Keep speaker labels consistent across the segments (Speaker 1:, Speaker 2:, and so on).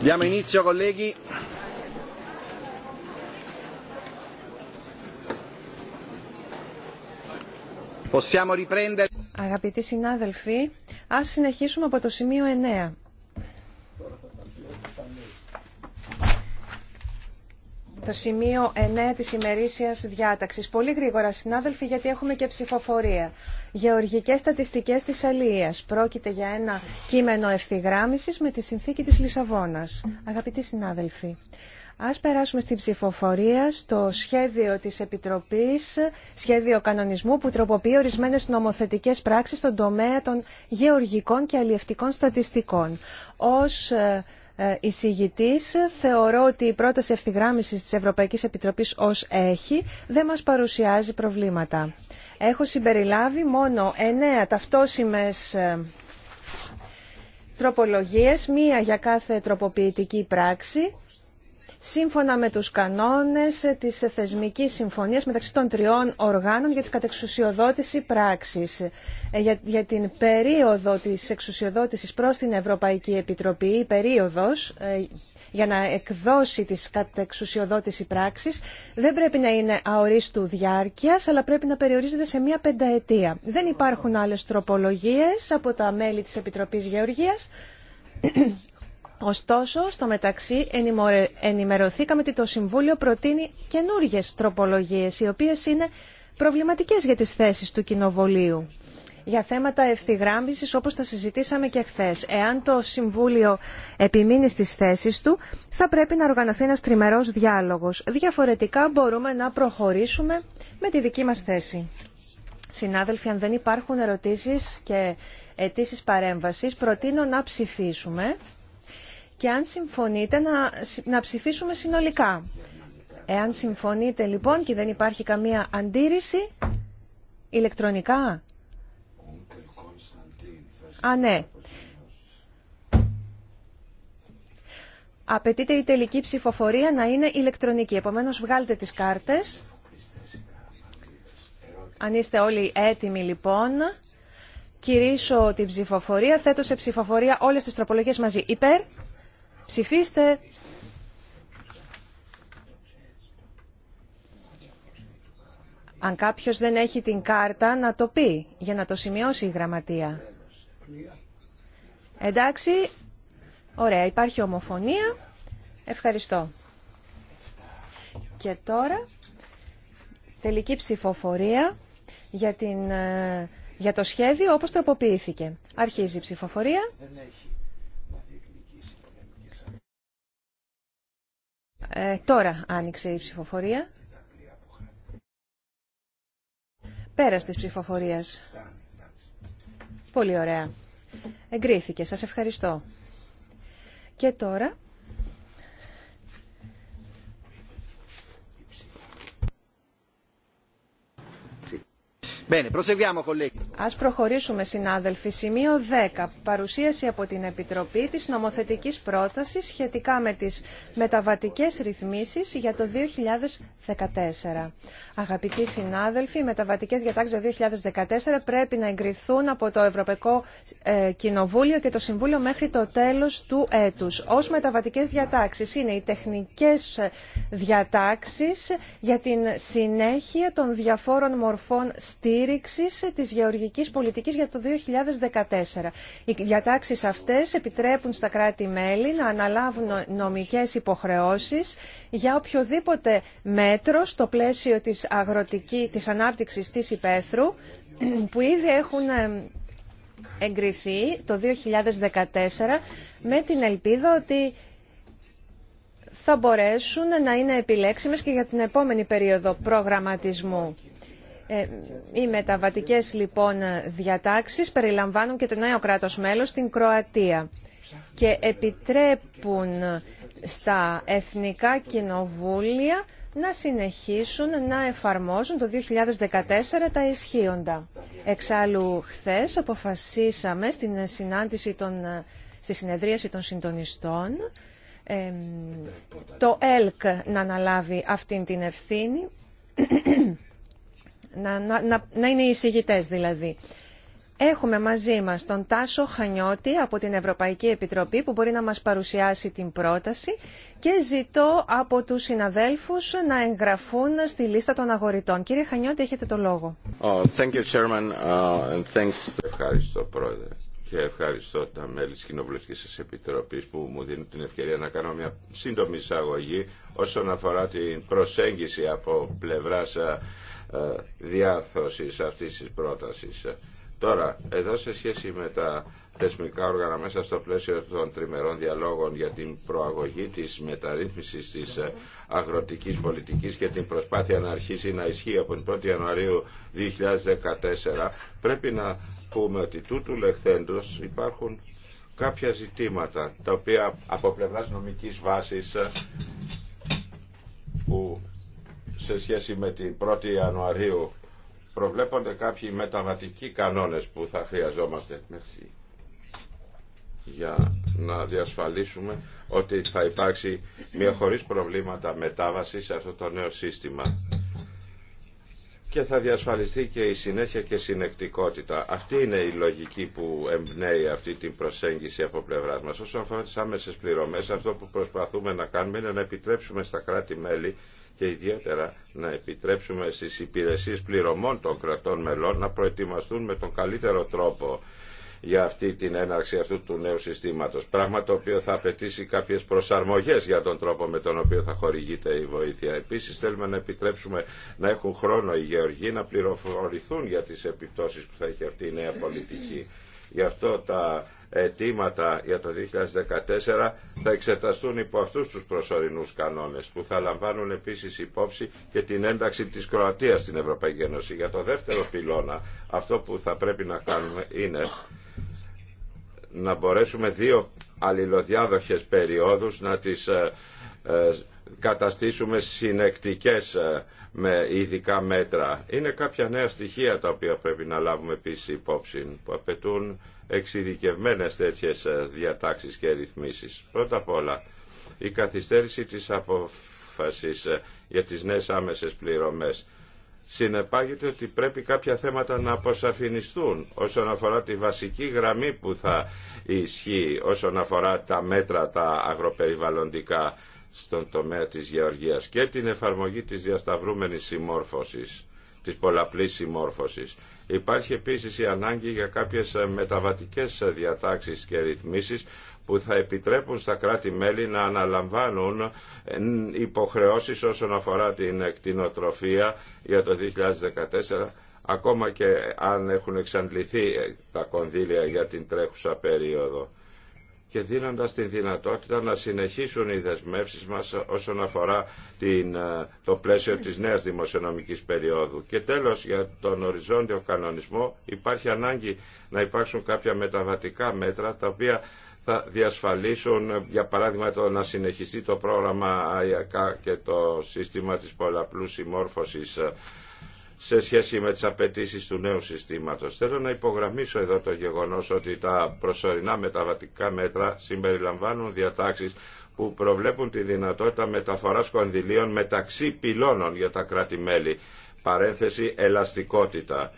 Speaker 1: Diamo inizio colleghi. Possiamo riprendere.
Speaker 2: Αγαπητοί συνάδελφοι, ας συνεχίσουμε από το σημείο 9. Το σημείο 9 της ημερήσιας διάταξης. Πολύ γρήγορα συνάδελφοι γιατί έχουμε και ψηφοφορία γεωργικές στατιστικές της αλίας. Πρόκειται για ένα κείμενο ευθυγράμμισης με τη συνθήκη της Λισαβόνας. Αγαπητοί συνάδελφοι, Ας περάσουμε στην ψηφοφορία στο σχέδιο της Επιτροπής, σχέδιο κανονισμού που τροποποιεί ορισμένες νομοθετικές πράξεις στον τομέα των γεωργικών και αλλιευτικών στατιστικών. Ως ε, ε, εισηγητής. Θεωρώ ότι η πρόταση ευθυγράμμισης της Ευρωπαϊκής Επιτροπής ως έχει δεν μας παρουσιάζει προβλήματα. Έχω συμπεριλάβει μόνο εννέα ταυτόσιμες ε, τροπολογίες, μία για κάθε τροποποιητική πράξη σύμφωνα με τους κανόνες της θεσμικής συμφωνίας μεταξύ των τριών οργάνων για τις κατεξουσιοδότηση πράξης. Ε, για, την περίοδο της εξουσιοδότησης προς την Ευρωπαϊκή Επιτροπή, η περίοδος ε, για να εκδώσει τις κατεξουσιοδότηση πράξης δεν πρέπει να είναι αορίστου διάρκειας, αλλά πρέπει να περιορίζεται σε μία πενταετία. Δεν υπάρχουν άλλες τροπολογίες από τα μέλη της Επιτροπής Γεωργίας Ωστόσο, στο μεταξύ ενημερωθήκαμε ότι το Συμβούλιο προτείνει καινούργιες τροπολογίες, οι οποίες είναι προβληματικές για τις θέσεις του Κοινοβολίου. Για θέματα ευθυγράμμισης, όπω τα συζητήσαμε και χθε. εάν το Συμβούλιο επιμείνει στις θέσεις του, θα πρέπει να οργανωθεί ένας τριμερός διάλογος. Διαφορετικά μπορούμε να προχωρήσουμε με τη δική μας θέση. Συνάδελφοι, αν δεν υπάρχουν ερωτήσεις και αιτήσει παρέμβασης, προτείνω να ψηφίσουμε και αν συμφωνείτε να, να ψηφίσουμε συνολικά. Εάν συμφωνείτε λοιπόν και δεν υπάρχει καμία αντίρρηση, ηλεκτρονικά. Α, ναι. Απαιτείται η τελική ψηφοφορία να είναι ηλεκτρονική. Επομένως βγάλτε τις κάρτες. Αν είστε όλοι έτοιμοι λοιπόν, κυρίσω την ψηφοφορία. Θέτω σε ψηφοφορία όλες τις τροπολογίες μαζί. Υπέρ. Ψηφίστε. Αν κάποιος δεν έχει την κάρτα, να το πει, για να το σημειώσει η γραμματεία. Εντάξει, ωραία, υπάρχει ομοφωνία. Ευχαριστώ. Και τώρα, τελική ψηφοφορία για, την, ε, για το σχέδιο όπως τροποποιήθηκε. Αρχίζει η ψηφοφορία. Ε, τώρα άνοιξε η ψηφοφορία. Πέρας της ψηφοφορίας. Πολύ ωραία. Εγκρίθηκε. Σας ευχαριστώ. Και τώρα... Ας προχωρήσουμε συνάδελφοι. Σημείο 10. Παρουσίαση από την Επιτροπή της νομοθετικής πρότασης σχετικά με τις μεταβατικές ρυθμίσεις για το 2014. Αγαπητοί συνάδελφοι, οι μεταβατικές διατάξεις το 2014 πρέπει να εγκριθούν από το Ευρωπαϊκό ε, Κοινοβούλιο και το Συμβούλιο μέχρι το τέλος του έτους. Ως μεταβατικές διατάξεις είναι οι τεχνικές ε, διατάξεις για την συνέχεια των διαφόρων μορφών στήριξης στήριξης της γεωργικής πολιτικής για το 2014. Οι διατάξεις αυτές επιτρέπουν στα κράτη-μέλη να αναλάβουν νομικές υποχρεώσεις για οποιοδήποτε μέτρο στο πλαίσιο της, αγροτικής της ανάπτυξης της υπαίθρου που ήδη έχουν εγκριθεί το 2014 με την ελπίδα ότι θα μπορέσουν να είναι επιλέξιμες και για την επόμενη περίοδο προγραμματισμού. Ε, οι μεταβατικές λοιπόν διατάξεις περιλαμβάνουν και το νέο κράτος μέλος, στην Κροατία και επιτρέπουν στα εθνικά κοινοβούλια να συνεχίσουν να εφαρμόζουν το 2014 τα ισχύοντα. Εξάλλου, χθες αποφασίσαμε στην συνάντηση των, στη συνεδρίαση των συντονιστών το ΕΛΚ να αναλάβει αυτήν την ευθύνη να, να, να είναι οι εισηγητές δηλαδή. Έχουμε μαζί μας τον Τάσο Χανιώτη από την Ευρωπαϊκή Επιτροπή που μπορεί να μας παρουσιάσει την πρόταση και ζητώ από τους συναδέλφους να εγγραφούν στη λίστα των αγορητών. Κύριε Χανιώτη, έχετε το λόγο.
Speaker 3: Oh, uh,
Speaker 4: ευχαριστώ, Πρόεδρε. Και ευχαριστώ τα μέλη της Κοινοβουλευτικής σας Επιτροπής που μου δίνουν την ευκαιρία να κάνω μια σύντομη εισαγωγή όσον αφορά την προσέγγιση από πλευράς uh, ε, διάρθρωσης αυτής της πρότασης. Τώρα, εδώ σε σχέση με τα θεσμικά όργανα μέσα στο πλαίσιο των τριμερών διαλόγων για την προαγωγή της μεταρρύθμισης της ε, αγροτικής πολιτικής και την προσπάθεια να αρχίσει να ισχύει από την 1η Ιανουαρίου 2014 πρέπει να πούμε ότι τούτου λεχθέντος υπάρχουν κάποια ζητήματα τα οποία από πλευράς νομικής βάσης ε, που σε σχέση με την 1η Ιανουαρίου προβλέπονται κάποιοι μεταβατικοί κανόνες που θα χρειαζόμαστε Merci. για να διασφαλίσουμε ότι θα υπάρξει μια χωρίς προβλήματα μετάβαση σε αυτό το νέο σύστημα και θα διασφαλιστεί και η συνέχεια και συνεκτικότητα. Αυτή είναι η λογική που εμπνέει αυτή την προσέγγιση από πλευρά μα. Όσον αφορά τι άμεσε πληρωμέ, αυτό που προσπαθούμε να κάνουμε είναι να επιτρέψουμε στα κράτη-μέλη και ιδιαίτερα να επιτρέψουμε στις υπηρεσίες πληρωμών των κρατών μελών να προετοιμαστούν με τον καλύτερο τρόπο για αυτή την έναρξη αυτού του νέου συστήματος. Πράγμα το οποίο θα απαιτήσει κάποιες προσαρμογές για τον τρόπο με τον οποίο θα χορηγείται η βοήθεια. Επίσης θέλουμε να επιτρέψουμε να έχουν χρόνο οι γεωργοί να πληροφορηθούν για τις επιπτώσεις που θα έχει αυτή η νέα πολιτική. Γι' αυτό τα αιτήματα για το 2014 θα εξεταστούν υπό αυτούς τους προσωρινούς κανόνες που θα λαμβάνουν επίσης υπόψη και την ένταξη της Κροατίας στην Ευρωπαϊκή Ένωση. Για το δεύτερο πυλώνα αυτό που θα πρέπει να κάνουμε είναι να μπορέσουμε δύο αλληλοδιάδοχες περιόδους να τις ε, ε, καταστήσουμε συνεκτικές ε, με ειδικά μέτρα. Είναι κάποια νέα στοιχεία τα οποία πρέπει να λάβουμε επίσης υπόψη που απαιτούν εξειδικευμένες τέτοιες ε, διατάξεις και ρυθμίσεις. Πρώτα απ' όλα, η καθυστέρηση της απόφασης ε, για τις νέες άμεσες πληρωμές συνεπάγεται ότι πρέπει κάποια θέματα να αποσαφινιστούν όσον αφορά τη βασική γραμμή που θα ισχύει όσον αφορά τα μέτρα τα αγροπεριβαλλοντικά στον τομέα της γεωργίας και την εφαρμογή της διασταυρούμενης συμμόρφωσης, της πολλαπλής συμμόρφωσης. Υπάρχει επίσης η ανάγκη για κάποιες ε, μεταβατικές ε, διατάξεις και ρυθμίσεις που θα επιτρέπουν στα κράτη-μέλη να αναλαμβάνουν ε, υποχρεώσεις όσον αφορά την εκτινοτροφία για το 2014 ακόμα και αν έχουν εξαντληθεί τα κονδύλια για την τρέχουσα περίοδο και δίνοντας τη δυνατότητα να συνεχίσουν οι δεσμεύσεις μας όσον αφορά την, ε, το πλαίσιο της νέας δημοσιονομικής περίοδου. Και τέλος, για τον οριζόντιο κανονισμό υπάρχει ανάγκη να υπάρξουν κάποια μεταβατικά μέτρα τα οποία θα διασφαλίσουν, για παράδειγμα, να συνεχιστεί το πρόγραμμα ΑΙΑΚΑ και το σύστημα της πολλαπλούς συμμόρφωσης ε, σε σχέση με τις απαιτήσει του νέου συστήματος. Θέλω να υπογραμμίσω εδώ το γεγονός ότι τα προσωρινά μεταβατικά μέτρα συμπεριλαμβάνουν διατάξεις που προβλέπουν τη δυνατότητα μεταφοράς κονδυλίων μεταξύ πυλώνων για τα κράτη-μέλη, παρένθεση ελαστικότητα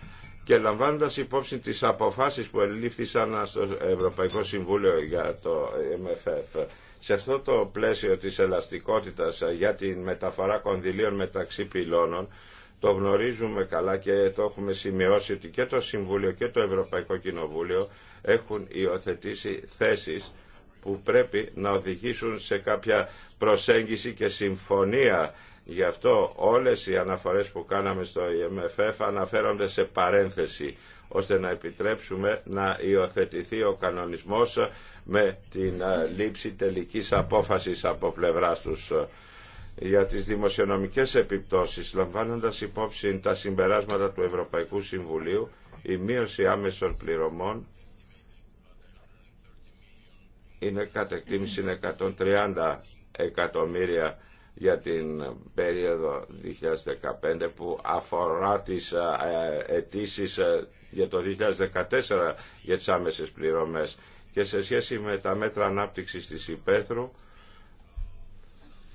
Speaker 4: και λαμβάνοντας υπόψη τις αποφάσεις που ελήφθησαν στο Ευρωπαϊκό Συμβούλιο για το MFF. Σε αυτό το πλαίσιο της ελαστικότητας για τη μεταφορά κονδυλίων μεταξύ πυλώνων, το γνωρίζουμε καλά και το έχουμε σημειώσει ότι και το Συμβούλιο και το Ευρωπαϊκό Κοινοβούλιο έχουν υιοθετήσει θέσεις που πρέπει να οδηγήσουν σε κάποια προσέγγιση και συμφωνία. Γι' αυτό όλες οι αναφορές που κάναμε στο IMFF αναφέρονται σε παρένθεση ώστε να επιτρέψουμε να υιοθετηθεί ο κανονισμός με την ε, λήψη τελικής απόφασης από πλευρά τους για τις δημοσιονομικές επιπτώσεις, λαμβάνοντας υπόψη τα συμπεράσματα του Ευρωπαϊκού Συμβουλίου, η μείωση άμεσων πληρωμών είναι κατ' εκτίμηση 130 εκατομμύρια για την περίοδο 2015 που αφορά τις ε, αιτήσει ε, για το 2014 για τις άμεσες πληρωμές και σε σχέση με τα μέτρα ανάπτυξης της υπαίθρου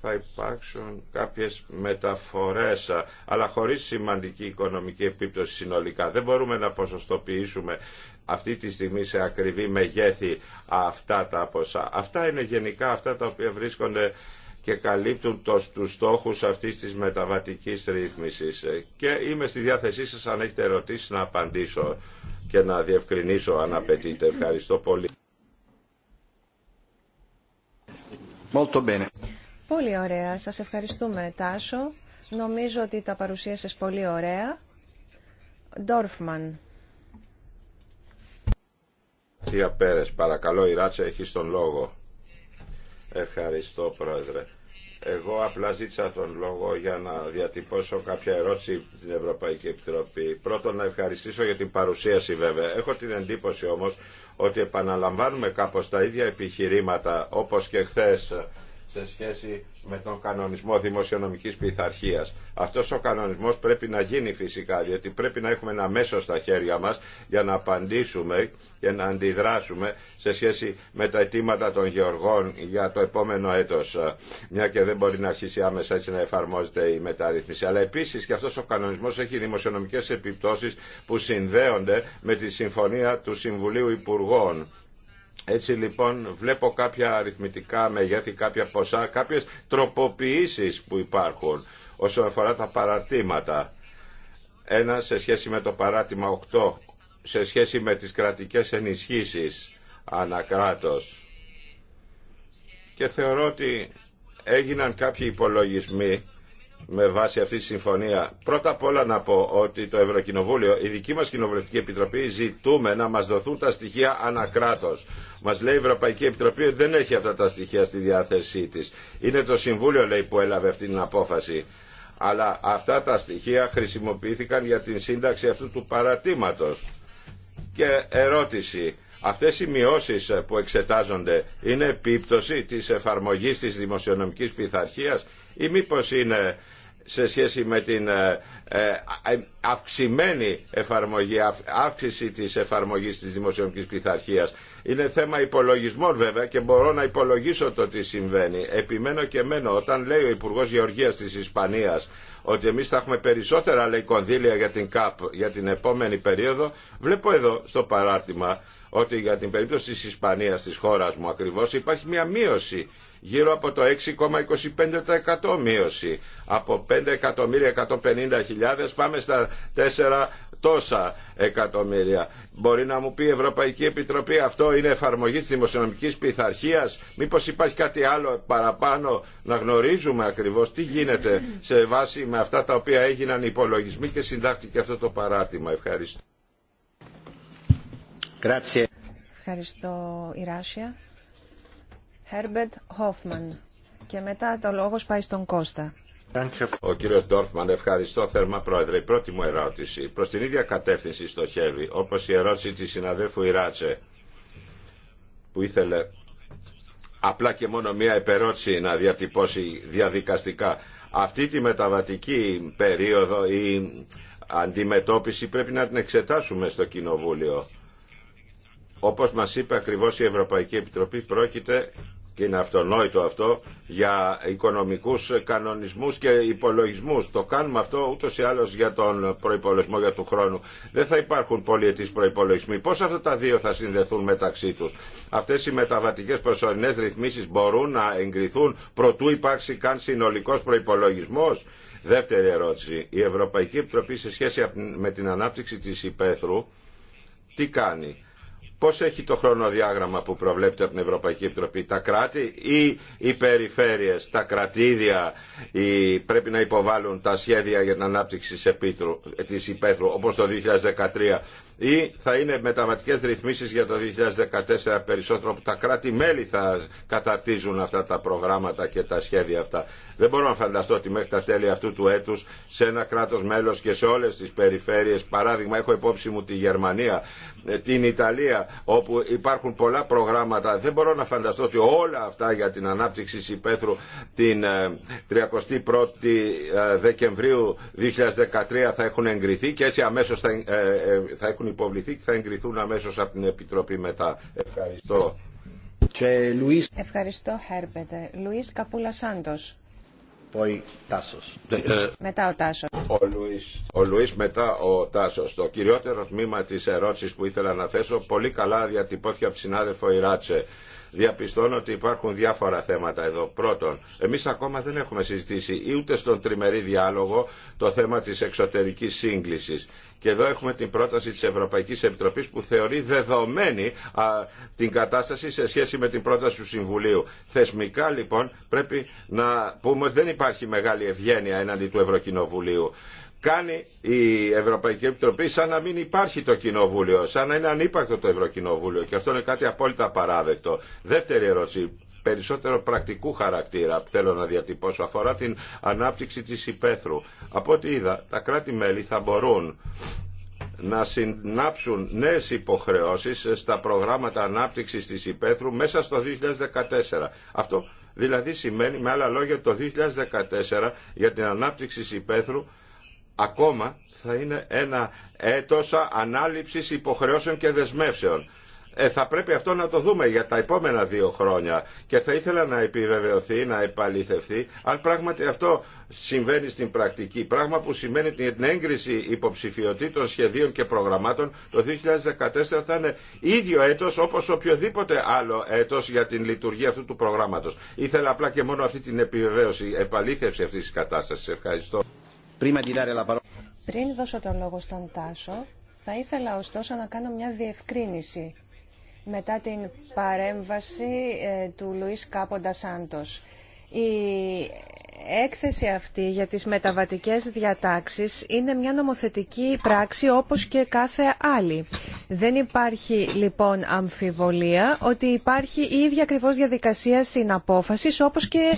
Speaker 4: θα υπάρξουν κάποιες μεταφορές αλλά χωρίς σημαντική οικονομική επίπτωση συνολικά. Δεν μπορούμε να ποσοστοποιήσουμε αυτή τη στιγμή σε ακριβή μεγέθη αυτά τα ποσά. Αυτά είναι γενικά αυτά τα οποία βρίσκονται και καλύπτουν το, τους στόχους αυτής της μεταβατικής ρύθμισης. Ε, και είμαι στη διάθεσή σας αν έχετε ερωτήσεις να απαντήσω και να διευκρινίσω αν απαιτείτε. Ευχαριστώ πολύ.
Speaker 1: Molto
Speaker 2: Πολύ ωραία. Σας ευχαριστούμε, Τάσο. Νομίζω ότι τα παρουσίασες πολύ ωραία. Ντόρφμαν.
Speaker 4: Θεία Πέρες, παρακαλώ, η Ράτσα έχει τον λόγο. Ευχαριστώ, Πρόεδρε. Εγώ απλά ζήτησα τον λόγο για να διατυπώσω κάποια ερώτηση στην Ευρωπαϊκή Επιτροπή. Πρώτον, να ευχαριστήσω για την παρουσίαση βέβαια. Έχω την εντύπωση όμως ότι επαναλαμβάνουμε κάπως τα ίδια επιχειρήματα όπως και χθες σε σχέση με τον κανονισμό δημοσιονομικής πειθαρχία. Αυτός ο κανονισμός πρέπει να γίνει φυσικά, διότι πρέπει να έχουμε ένα μέσο στα χέρια μας για να απαντήσουμε και να αντιδράσουμε σε σχέση με τα αιτήματα των γεωργών για το επόμενο έτος, μια και δεν μπορεί να αρχίσει άμεσα έτσι να εφαρμόζεται η μεταρρύθμιση. Αλλά επίσης και αυτός ο κανονισμός έχει δημοσιονομικές επιπτώσεις που συνδέονται με τη συμφωνία του Συμβουλίου Υπουργών έτσι λοιπόν βλέπω κάποια αριθμητικά μεγέθη, κάποια ποσά, κάποιες τροποποιήσεις που υπάρχουν όσον αφορά τα παραρτήματα. Ένα σε σχέση με το παράτημα 8, σε σχέση με τις κρατικές ενισχύσεις ανακράτος. Και θεωρώ ότι έγιναν κάποιοι υπολογισμοί με βάση αυτή τη συμφωνία. Πρώτα απ' όλα να πω ότι το Ευρωκοινοβούλιο, η δική μας Κοινοβουλευτική Επιτροπή ζητούμε να μας δοθούν τα στοιχεία ανακράτο. Μας λέει η Ευρωπαϊκή Επιτροπή ότι δεν έχει αυτά τα στοιχεία στη διάθεσή της. Είναι το Συμβούλιο λέει που έλαβε αυτή την απόφαση. Αλλά αυτά τα στοιχεία χρησιμοποιήθηκαν για την σύνταξη αυτού του παρατήματος. Και ερώτηση. Αυτές οι μειώσεις που εξετάζονται είναι επίπτωση της εφαρμογής της δημοσιονομικής πειθαρχίας ή μήπως είναι σε σχέση με την ε, ε, ε, αυξημένη εφαρμογή, αύξηση της εφαρμογής της δημοσιονομικής πειθαρχίας. Είναι θέμα υπολογισμών βέβαια και μπορώ να υπολογίσω το τι συμβαίνει. Επιμένω και μένω όταν λέει ο Υπουργός Γεωργίας της Ισπανίας ότι εμείς θα έχουμε περισσότερα λέει κονδύλια για την ΚΑΠ για την επόμενη περίοδο, βλέπω εδώ στο παράρτημα ότι για την περίπτωση της Ισπανίας, της χώρας μου ακριβώς, υπάρχει μια μείωση γύρω από το 6,25% μείωση. Από 5.150.000 πάμε στα 4 τόσα εκατομμύρια. Μπορεί να μου πει η Ευρωπαϊκή Επιτροπή αυτό είναι εφαρμογή της δημοσιονομικής πειθαρχίας. Μήπως υπάρχει κάτι άλλο παραπάνω να γνωρίζουμε ακριβώς τι γίνεται σε βάση με αυτά τα οποία έγιναν οι υπολογισμοί και συντάχθηκε αυτό το παράρτημα. Ευχαριστώ.
Speaker 2: Ευχαριστώ Herbert και μετά το λόγο πάει στον Κώστα.
Speaker 1: Ο κύριο Ντόρφμαν,
Speaker 4: ευχαριστώ θερμά πρόεδρε. Η πρώτη μου ερώτηση προ την ίδια κατεύθυνση στοχεύει, όπω η ερώτηση τη συναδέλφου Ιράτσε, που ήθελε απλά και μόνο μία επερώτηση να διατυπώσει διαδικαστικά. Αυτή τη μεταβατική περίοδο η αντιμετώπιση πρέπει να την εξετάσουμε στο Κοινοβούλιο. Όπως μας είπε ακριβώς η Ευρωπαϊκή Επιτροπή, πρόκειται και είναι αυτονόητο αυτό για οικονομικούς κανονισμούς και υπολογισμούς. Το κάνουμε αυτό ούτως ή άλλως για τον προϋπολογισμό για του χρόνου. Δεν θα υπάρχουν πολιετής προϋπολογισμοί. Πώς αυτά τα δύο θα συνδεθούν μεταξύ τους. Αυτές οι μεταβατικές προσωρινές ρυθμίσεις μπορούν να εγκριθούν προτού υπάρξει καν συνολικός προϋπολογισμός. Δεύτερη ερώτηση. Η Ευρωπαϊκή Επιτροπή σε σχέση με την ανάπτυξη της υπαίθρου τι κάνει Πώς έχει το χρονοδιάγραμμα που προβλέπεται από την Ευρωπαϊκή Επιτροπή. Τα κράτη ή οι περιφέρειες, τα κρατήδια ή πρέπει να υποβάλουν τα σχέδια για την ανάπτυξη της υπαίθρου όπως το 2013 ή θα είναι μεταβατικές ρυθμίσεις για το 2014 περισσότερο που τα κράτη-μέλη θα καταρτίζουν αυτά τα προγράμματα και τα σχέδια αυτά. Δεν μπορώ να φανταστώ ότι μέχρι τα τέλη αυτού του έτους σε ένα κράτος μέλος και σε όλες τις περιφέρειες, παράδειγμα έχω υπόψη μου τη Γερμανία, ε, την Ιταλία όπου υπάρχουν πολλά προγράμματα, δεν μπορώ να φανταστώ ότι όλα αυτά για την ανάπτυξη Συπέθρου την 31η ε, ε, Δεκεμβρίου 2013 θα έχουν εγκριθεί και έτσι αμέσως θα έχουν έχουν υποβληθεί και θα εγκριθούν αμέσω από την Επιτροπή μετά. Ευχαριστώ.
Speaker 2: Ευχαριστώ, Χέρπετε. Λουίς Καπούλα Σάντος. Ναι, ε, μετά ο τάσο. Ο Λουίς,
Speaker 4: ο Λουίς μετά ο Τάσος. Το κυριότερο τμήμα τη ερώτηση που ήθελα να θέσω πολύ καλά διατυπώθηκε από τη συνάδελφο Ιράτσε διαπιστώνω ότι υπάρχουν διάφορα θέματα εδώ. Πρώτον, εμείς ακόμα δεν έχουμε συζητήσει ούτε στον τριμερή διάλογο το θέμα της εξωτερικής σύγκλησης. Και εδώ έχουμε την πρόταση της Ευρωπαϊκής Επιτροπής που θεωρεί δεδομένη την κατάσταση σε σχέση με την πρόταση του Συμβουλίου. Θεσμικά λοιπόν πρέπει να πούμε ότι δεν υπάρχει μεγάλη ευγένεια εναντί του Ευρωκοινοβουλίου κάνει η Ευρωπαϊκή Επιτροπή σαν να μην υπάρχει το Κοινοβούλιο, σαν να είναι ανύπαρκτο το Ευρωκοινοβούλιο και αυτό είναι κάτι απόλυτα παράδεκτο. Δεύτερη ερώτηση, περισσότερο πρακτικού χαρακτήρα που θέλω να διατυπώσω αφορά την ανάπτυξη της υπαίθρου. Από ό,τι είδα, τα κράτη-μέλη θα μπορούν να συνάψουν νέες υποχρεώσεις στα προγράμματα ανάπτυξης της υπαίθρου μέσα στο 2014. Αυτό δηλαδή σημαίνει με άλλα λόγια το 2014 για την ανάπτυξη της υπαίθρου ακόμα θα είναι ένα έτος ανάληψης υποχρεώσεων και δεσμεύσεων. Ε, θα πρέπει αυτό να το δούμε για τα επόμενα δύο χρόνια και θα ήθελα να επιβεβαιωθεί, να επαλήθευθεί, αν πράγματι αυτό συμβαίνει στην πρακτική, πράγμα που σημαίνει ότι την έγκριση υποψηφιωτήτων σχεδίων και προγραμμάτων το 2014 θα είναι ίδιο έτος όπως οποιοδήποτε άλλο έτος για την λειτουργία αυτού του προγράμματος. Ήθελα απλά και μόνο αυτή την επιβεβαίωση, επαλήθευση αυτής της κατάστασης. Ευχαριστώ.
Speaker 1: Πριν
Speaker 2: δώσω τον λόγο στον Τάσο, θα ήθελα ωστόσο να κάνω μια διευκρίνηση μετά την παρέμβαση ε, του Λουίς Κάποντα Σάντος. Η έκθεση αυτή για τις μεταβατικές διατάξεις είναι μια νομοθετική πράξη όπως και κάθε άλλη. Δεν υπάρχει λοιπόν αμφιβολία ότι υπάρχει η ίδια ακριβώ διαδικασία συναπόφασης όπως και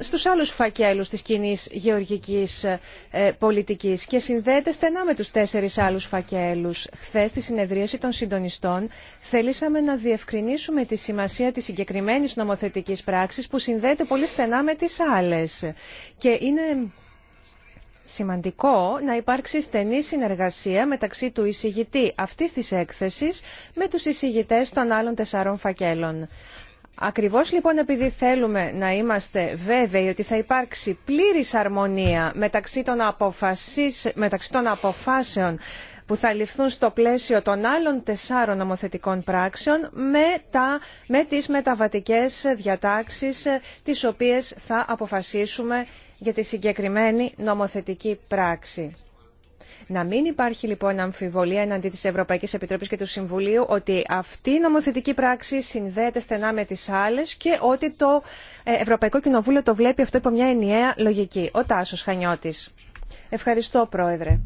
Speaker 2: στους άλλους φακέλους της κοινή γεωργικής ε, ε, πολιτικής και συνδέεται στενά με τους τέσσερις άλλους φακέλους. Χθε στη συνεδρίαση των συντονιστών θέλησαμε να διευκρινίσουμε τη σημασία της συγκεκριμένης νομοθετικής πράξης που συνδέεται πολύ στενά με τις άλλες. Και είναι σημαντικό να υπάρξει στενή συνεργασία μεταξύ του εισηγητή αυτής της έκθεσης με τους εισηγητές των άλλων τεσσάρων φακέλων. Ακριβώς λοιπόν επειδή θέλουμε να είμαστε βέβαιοι ότι θα υπάρξει πλήρης αρμονία μεταξύ των, αποφάσεων που θα ληφθούν στο πλαίσιο των άλλων τεσσάρων νομοθετικών πράξεων με, τα, με τις μεταβατικές διατάξεις ε, τις οποίες θα αποφασίσουμε για τη συγκεκριμένη νομοθετική πράξη. Να μην υπάρχει λοιπόν αμφιβολία εναντί της Ευρωπαϊκής Επιτροπής και του Συμβουλίου ότι αυτή η νομοθετική πράξη συνδέεται στενά με τις άλλε και ότι το ε, Ευρωπαϊκό Κοινοβούλιο το βλέπει αυτό υπό μια ενιαία λογική. Ο τάσο Χανιώτης. Ευχαριστώ Πρόεδρε.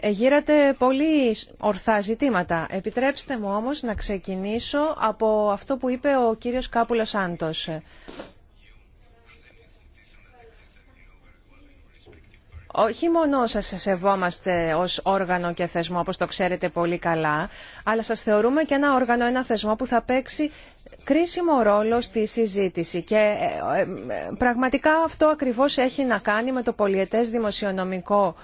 Speaker 2: Εγείρατε πολύ ορθά ζητήματα. Επιτρέψτε μου όμως να ξεκινήσω από αυτό που είπε ο κύριος Κάπουλος Άντος. όχι μόνο σας σεβόμαστε ως όργανο και θεσμό, όπως το ξέρετε πολύ καλά, αλλά σας θεωρούμε και ένα όργανο, ένα θεσμό που θα παίξει κρίσιμο ρόλο στη συζήτηση και ε, ε, ε, πραγματικά αυτό ακριβώς έχει να κάνει με το πολιετές δημοσιονομικό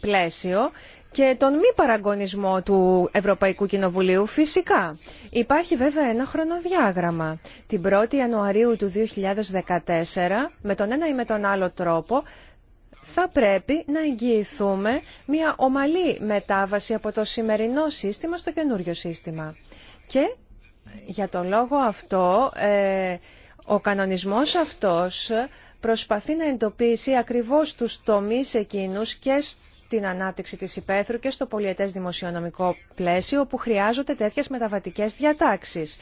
Speaker 2: πλαίσιο και τον μη παραγωνισμό του Ευρωπαϊκού Κοινοβουλίου φυσικά. Υπάρχει βέβαια ένα χρονοδιάγραμμα. Την 1η Ιανουαρίου του 2014, με τον ένα ή με τον άλλο τρόπο, θα πρέπει να εγγυηθούμε μια ομαλή μετάβαση από το σημερινό σύστημα στο καινούριο σύστημα. Και για το λόγο αυτό ε, ο κανονισμός αυτός προσπαθεί να εντοπίσει ακριβώς τους τομείς εκείνους και στην ανάπτυξη της υπαίθρου και στο πολιετές δημοσιονομικό πλαίσιο όπου χρειάζονται τέτοιες μεταβατικές διατάξεις.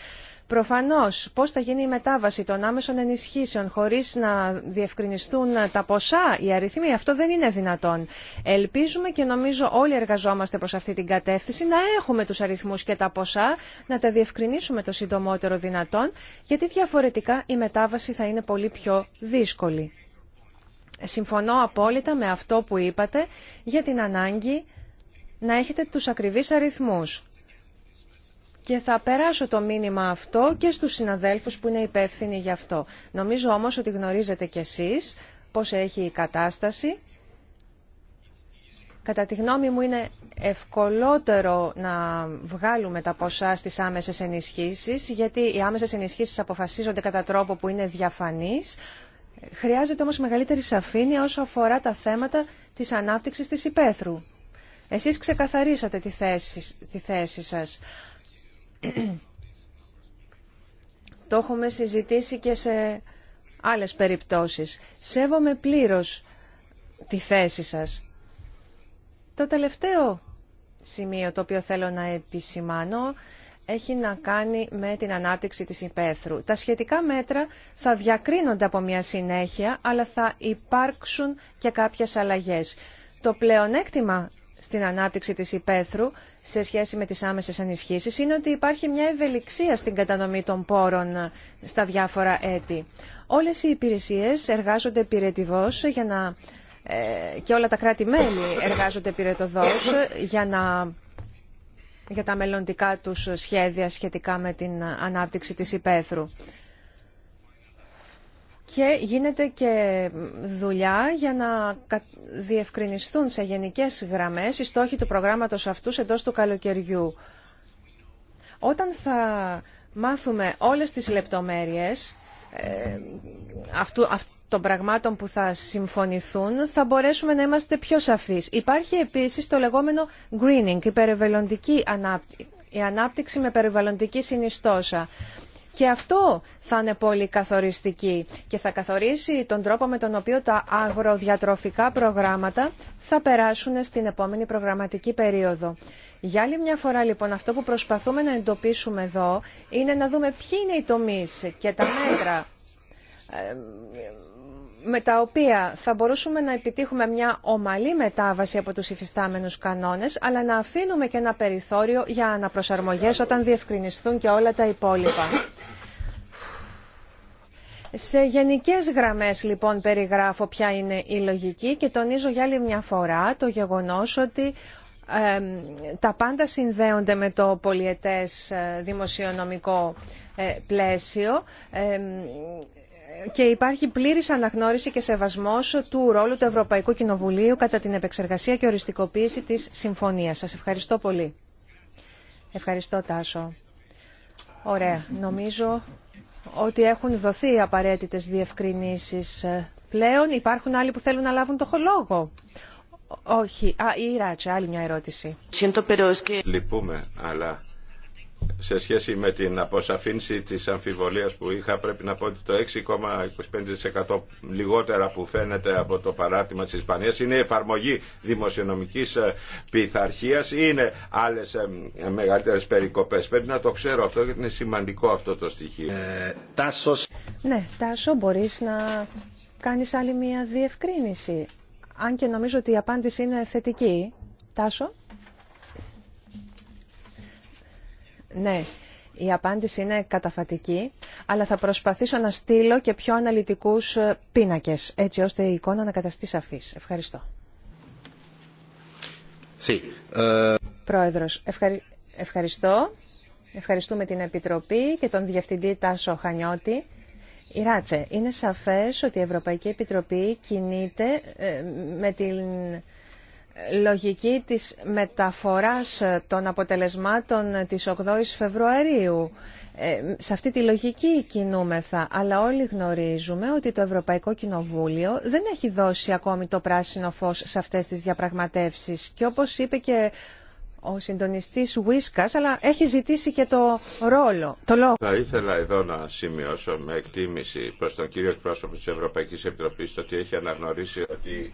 Speaker 2: Προφανώς, πώς θα γίνει η μετάβαση των άμεσων ενισχύσεων χωρίς να διευκρινιστούν τα ποσά, οι αριθμοί, αυτό δεν είναι δυνατόν. Ελπίζουμε και νομίζω όλοι εργαζόμαστε προς αυτή την κατεύθυνση να έχουμε τους αριθμούς και τα ποσά, να τα διευκρινίσουμε το συντομότερο δυνατόν, γιατί διαφορετικά η μετάβαση θα είναι πολύ πιο δύσκολη. Συμφωνώ απόλυτα με αυτό που είπατε για την ανάγκη να έχετε τους ακριβείς αριθμούς και θα περάσω το μήνυμα αυτό και στους συναδέλφους που είναι υπεύθυνοι γι' αυτό. Νομίζω όμως ότι γνωρίζετε κι εσείς πώς έχει η κατάσταση. Κατά τη γνώμη μου είναι ευκολότερο να βγάλουμε τα ποσά στις άμεσες ενισχύσεις, γιατί οι άμεσες ενισχύσεις αποφασίζονται κατά τρόπο που είναι διαφανής. Χρειάζεται όμως μεγαλύτερη σαφήνεια όσο αφορά τα θέματα της ανάπτυξης της υπαίθρου. Εσείς ξεκαθαρίσατε τη θέση, τη θέση σας. Το έχουμε συζητήσει και σε άλλες περιπτώσεις. Σέβομαι πλήρως τη θέση σας. Το τελευταίο σημείο το οποίο θέλω να επισημάνω έχει να κάνει με την ανάπτυξη της υπαίθρου. Τα σχετικά μέτρα θα διακρίνονται από μια συνέχεια, αλλά θα υπάρξουν και κάποιες αλλαγές. Το πλεονέκτημα στην ανάπτυξη της υπαίθρου σε σχέση με τις άμεσες ενισχύσεις είναι ότι υπάρχει μια ευελιξία στην κατανομή των πόρων στα διάφορα έτη. Όλες οι υπηρεσίες εργάζονται πυρετιβώς για να, ε, και όλα τα κράτη-μέλη εργάζονται πυρετοδός για, να, για τα μελλοντικά τους σχέδια σχετικά με την ανάπτυξη της υπαίθρου και γίνεται και δουλειά για να διευκρινιστούν σε γενικές γραμμές οι στόχοι του προγράμματος αυτούς εντός του καλοκαιριού. Όταν θα μάθουμε όλες τις λεπτομέρειες ε, αυτού, των πραγμάτων που θα συμφωνηθούν, θα μπορέσουμε να είμαστε πιο σαφείς. Υπάρχει επίσης το λεγόμενο greening, η, περιβαλλοντική ανάπτυξη, η ανάπτυξη με περιβαλλοντική συνιστόσα. Και αυτό θα είναι πολύ καθοριστική και θα καθορίσει τον τρόπο με τον οποίο τα αγροδιατροφικά προγράμματα θα περάσουν στην επόμενη προγραμματική περίοδο. Για άλλη μια φορά λοιπόν αυτό που προσπαθούμε να εντοπίσουμε εδώ είναι να δούμε ποιοι είναι οι τομείς και τα μέτρα ε, με τα οποία θα μπορούσαμε να επιτύχουμε μια ομαλή μετάβαση από τους υφιστάμενους κανόνες, αλλά να αφήνουμε και ένα περιθώριο για αναπροσαρμογές όταν διευκρινιστούν και όλα τα υπόλοιπα. Σε γενικές γραμμές λοιπόν περιγράφω ποια είναι η λογική και τονίζω για άλλη μια φορά το γεγονός ότι τα πάντα συνδέονται με το πολιετές ε, δημοσιονομικό ε, πλαίσιο και υπάρχει πλήρης αναγνώριση και σεβασμός του ρόλου του Ευρωπαϊκού Κοινοβουλίου κατά την επεξεργασία και οριστικοποίηση της συμφωνίας. Σας ευχαριστώ πολύ. Ευχαριστώ Τάσο. Ωραία. Νομίζω ότι έχουν δοθεί οι απαραίτητες διευκρινήσεις ε, πλέον. Υπάρχουν άλλοι που θέλουν να λάβουν το χολόγο. Όχι. Α, η Ράτσα, άλλη μια ερώτηση.
Speaker 4: Λυπούμε, αλλά σε σχέση με την αποσαφήνιση της αμφιβολίας που είχα πρέπει να πω ότι το 6,25% λιγότερα που φαίνεται από το παράρτημα της Ισπανίας είναι η εφαρμογή δημοσιονομικής ε, πειθαρχία ή είναι άλλες ε, μεγαλύτερες περικοπές. Πρέπει να το ξέρω αυτό γιατί είναι σημαντικό
Speaker 1: αυτό το στοιχείο. Ε, τάσος.
Speaker 2: Ναι, Τάσο μπορείς να κάνεις άλλη μια διευκρίνηση. Αν και νομίζω ότι η απάντηση είναι θετική. Τάσο. Ναι, η απάντηση είναι καταφατική, αλλά θα προσπαθήσω να στείλω και πιο αναλυτικούς ε, πίνακες, έτσι ώστε η εικόνα να καταστεί σαφής. Ευχαριστώ. Sí. Ε, Πρόεδρος, ευχαρι... ευχαριστώ. Ευχαριστούμε την Επιτροπή και τον Διευθυντή Τάσο Χανιώτη. Η Ράτσε, είναι σαφές ότι η Ευρωπαϊκή Επιτροπή κινείται ε, με την λογική της μεταφοράς ε, των αποτελεσμάτων της 8ης Φεβρουαρίου. Ε, σε αυτή τη λογική κινούμεθα, αλλά όλοι γνωρίζουμε ότι το Ευρωπαϊκό Κοινοβούλιο δεν έχει δώσει ακόμη το πράσινο φως σε αυτές τις διαπραγματεύσεις. Και όπως είπε και ο συντονιστής Βίσκας, αλλά έχει ζητήσει και το ρόλο, το
Speaker 4: λόγο. Θα ήθελα εδώ να σημειώσω με εκτίμηση προς τον κύριο εκπρόσωπο της Ευρωπαϊκής Επιτροπής ότι έχει αναγνωρίσει ότι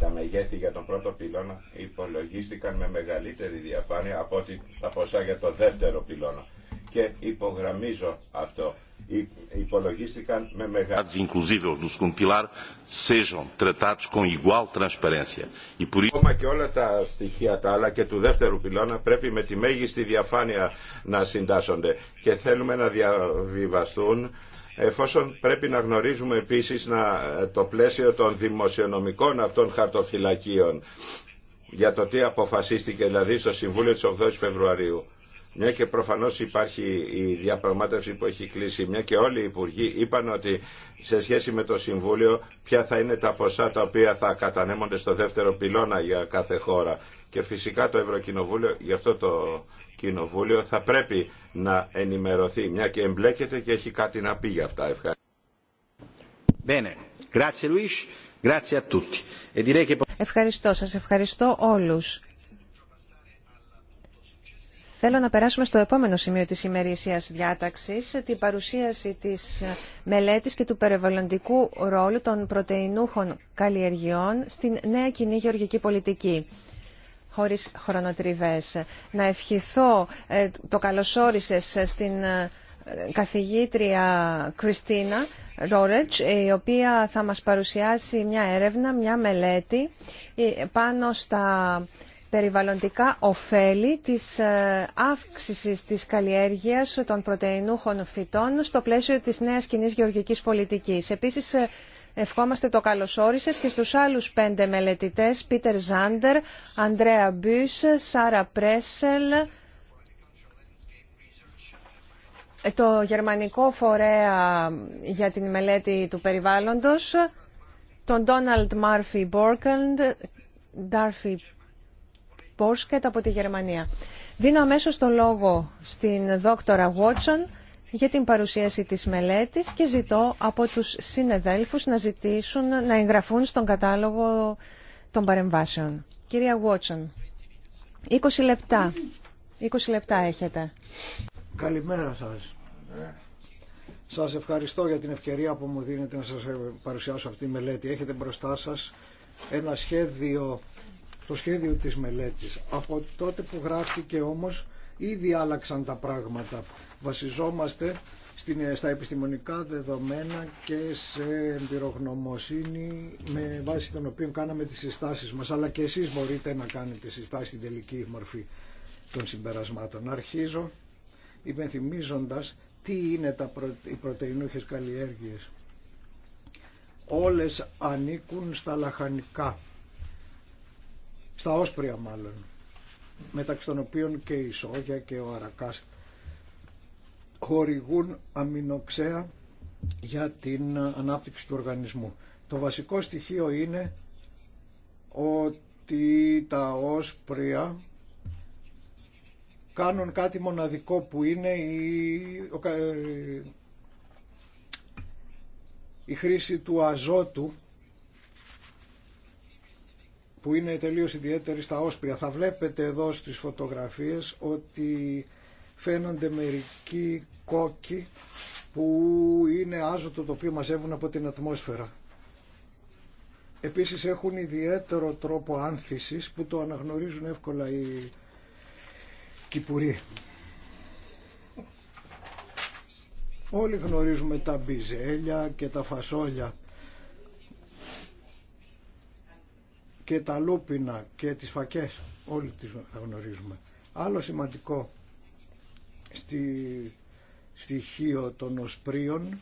Speaker 4: τα μεγέθη για τον πρώτο πυλώνα υπολογίστηκαν με μεγαλύτερη διαφάνεια από ότι τα ποσά για το δεύτερο πυλώνα. Και υπογραμμίζω αυτό υπολογίστηκαν με μεγάλη. Ακόμα και όλα τα στοιχεία τα άλλα και του δεύτερου πυλώνα πρέπει με τη μέγιστη διαφάνεια να συντάσσονται και θέλουμε να διαβιβαστούν εφόσον πρέπει να γνωρίζουμε επίσης το πλαίσιο των δημοσιονομικών αυτών χαρτοφυλακίων για το τι αποφασίστηκε δηλαδή στο Συμβούλιο της 8 Φεβρουαρίου. Μια και προφανώς υπάρχει η διαπραγμάτευση που έχει κλείσει, μια και όλοι οι υπουργοί είπαν ότι σε σχέση με το Συμβούλιο ποια θα είναι τα ποσά τα οποία θα κατανέμονται στο δεύτερο πυλώνα για κάθε χώρα. Και φυσικά το Ευρωκοινοβούλιο, γι' αυτό το Κοινοβούλιο θα πρέπει να ενημερωθεί, μια και εμπλέκεται και έχει κάτι να πει για αυτά. Ευχαριστώ.
Speaker 2: Ευχαριστώ. Σας ευχαριστώ όλους. Θέλω να περάσουμε στο επόμενο σημείο της ημερησίας διάταξης, την παρουσίαση της μελέτης και του περιβαλλοντικού ρόλου των πρωτεϊνούχων καλλιεργειών στην νέα κοινή γεωργική πολιτική χωρίς χρονοτριβές. Να ευχηθώ ε, το καλωσόρισες ε, στην ε, καθηγήτρια Κριστίνα Ρόρετς, η οποία θα μας παρουσιάσει μια έρευνα, μια μελέτη πάνω στα περιβαλλοντικά ωφέλη της ε, αύξησης της καλλιέργειας των πρωτεϊνούχων φυτών στο πλαίσιο της νέας κοινή γεωργικής πολιτικής. Επίσης, ε, ευχόμαστε το καλωσόρισες και στους άλλους πέντε μελετητές, Πίτερ Ζάντερ, Ανδρέα Μπούς, Σάρα Πρέσελ, το Γερμανικό Φορέα για την Μελέτη του Περιβάλλοντος, τον Ντόναλτ Μάρφι Μπόρκαντ, Ντάρφι Πόρσκετ από τη Γερμανία. Δίνω αμέσω το λόγο στην δόκτωρα Βότσον για την παρουσίαση της μελέτης και ζητώ από τους συνεδέλφους να ζητήσουν να εγγραφούν στον κατάλογο των παρεμβάσεων. Κυρία Βότσον, 20 λεπτά. 20 λεπτά έχετε.
Speaker 5: Καλημέρα σας. Σας ευχαριστώ για την ευκαιρία που μου δίνετε να σας παρουσιάσω αυτή τη μελέτη. Έχετε μπροστά σας ένα σχέδιο το σχέδιο της μελέτης. Από τότε που γράφτηκε όμως ήδη άλλαξαν τα πράγματα. Βασιζόμαστε στα επιστημονικά δεδομένα και σε εμπειρογνωμοσύνη με βάση των οποίων κάναμε τις συστάσεις μας αλλά και εσείς μπορείτε να κάνετε συστάσεις στην τελική μορφή των συμπερασμάτων. Αρχίζω υπενθυμίζοντας τι είναι τα οι πρωτεϊνούχες καλλιέργειες. Όλες ανήκουν στα λαχανικά στα όσπρια μάλλον, μεταξύ των οποίων και η Σόγια και ο Αρακάς χορηγούν αμινοξέα για την ανάπτυξη του οργανισμού. Το βασικό στοιχείο είναι ότι τα όσπρια κάνουν κάτι μοναδικό που είναι η, η χρήση του αζότου που είναι τελείως ιδιαίτερη στα όσπρια. Θα βλέπετε εδώ στις φωτογραφίες ότι φαίνονται μερικοί κόκκι που είναι άζωτο το οποίο μαζεύουν από την ατμόσφαιρα. Επίσης έχουν ιδιαίτερο τρόπο άνθησης που το αναγνωρίζουν εύκολα οι κυπουροί. Όλοι γνωρίζουμε τα μπιζέλια και τα φασόλια και τα λούπινα και τις φακές, όλοι τις γνωρίζουμε. Άλλο σημαντικό στη, στοιχείο των οσπρίων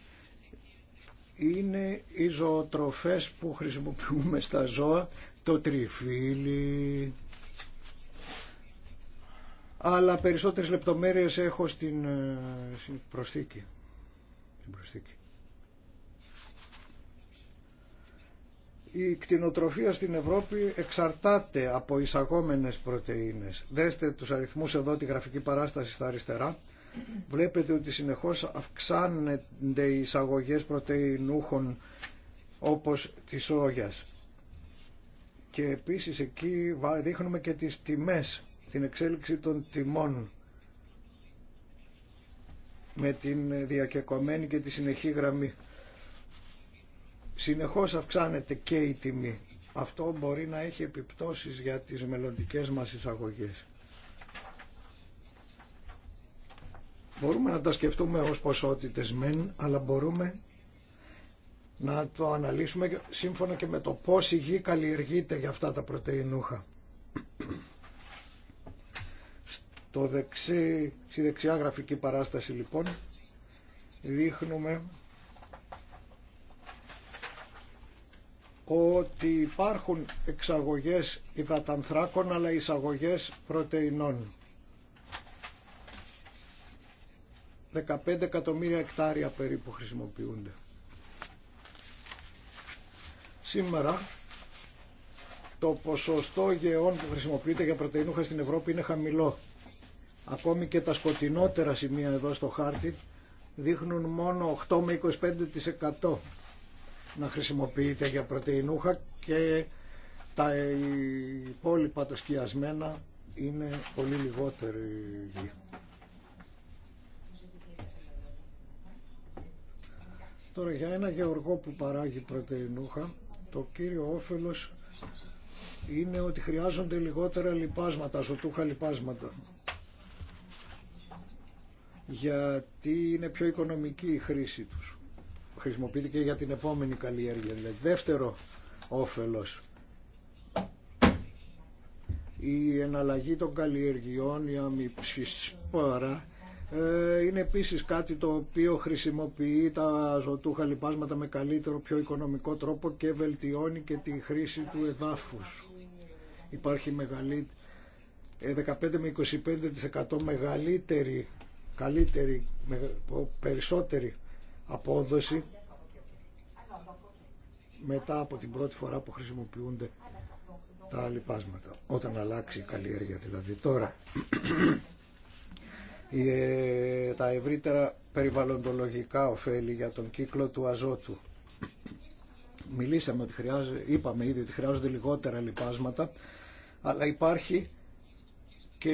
Speaker 5: είναι οι ζωοτροφές που χρησιμοποιούμε στα ζώα, το τριφύλι, αλλά περισσότερες λεπτομέρειες έχω στην ε, προσθήκη. Στην προσθήκη. η κτηνοτροφία στην Ευρώπη εξαρτάται από εισαγόμενες πρωτεΐνες. Δέστε τους αριθμούς εδώ τη γραφική παράσταση στα αριστερά. Βλέπετε ότι συνεχώς αυξάνονται οι εισαγωγές πρωτεϊνούχων όπως τη σόγιας. Και επίσης εκεί δείχνουμε και τις τιμές, την εξέλιξη των τιμών με την διακεκομένη και τη συνεχή γραμμή συνεχώς αυξάνεται και η τιμή. Αυτό μπορεί να έχει επιπτώσεις για τις μελλοντικές μας εισαγωγές. Μπορούμε να τα σκεφτούμε ως ποσότητες μεν, αλλά μπορούμε να το αναλύσουμε σύμφωνα και με το πώς η γη καλλιεργείται για αυτά τα πρωτεϊνούχα. Στο στη δεξιά γραφική παράσταση λοιπόν δείχνουμε ότι υπάρχουν εξαγωγές υδατανθράκων αλλά εισαγωγές πρωτεϊνών. 15 εκατομμύρια εκτάρια περίπου χρησιμοποιούνται. Σήμερα το ποσοστό γεών που χρησιμοποιείται για πρωτεϊνούχα στην Ευρώπη είναι χαμηλό. Ακόμη και τα σκοτεινότερα σημεία εδώ στο χάρτη δείχνουν μόνο 8 με 25% να χρησιμοποιείται για πρωτεϊνούχα και τα υπόλοιπα τα σκιασμένα είναι πολύ λιγότερη γη. Τώρα για ένα γεωργό που παράγει πρωτεϊνούχα το κύριο όφελος είναι ότι χρειάζονται λιγότερα λιπάσματα, ζωτούχα λιπάσματα γιατί είναι πιο οικονομική η χρήση τους χρησιμοποιείται και για την επόμενη καλλιέργεια. Δηλαδή δεύτερο όφελος. Η εναλλαγή των καλλιεργειών, η ε, είναι επίσης κάτι το οποίο χρησιμοποιεί τα ζωτούχα λοιπάσματα με καλύτερο, πιο οικονομικό τρόπο και βελτιώνει και τη χρήση του εδάφους. Υπάρχει μεγαλύτερη ε, 15 με 25% μεγαλύτερη, καλύτερη, περισσότερη απόδοση μετά από την πρώτη φορά που χρησιμοποιούνται τα λοιπάσματα. Όταν αλλάξει η καλλιέργεια δηλαδή τώρα. Ε, τα ευρύτερα περιβαλλοντολογικά ωφέλη για τον κύκλο του αζότου. Μιλήσαμε ότι χρειάζεται, είπαμε ήδη ότι χρειάζονται λιγότερα λοιπάσματα, αλλά υπάρχει και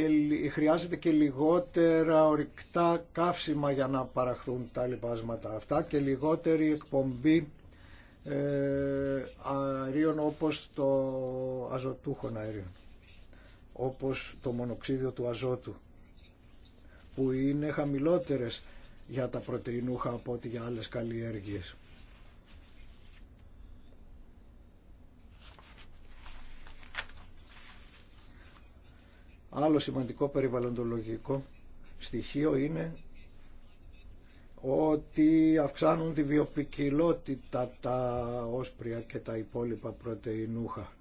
Speaker 5: χρειάζεται και λιγότερα ορυκτά καύσιμα για να παραχθούν τα λοιπάσματα αυτά και λιγότερη εκπομπή ε, αερίων όπως το αζωτούχων αέριο όπως το μονοξίδιο του αζότου που είναι χαμηλότερες για τα πρωτεϊνούχα από ό,τι για άλλες καλλιέργειες. Άλλο σημαντικό περιβαλλοντολογικό στοιχείο είναι ότι αυξάνουν τη βιοπικιλότητα τα όσπρια και τα υπόλοιπα πρωτεϊνούχα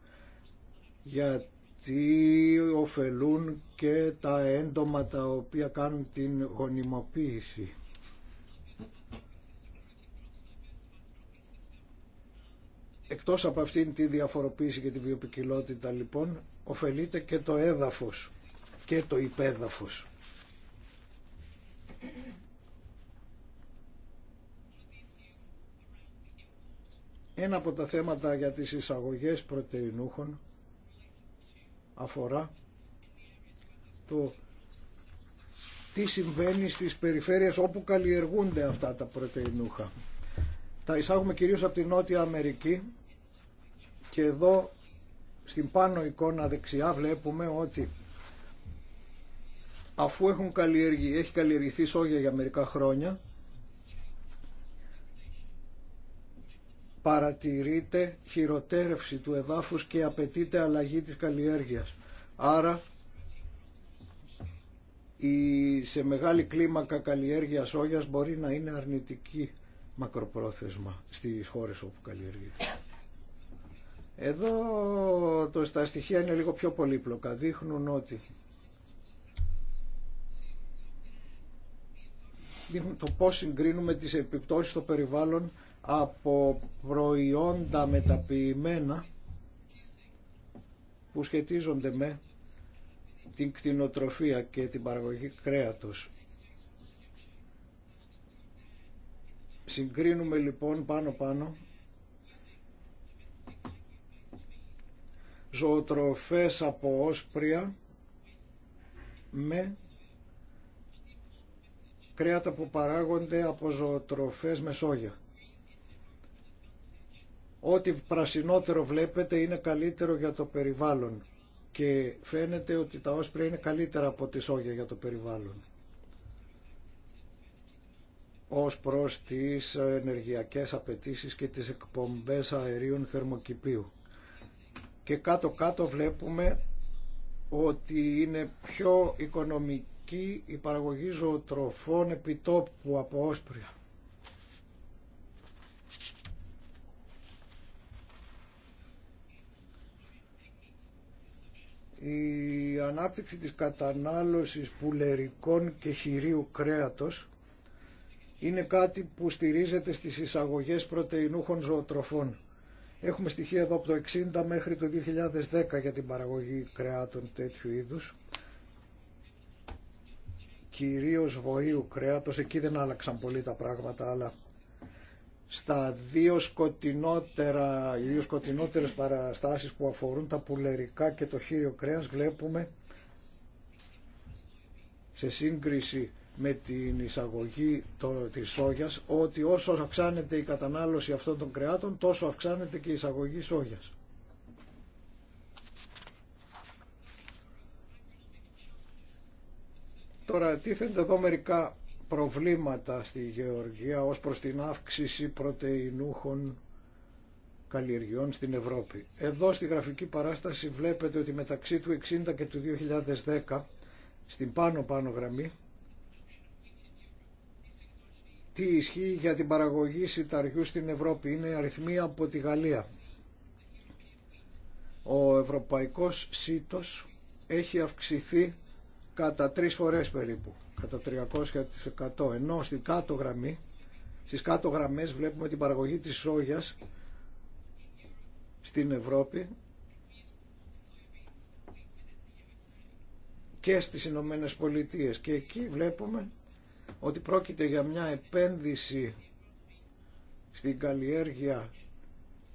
Speaker 5: γιατί ωφελούν και τα έντομα τα οποία κάνουν την γονιμοποίηση. Εκτός από αυτήν τη διαφοροποίηση και τη βιοπικιλότητα λοιπόν, ωφελείται και το έδαφος και το υπέδαφος. Ένα από τα θέματα για τις εισαγωγές πρωτεϊνούχων αφορά το τι συμβαίνει στις περιφέρειες όπου καλλιεργούνται αυτά τα πρωτεϊνούχα. Τα εισάγουμε κυρίως από την Νότια Αμερική και εδώ στην πάνω εικόνα δεξιά βλέπουμε ότι αφού έχουν καλλιεργη, έχει καλλιεργηθεί σόγια για μερικά χρόνια παρατηρείται χειροτέρευση του εδάφους και απαιτείται αλλαγή της καλλιέργειας. Άρα η σε μεγάλη κλίμακα καλλιέργεια όγιας μπορεί να είναι αρνητική μακροπρόθεσμα στις χώρες όπου καλλιεργείται. Εδώ το, τα στοιχεία είναι λίγο πιο πολύπλοκα. Δείχνουν ότι δείχνουν το πώς συγκρίνουμε τις επιπτώσεις στο περιβάλλον από προϊόντα μεταποιημένα που σχετίζονται με την κτηνοτροφία και την παραγωγή κρέατος. Συγκρίνουμε λοιπόν πάνω-πάνω ζωοτροφές από όσπρια με κρέατα που παράγονται από ζωοτροφές με σόγια ό,τι πρασινότερο βλέπετε είναι καλύτερο για το περιβάλλον και φαίνεται ότι τα όσπρια είναι καλύτερα από τη σόγια για το περιβάλλον ως προς τις ενεργειακές απαιτήσεις και τις εκπομπές αερίων θερμοκηπίου. Και κάτω-κάτω βλέπουμε ότι είναι πιο οικονομική η παραγωγή ζωοτροφών επιτόπου από όσπρια. η ανάπτυξη της κατανάλωσης πουλερικών και χειρίου κρέατος είναι κάτι που στηρίζεται στις εισαγωγές πρωτεϊνούχων ζωοτροφών. Έχουμε στοιχεία εδώ από το 60 μέχρι το 2010 για την παραγωγή κρεάτων τέτοιου είδους. Κυρίως βοήου κρέατος, εκεί δεν άλλαξαν πολύ τα πράγματα, αλλά στα δύο σκοτεινότερα, δύο σκοτεινότερες παραστάσεις που αφορούν τα πουλερικά και το χείριο κρέας βλέπουμε σε σύγκριση με την εισαγωγή το, της σόγιας ότι όσο αυξάνεται η κατανάλωση αυτών των κρεάτων τόσο αυξάνεται και η εισαγωγή σόγιας. Τώρα τίθενται εδώ μερικά προβλήματα στη Γεωργία ως προς την αύξηση πρωτεϊνούχων καλλιεργιών στην Ευρώπη. Εδώ στη γραφική παράσταση βλέπετε ότι μεταξύ του 60 και του 2010 στην πάνω-πάνω γραμμή τι ισχύει για την παραγωγή σιταριού στην Ευρώπη. Είναι αριθμοί από τη Γαλλία. Ο ευρωπαϊκός σίτος έχει αυξηθεί κατά τρεις φορές περίπου κατά 300% ενώ στην κάτω γραμμή, στις κάτω γραμμές βλέπουμε την παραγωγή της σόγιας στην Ευρώπη και στις Ηνωμένε Πολιτείες και εκεί βλέπουμε ότι πρόκειται για μια επένδυση στην καλλιέργεια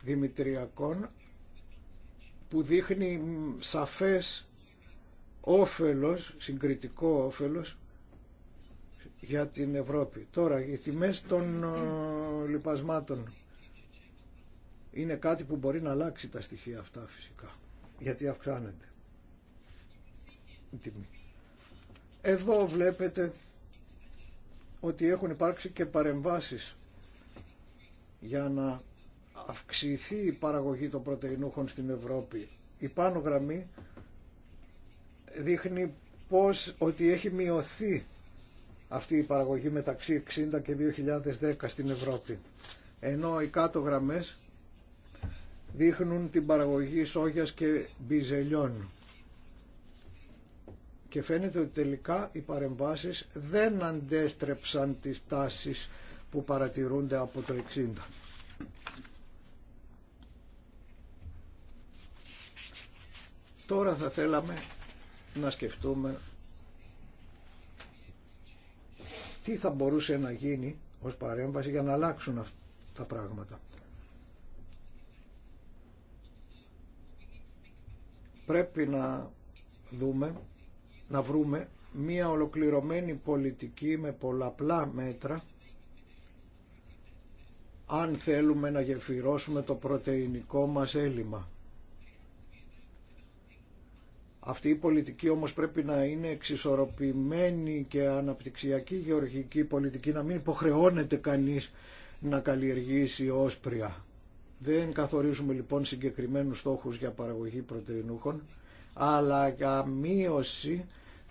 Speaker 5: δημητριακών που δείχνει σαφές όφελος, συγκριτικό όφελος για την Ευρώπη. Τώρα, οι τιμές των ε, λοιπασμάτων είναι κάτι που μπορεί να αλλάξει τα στοιχεία αυτά φυσικά, γιατί αυξάνεται η τιμή. Εδώ βλέπετε ότι έχουν υπάρξει και παρεμβάσεις για να αυξηθεί η παραγωγή των πρωτεϊνούχων στην Ευρώπη. Η πάνω γραμμή δείχνει πως ότι έχει μειωθεί αυτή η παραγωγή μεταξύ 60 και 2010 στην Ευρώπη. Ενώ οι κάτω γραμμές δείχνουν την παραγωγή σόγιας και μπιζελιών. Και φαίνεται ότι τελικά οι παρεμβάσεις δεν αντέστρεψαν τις τάσεις που παρατηρούνται από το 60. Τώρα θα θέλαμε να σκεφτούμε τι θα μπορούσε να γίνει ως παρέμβαση για να αλλάξουν αυτά τα πράγματα. Πρέπει να δούμε, να βρούμε μία ολοκληρωμένη πολιτική με πολλαπλά μέτρα αν θέλουμε να γεφυρώσουμε το πρωτεϊνικό μας έλλειμμα. Αυτή η πολιτική όμως πρέπει να είναι εξισορροπημένη και αναπτυξιακή γεωργική πολιτική, να μην υποχρεώνεται κανείς να καλλιεργήσει όσπρια. Δεν καθορίζουμε λοιπόν συγκεκριμένους στόχους για παραγωγή πρωτεϊνούχων, αλλά για μείωση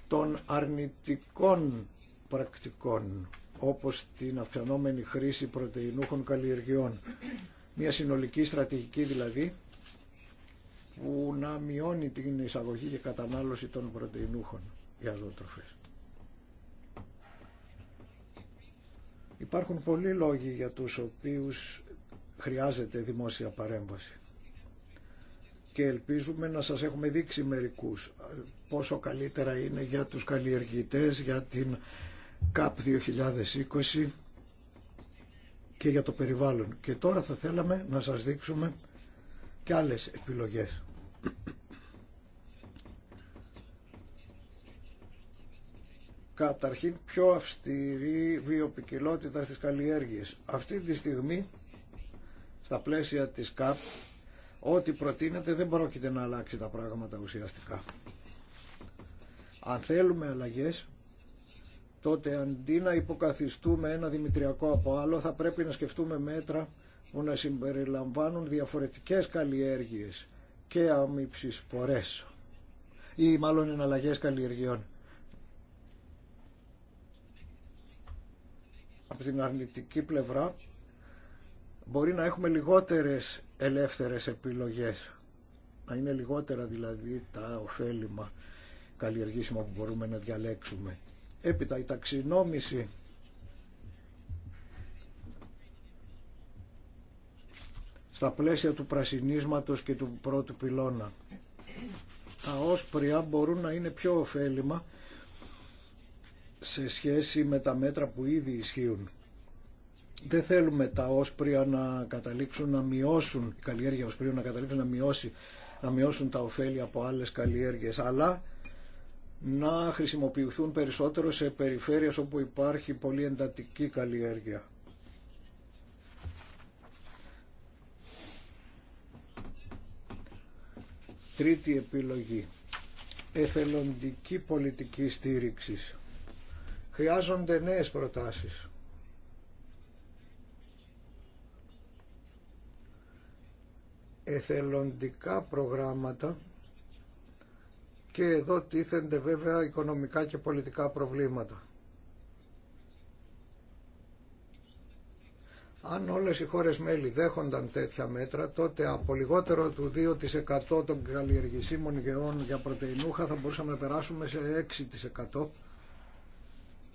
Speaker 5: των αρνητικών πρακτικών, όπως την αυξανόμενη χρήση πρωτεϊνούχων καλλιεργειών. Μια συνολική στρατηγική δηλαδή, που να μειώνει την εισαγωγή και κατανάλωση των πρωτεϊνούχων για ζωοτροφές. Υπάρχουν πολλοί λόγοι για τους οποίους χρειάζεται δημόσια παρέμβαση και ελπίζουμε να σας έχουμε δείξει μερικούς πόσο καλύτερα είναι για τους καλλιεργητές, για την ΚΑΠ 2020 και για το περιβάλλον. Και τώρα θα θέλαμε να σας δείξουμε και άλλες επιλογές. Καταρχήν πιο αυστηρή βιοπικιλότητα στις καλλιέργειες. Αυτή τη στιγμή στα πλαίσια της ΚΑΠ ό,τι προτείνεται δεν πρόκειται να αλλάξει τα πράγματα ουσιαστικά. Αν θέλουμε αλλαγές τότε αντί να υποκαθιστούμε ένα δημητριακό από άλλο θα πρέπει να σκεφτούμε μέτρα που να συμπεριλαμβάνουν διαφορετικές καλλιέργειες και αμύψεις πορές ή μάλλον εναλλαγές καλλιεργειών. Από την αρνητική πλευρά μπορεί να έχουμε λιγότερες ελεύθερες επιλογές. Να είναι λιγότερα δηλαδή τα ωφέλιμα καλλιεργήσιμα που μπορούμε να διαλέξουμε. Έπειτα η ταξινόμηση στα πλαίσια του πρασινίσματος και του πρώτου πυλώνα. Τα όσπρια μπορούν να είναι πιο ωφέλιμα σε σχέση με τα μέτρα που ήδη ισχύουν. Δεν θέλουμε τα όσπρια να καταλήξουν να μειώσουν, καλλιέργεια όσπριων να καταλήξουν να, μειώσει, να μειώσουν τα ωφέλη από άλλες καλλιέργειες, αλλά να χρησιμοποιηθούν περισσότερο σε περιφέρειες όπου υπάρχει πολύ εντατική καλλιέργεια. Τρίτη επιλογή. Εθελοντική πολιτική στήριξη. Χρειάζονται νέες προτάσεις. Εθελοντικά προγράμματα και εδώ τίθενται βέβαια οικονομικά και πολιτικά προβλήματα. Αν όλες οι χώρες μέλη δέχονταν τέτοια μέτρα, τότε από λιγότερο του 2% των καλλιεργησίμων γεών για πρωτεϊνούχα θα μπορούσαμε να περάσουμε σε 6%.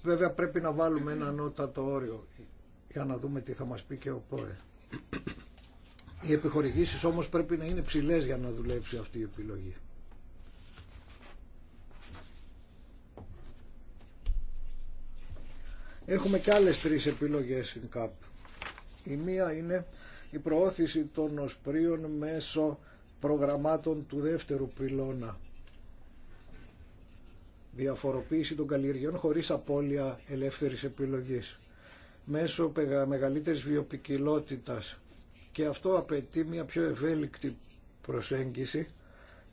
Speaker 5: Βέβαια πρέπει να βάλουμε ένα νότατο όριο για να δούμε τι θα μας πει και ο ΠΟΕ. Οι επιχορηγήσεις όμως πρέπει να είναι ψηλές για να δουλέψει αυτή η επιλογή. Έχουμε και άλλες τρεις επιλογές στην ΚΑΠ. Η μία είναι η προώθηση των οσπρίων μέσω προγραμμάτων του δεύτερου πυλώνα. Διαφοροποίηση των καλλιεργειών χωρίς απώλεια ελεύθερης επιλογής. Μέσω μεγαλύτερης βιοπικιλότητας. Και αυτό απαιτεί μια πιο ευέλικτη προσέγγιση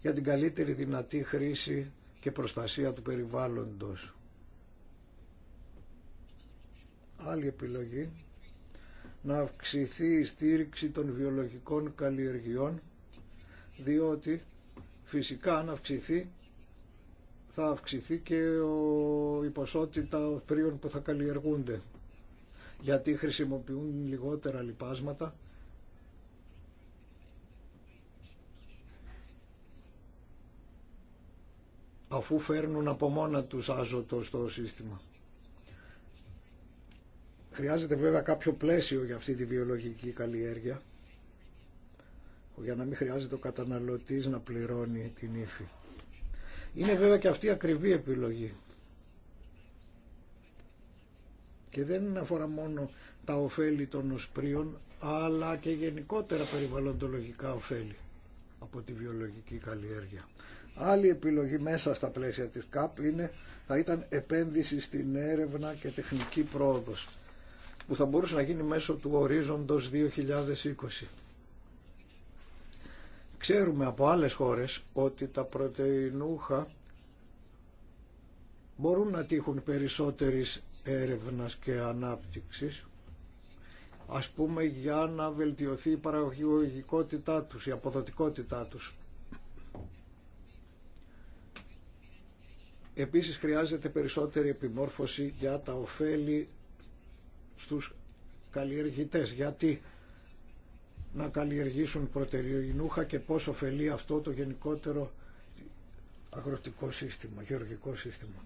Speaker 5: για την καλύτερη δυνατή χρήση και προστασία του περιβάλλοντος. Άλλη επιλογή να αυξηθεί η στήριξη των βιολογικών καλλιεργειών διότι φυσικά αν αυξηθεί θα αυξηθεί και η ποσότητα πρίων που θα καλλιεργούνται γιατί χρησιμοποιούν λιγότερα λιπάσματα αφού φέρνουν από μόνα τους άζωτο στο σύστημα. Χρειάζεται βέβαια κάποιο πλαίσιο για αυτή τη βιολογική καλλιέργεια για να μην χρειάζεται ο καταναλωτής να πληρώνει την ύφη. Είναι βέβαια και αυτή η ακριβή επιλογή. Και δεν αφορά μόνο τα ωφέλη των οσπρίων, αλλά και γενικότερα περιβαλλοντολογικά ωφέλη από τη βιολογική καλλιέργεια. Άλλη επιλογή μέσα στα πλαίσια της ΚΑΠ είναι, θα ήταν επένδυση στην έρευνα και τεχνική πρόοδος που θα μπορούσε να γίνει μέσω του ορίζοντος 2020. Ξέρουμε από άλλες χώρες ότι τα πρωτεϊνούχα μπορούν να τύχουν περισσότερης έρευνας και ανάπτυξης ας πούμε για να βελτιωθεί η παραγωγικότητά τους, η αποδοτικότητά τους. Επίσης χρειάζεται περισσότερη επιμόρφωση για τα ωφέλη στους καλλιεργητές γιατί να καλλιεργήσουν προτεραιοινούχα και πώς ωφελεί αυτό το γενικότερο αγροτικό σύστημα, γεωργικό σύστημα.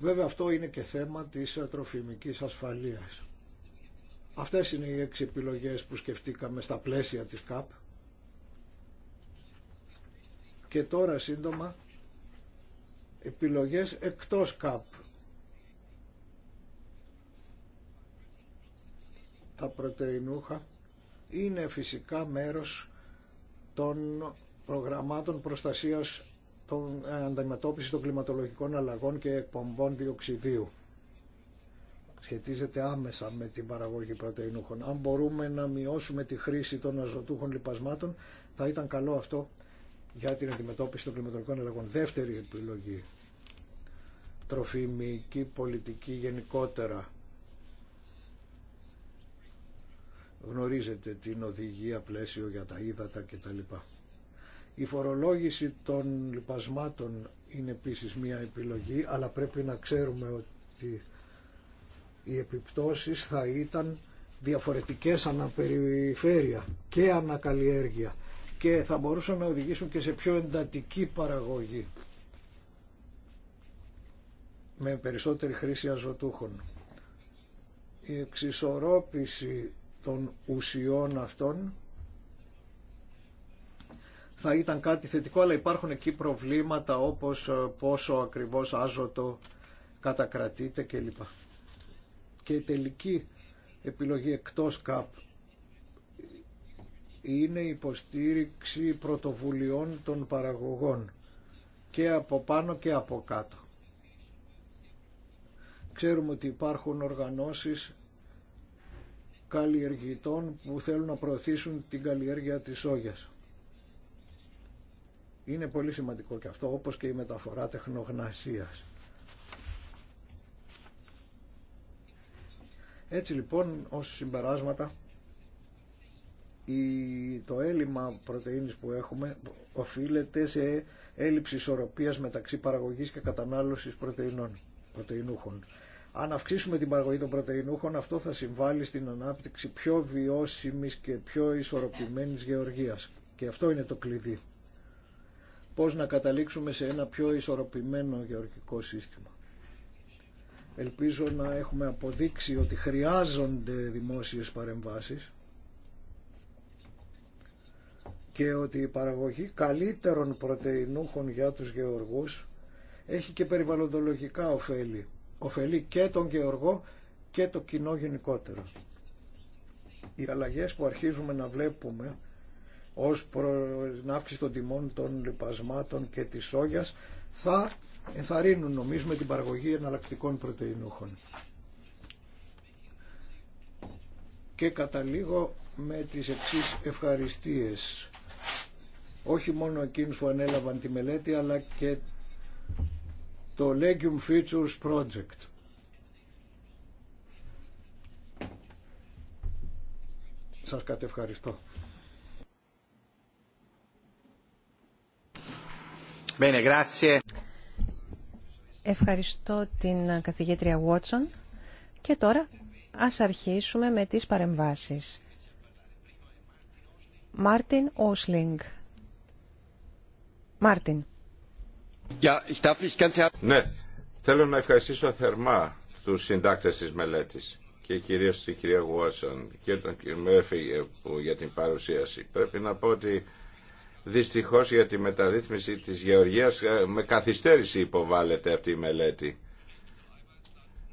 Speaker 5: Βέβαια αυτό είναι και θέμα της τροφιμικής ασφαλείας. Αυτές είναι οι έξι επιλογές που σκεφτήκαμε στα πλαίσια της ΚΑΠ. Και τώρα σύντομα επιλογές εκτός ΚΑΠ τα πρωτεϊνούχα είναι φυσικά μέρος των προγραμμάτων προστασίας των ε, αντιμετώπισης των κλιματολογικών αλλαγών και εκπομπών διοξιδίου. Σχετίζεται άμεσα με την παραγωγή πρωτεϊνούχων. Αν μπορούμε να μειώσουμε τη χρήση των αζωτούχων λιπασμάτων, θα ήταν καλό αυτό για την αντιμετώπιση των κλιματολογικών αλλαγών. Δεύτερη επιλογή. Τροφιμική πολιτική γενικότερα Γνωρίζετε την οδηγία πλαίσιο για τα ύδατα κτλ. Η φορολόγηση των λοιπασμάτων είναι επίσης μία επιλογή, αλλά πρέπει να ξέρουμε ότι οι επιπτώσεις θα ήταν διαφορετικές αναπεριφέρεια και ανακαλλιέργεια και θα μπορούσαν να οδηγήσουν και σε πιο εντατική παραγωγή με περισσότερη χρήση αζωτούχων. Η εξισορρόπηση των ουσιών αυτών θα ήταν κάτι θετικό, αλλά υπάρχουν εκεί προβλήματα όπως ε, πόσο ακριβώς άζωτο κατακρατείται κλπ. Και η τελική επιλογή εκτός ΚΑΠ είναι η υποστήριξη πρωτοβουλειών των παραγωγών και από πάνω και από κάτω. Ξέρουμε ότι υπάρχουν οργανώσεις καλλιεργητών που θέλουν να προωθήσουν την καλλιέργεια της σόγιας. Είναι πολύ σημαντικό και αυτό, όπως και η μεταφορά τεχνογνασίας. Έτσι λοιπόν, ως συμπεράσματα, το έλλειμμα πρωτεΐνης που έχουμε οφείλεται σε έλλειψη ισορροπίας μεταξύ παραγωγής και κατανάλωσης πρωτεϊνών, πρωτεϊνούχων. Αν αυξήσουμε την παραγωγή των πρωτεϊνούχων αυτό θα συμβάλλει στην ανάπτυξη πιο βιώσιμης και πιο ισορροπημένης γεωργίας. Και αυτό είναι το κλειδί. Πώς να καταλήξουμε σε ένα πιο ισορροπημένο γεωργικό σύστημα. Ελπίζω να έχουμε αποδείξει ότι χρειάζονται δημόσιες παρεμβάσεις και ότι η παραγωγή καλύτερων πρωτεϊνούχων για τους γεωργούς έχει και περιβαλλοντολογικά ωφέλη ωφελεί και τον Γεωργό και το κοινό γενικότερα. Οι αλλαγές που αρχίζουμε να βλέπουμε ως προ την αύξηση των τιμών των λιπασμάτων και της σόγιας θα ενθαρρύνουν νομίζουμε την παραγωγή εναλλακτικών πρωτεϊνούχων. Και καταλήγω με τις εξής ευχαριστίες. Όχι μόνο εκείνους που ανέλαβαν τη μελέτη αλλά και το Legium Features Project. Σας κατευχαριστώ.
Speaker 2: Ευχαριστώ την καθηγήτρια Watson και τώρα ας αρχίσουμε με τις παρεμβάσεις. Μάρτιν Όσλινγκ. Μάρτιν
Speaker 4: ναι, θέλω να ευχαριστήσω θερμά του συντάκτες της μελέτης και κυρίως την κυρία Γουάσον και τον κύριο Μέρφυ ε, για την παρουσίαση. Πρέπει να πω ότι δυστυχώς για τη μεταρρύθμιση της γεωργίας ε, με καθυστέρηση υποβάλλεται αυτή η μελέτη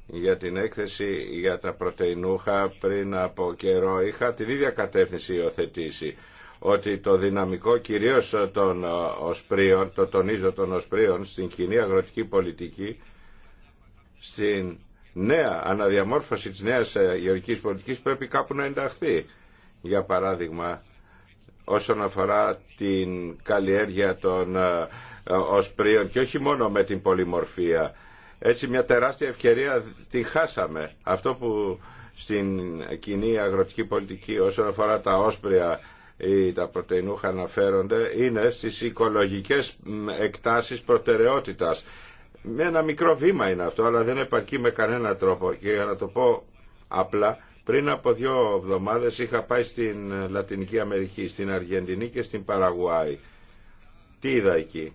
Speaker 4: για την έκθεση για τα πρωτεϊνούχα πριν από καιρό είχα την ίδια κατεύθυνση υιοθετήσει ότι το δυναμικό κυρίως των ε, οσπρίων, το τονίζω των οσπρίων στην κοινή αγροτική πολιτική, στην νέα αναδιαμόρφωση της νέας ε, γεωργικής πολιτικής πρέπει κάπου να ενταχθεί. Για παράδειγμα, όσον αφορά την καλλιέργεια των ε, οσπρίων και όχι μόνο με την πολυμορφία. Έτσι μια τεράστια ευκαιρία την χάσαμε. Αυτό που στην κοινή αγροτική πολιτική όσον αφορά τα όσπρια ή ε, τα πρωτεϊνούχα αναφέρονται είναι στις οικολογικές εκτάσεις προτεραιότητας. Με ένα μικρό βήμα είναι αυτό, αλλά δεν επαρκεί με κανένα τρόπο. Και για να το πω απλά, πριν από δύο εβδομάδες είχα πάει στην Λατινική Αμερική, στην Αργεντινή και στην Παραγουάη. Τι είδα εκεί.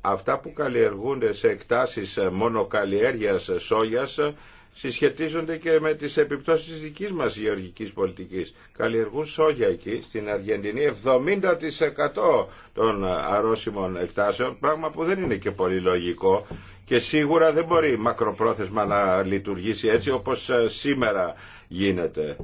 Speaker 4: Αυτά που καλλιεργούνται σε εκτάσεις ε, μονοκαλλιέργειας ε, σόγιας συσχετίζονται και με τις επιπτώσεις της δικής μας γεωργικής πολιτικής. Καλλιεργούν σόγια εκεί, στην Αργεντινή, 70% των αρρώσιμων εκτάσεων, πράγμα που δεν είναι και πολύ λογικό και σίγουρα δεν μπορεί μακροπρόθεσμα να λειτουργήσει έτσι όπως ε, σήμερα γίνεται.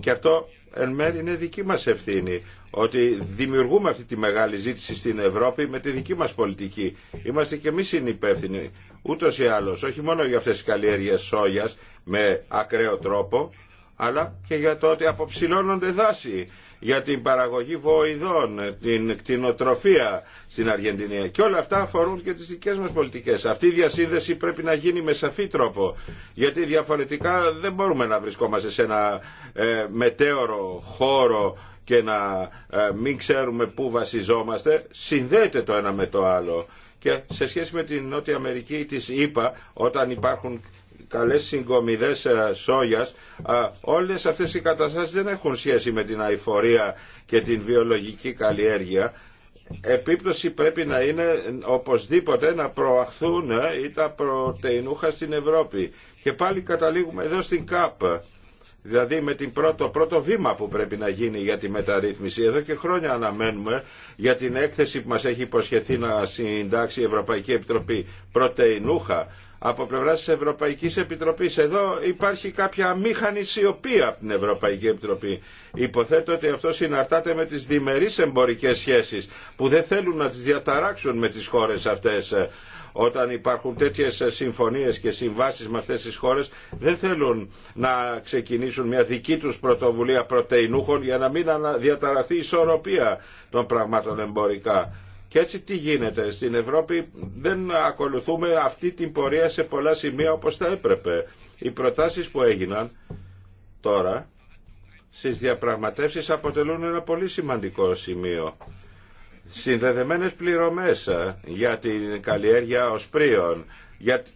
Speaker 4: Και αυτό εν μέρει είναι δική μας ευθύνη ότι δημιουργούμε αυτή τη μεγάλη ζήτηση στην Ευρώπη με τη δική μας πολιτική. Είμαστε και εμείς συνυπεύθυνοι ούτως ή άλλως, όχι μόνο για αυτές τις καλλιέργειες σόγιας με ακραίο τρόπο, αλλά και για το ότι αποψηλώνονται δάση για την παραγωγή βοηδών, την κτηνοτροφία στην Αργεντινή. Και όλα αυτά αφορούν και τις δικές μας πολιτικές. Αυτή η διασύνδεση πρέπει να γίνει με σαφή τρόπο, γιατί διαφορετικά δεν μπορούμε να βρισκόμαστε σε ένα ε, μετέωρο χώρο και να ε, μην ξέρουμε πού βασιζόμαστε. Συνδέεται το ένα με το άλλο. Και σε σχέση με την Νότια Αμερική της ΗΠΑ, όταν υπάρχουν καλές συγκομιδές ε, σόγιας, όλες αυτές οι καταστάσεις δεν έχουν σχέση με την αηφορία και την βιολογική καλλιέργεια. Επίπτωση πρέπει να είναι οπωσδήποτε να προαχθούν ε, ή τα πρωτεϊνούχα στην Ευρώπη. Και πάλι καταλήγουμε εδώ στην ΚΑΠ Δηλαδή με την πρώτο, πρώτο βήμα που πρέπει να γίνει για τη μεταρρύθμιση. Εδώ και χρόνια αναμένουμε για την έκθεση που μας έχει υποσχεθεί να συντάξει η Ευρωπαϊκή Επιτροπή πρωτεϊνούχα από πλευρά τη Ευρωπαϊκή Επιτροπή. Εδώ υπάρχει κάποια αμήχανη σιωπή από την Ευρωπαϊκή Επιτροπή. Υποθέτω ότι αυτό συναρτάται με τι διμερεί εμπορικέ σχέσει που δεν θέλουν να τι διαταράξουν με τι χώρε αυτέ όταν υπάρχουν τέτοιες συμφωνίε και συμβάσεις με αυτέ τι χώρε δεν θέλουν να ξεκινήσουν μια δική τους πρωτοβουλία πρωτεϊνούχων για να μην διαταραθεί η ισορροπία των πραγμάτων εμπορικά. Και έτσι τι γίνεται. Στην Ευρώπη δεν ακολουθούμε αυτή την πορεία σε πολλά σημεία όπως θα έπρεπε. Οι προτάσεις που έγιναν τώρα στις διαπραγματεύσεις αποτελούν ένα πολύ σημαντικό σημείο Συνδεδεμένες πληρωμές ε, για την καλλιέργεια οσπρίων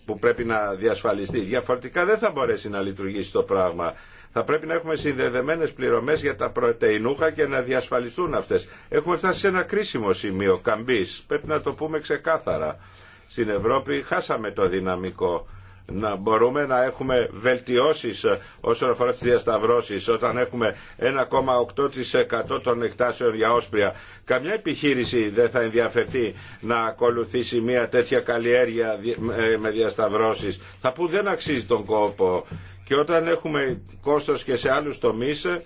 Speaker 4: που πρέπει να διασφαλιστεί. Διαφορετικά δεν θα μπορέσει να λειτουργήσει το πράγμα. Θα πρέπει να έχουμε συνδεδεμένε πληρωμέ για τα πρωτεϊνούχα και να διασφαλιστούν αυτέ. Έχουμε φτάσει σε ένα κρίσιμο σημείο καμπή. Πρέπει να το πούμε ξεκάθαρα. Στην Ευρώπη χάσαμε το δυναμικό να μπορούμε να έχουμε βελτιώσεις ε, όσον αφορά τις διασταυρώσεις όταν έχουμε 1,8% των εκτάσεων για όσπρια. Καμιά επιχείρηση δεν θα ενδιαφερθεί να ακολουθήσει μια τέτοια καλλιέργεια ε, με διασταυρώσεις. Θα που δεν αξίζει τον κόπο. Και όταν έχουμε κόστος και σε άλλους τομείς, ε,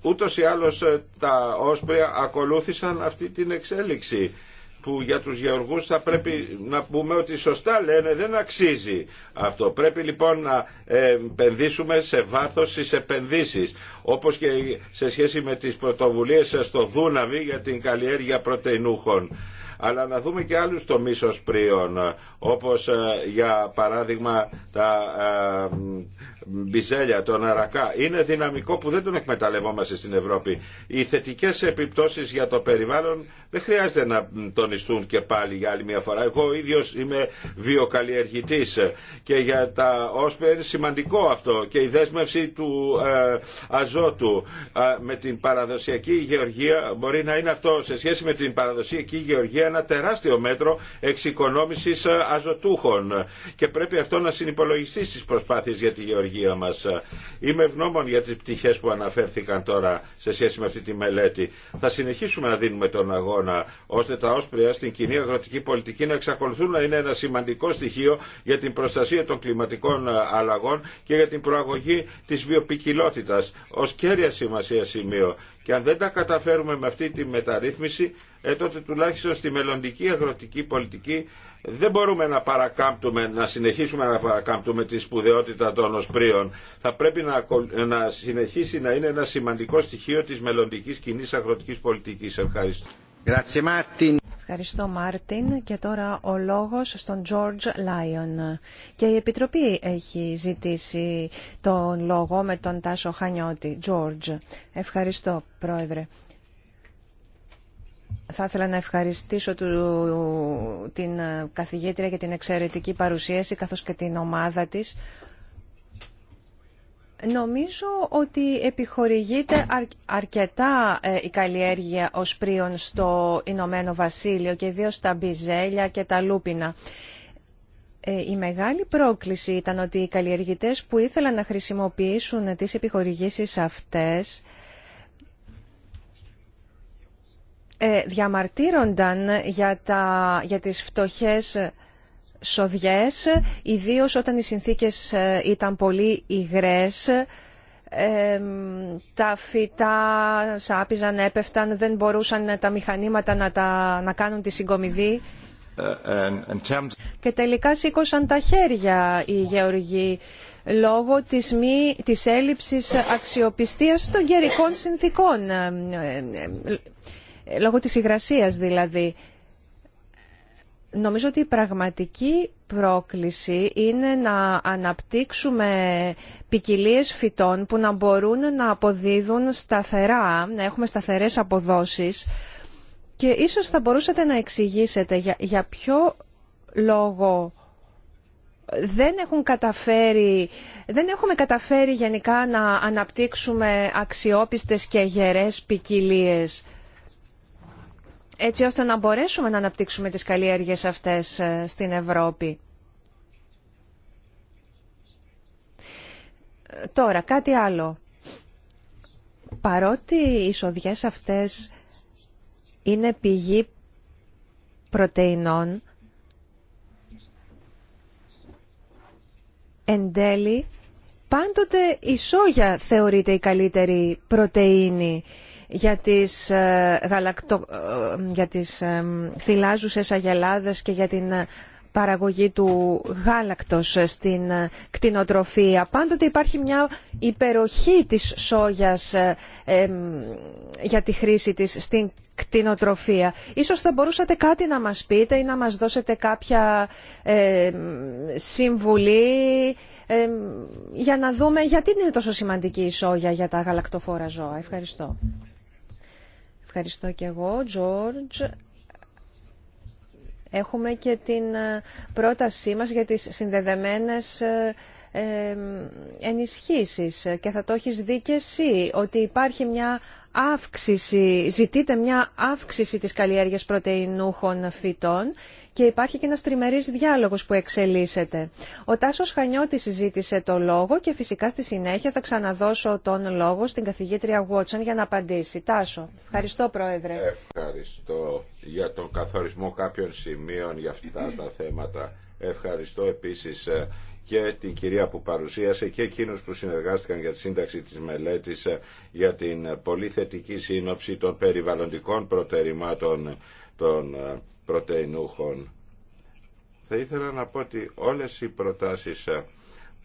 Speaker 4: ούτως ή άλλως τα όσπρια ακολούθησαν αυτή την εξέλιξη που για τους γεωργούς θα πρέπει να πούμε ότι σωστά λένε δεν αξίζει αυτό. Πρέπει λοιπόν να ε, επενδύσουμε σε βάθος στις επενδύσεις όπως και σε σχέση με τις πρωτοβουλίες στο Δούναβι για την καλλιέργεια πρωτεϊνούχων αλλά να δούμε και άλλους τομείς ως πρίον, όπως ε, για παράδειγμα τα ε, Μπιζέλια, τον Αρακά, είναι δυναμικό που δεν τον εκμεταλλευόμαστε στην Ευρώπη. Οι θετικέ επιπτώσει για το περιβάλλον δεν χρειάζεται να τονιστούν και πάλι για άλλη μια φορά. Εγώ ίδιο είμαι βιοκαλλιεργητή και για τα όσπερ είναι σημαντικό αυτό και η δέσμευση του ε, αζότου ε, με την παραδοσιακή γεωργία μπορεί να είναι αυτό σε σχέση με την παραδοσιακή γεωργία ένα τεράστιο μέτρο εξοικονόμηση ε, αζωτούχων και πρέπει αυτό να συνυπολογιστεί στι προσπάθειε για τη γεωργία μας. Είμαι ευγνώμων για τις πτυχές που αναφέρθηκαν τώρα σε σχέση με αυτή τη μελέτη. Θα συνεχίσουμε να δίνουμε τον αγώνα ώστε τα όσπρια στην κοινή αγροτική πολιτική να εξακολουθούν να είναι ένα σημαντικό στοιχείο για την προστασία των κλιματικών αλλαγών και για την προαγωγή της βιοπικιλότητας ως κέρια σημασία σημείο και αν δεν τα καταφέρουμε με αυτή τη μεταρρύθμιση, ε, τότε τουλάχιστον στη μελλοντική αγροτική πολιτική δεν μπορούμε να παρακάμπτουμε, να συνεχίσουμε να παρακάμπτουμε τη σπουδαιότητα των οσπρίων. Θα πρέπει να, να συνεχίσει να είναι ένα σημαντικό στοιχείο της μελλοντική κοινή αγροτικής πολιτικής. Ευχαριστώ. Grazie,
Speaker 2: Ευχαριστώ Μάρτιν και τώρα ο λόγος στον George Λάιον. Και η Επιτροπή έχει ζητήσει τον λόγο με τον Τάσο Χανιώτη. Τζορτζ, ευχαριστώ Πρόεδρε. Θα ήθελα να ευχαριστήσω την καθηγήτρια για την εξαιρετική παρουσίαση καθώς και την ομάδα της. Νομίζω ότι επιχορηγείται αρκετά ε, η καλλιέργεια ως πρίον στο Ηνωμένο Βασίλειο και ιδίως τα μπιζέλια και τα λούπινα. Ε, η μεγάλη πρόκληση ήταν ότι οι καλλιεργητές που ήθελαν να χρησιμοποιήσουν τις επιχορηγήσεις αυτές ε, διαμαρτύρονταν για, τα, για τις φτωχές σοδιές, ιδίως όταν οι συνθήκες ε, ήταν πολύ υγρές, ε, τα φυτά σάπιζαν, έπεφταν, δεν μπορούσαν τα μηχανήματα να, τα, να κάνουν τη συγκομιδή. Και τελικά σήκωσαν τα χέρια οι γεωργοί λόγω της, μη, της έλλειψης αξιοπιστίας των καιρικών συνθήκων, ε, λόγω της υγρασίας δηλαδή. Νομίζω ότι η πραγματική πρόκληση είναι να αναπτύξουμε ποικιλίε φυτών που να μπορούν να αποδίδουν σταθερά, να έχουμε σταθερές αποδόσεις και ίσως θα μπορούσατε να εξηγήσετε για, για ποιο λόγο δεν, έχουν καταφέρει, δεν έχουμε καταφέρει γενικά να αναπτύξουμε αξιόπιστες και γερές ποικιλίε έτσι ώστε να μπορέσουμε να αναπτύξουμε τις καλλιέργειες αυτές ε, στην Ευρώπη. Τώρα, κάτι άλλο. Παρότι οι εισοδιές αυτές είναι πηγή πρωτεϊνών, εν τέλει πάντοτε η σόγια θεωρείται η καλύτερη πρωτεΐνη για τις, ε, γαλακτο... Ε, για τις ε, θυλάζουσες αγελάδες και για την παραγωγή του γάλακτος στην κτηνοτροφία. Πάντοτε υπάρχει μια υπεροχή της σόγιας για τη χρήση της στην κτηνοτροφία. Ίσως θα μπορούσατε κάτι να μας πείτε ή να μας δώσετε κάποια συμβολή συμβουλή για να δούμε γιατί είναι τόσο σημαντική η σόγια για τα γαλακτοφόρα ζώα. Ευχαριστώ. Ευχαριστώ και εγώ, Τζόρτζ. Έχουμε και την ε, πρότασή μας για τις συνδεδεμένες ε, ενισχύσεις και θα το έχεις δει και εσύ ότι υπάρχει μια αύξηση, ζητείται μια αύξηση της καλλιέργειας πρωτεϊνούχων φυτών και υπάρχει και ένα τριμερή διάλογος που εξελίσσεται. Ο Τάσο Χανιώτη συζήτησε το λόγο και φυσικά στη συνέχεια θα ξαναδώσω τον λόγο στην καθηγήτρια Βότσον για να απαντήσει. Τάσο, ευχαριστώ Πρόεδρε.
Speaker 4: Ευχαριστώ για τον καθορισμό κάποιων σημείων για αυτά τα θέματα. Ευχαριστώ επίση ε, και την κυρία που παρουσίασε και εκείνους που συνεργάστηκαν για τη σύνταξη της μελέτης ε, για την πολύ θετική σύνοψη των περιβαλλοντικών προτεραιμάτων των ε, πρωτεϊνούχων. Θα ήθελα να πω ότι όλες οι προτάσεις ε,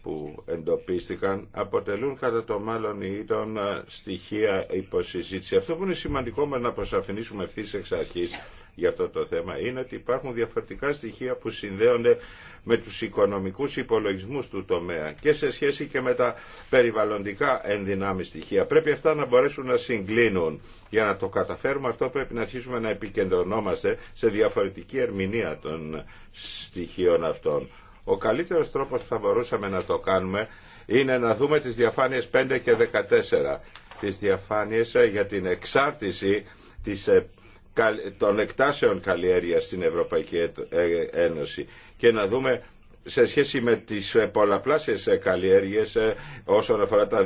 Speaker 4: που εντοπίστηκαν αποτελούν κατά το μάλλον ή των ε, στοιχεία υποσυζήτηση. Αυτό που είναι σημαντικό με να αποσαφηνίσουμε ευθύ εξ αρχής για αυτό το θέμα είναι ότι υπάρχουν διαφορετικά στοιχεία που συνδέονται με τους οικονομικούς υπολογισμούς του τομέα και σε σχέση και με τα περιβαλλοντικά ενδυνάμει στοιχεία. Πρέπει αυτά να μπορέσουν να συγκλίνουν. Για να το καταφέρουμε αυτό πρέπει να αρχίσουμε να επικεντρωνόμαστε σε διαφορετική ερμηνεία των στοιχείων αυτών. Ο καλύτερος τρόπος που θα μπορούσαμε να το κάνουμε είναι να δούμε τις διαφάνειες 5 και 14. Τις διαφάνειες ε, για την εξάρτηση ε, των εκτάσεων καλλιέργειας στην Ευρωπαϊκή ε, Ένωση και να δούμε σε σχέση με τις ε, πολλαπλάσιες ε, καλλιέργειες ε, όσον αφορά τα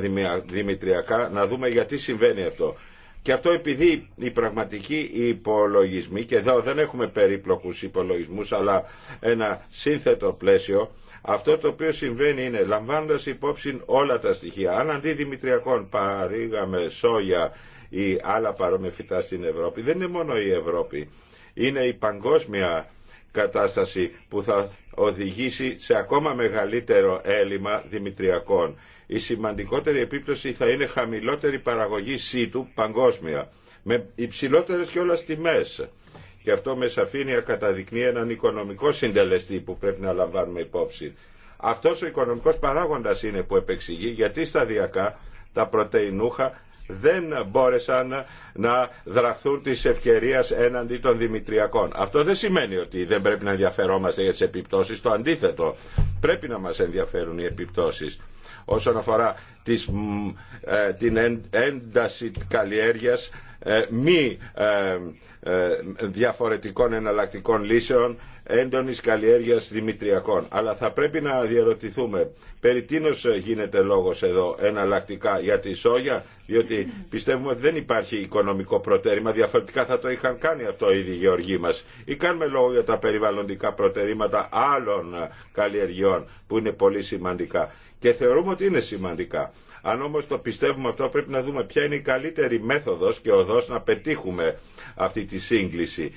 Speaker 4: δημητριακά, να δούμε γιατί συμβαίνει αυτό. Και αυτό επειδή οι πραγματικοί υπολογισμοί, και εδώ δεν έχουμε περίπλοκους υπολογισμούς, αλλά ένα σύνθετο πλαίσιο, αυτό το οποίο συμβαίνει είναι, λαμβάνοντας υπόψη όλα τα στοιχεία, αν αντί δημητριακών παρήγαμε σόγια ή άλλα παρόμοια φυτά στην Ευρώπη, δεν είναι μόνο η Ευρώπη, είναι η παγκόσμια κατάσταση που θα οδηγήσει σε ακόμα μεγαλύτερο έλλειμμα δημητριακών. Η σημαντικότερη επίπτωση θα είναι χαμηλότερη παραγωγή σίτου παγκόσμια, με υψηλότερες και όλες τιμές. Και αυτό με σαφήνεια καταδεικνύει έναν οικονομικό συντελεστή που πρέπει να λαμβάνουμε υπόψη. Αυτός ο οικονομικός παράγοντας είναι που επεξηγεί γιατί σταδιακά τα πρωτεϊνούχα δεν μπόρεσαν να δραχθούν τη ευκαιρία έναντι των Δημητριακών. Αυτό δεν σημαίνει ότι δεν πρέπει να ενδιαφερόμαστε για τι επιπτώσει. Το αντίθετο, πρέπει να μα ενδιαφέρουν οι επιπτώσει όσον αφορά τις, ε, την ένταση καλλιέργειας ε, μη ε, ε, διαφορετικών εναλλακτικών λύσεων Έντονη καλλιέργεια δημητριακών. Αλλά θα πρέπει να διαρωτηθούμε περί τίνο γίνεται λόγο εδώ εναλλακτικά για τη σόγια, διότι πιστεύουμε ότι δεν υπάρχει οικονομικό προτέρημα, διαφορετικά θα το είχαν κάνει αυτό ήδη οι γεωργοί μα. Ή κάνουμε λόγο για τα περιβαλλοντικά προτερήματα άλλων καλλιεργειών που είναι πολύ σημαντικά. Και θεωρούμε ότι είναι σημαντικά. Αν όμω το πιστεύουμε αυτό, πρέπει να δούμε ποια είναι η καλύτερη μέθοδο και οδό να πετύχουμε αυτή τη σύγκληση.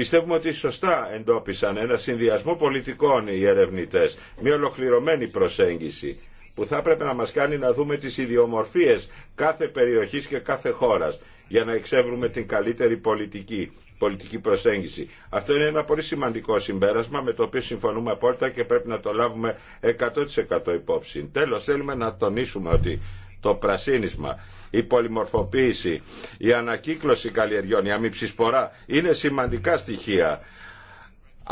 Speaker 4: Πιστεύουμε ότι σωστά εντόπισαν ένα συνδυασμό πολιτικών οι ερευνητές, μια ολοκληρωμένη προσέγγιση που θα έπρεπε να μας κάνει να δούμε τις ιδιομορφίες κάθε περιοχής και κάθε χώρας για να εξεύρουμε την καλύτερη πολιτική, πολιτική προσέγγιση. Αυτό είναι ένα πολύ σημαντικό συμπέρασμα με το οποίο συμφωνούμε απόλυτα και πρέπει να το λάβουμε 100% υπόψη. Τέλος, θέλουμε να τονίσουμε ότι το πρασίνισμα, η πολυμορφοποίηση, η ανακύκλωση καλλιεργιών, η αμυψισπορά είναι σημαντικά στοιχεία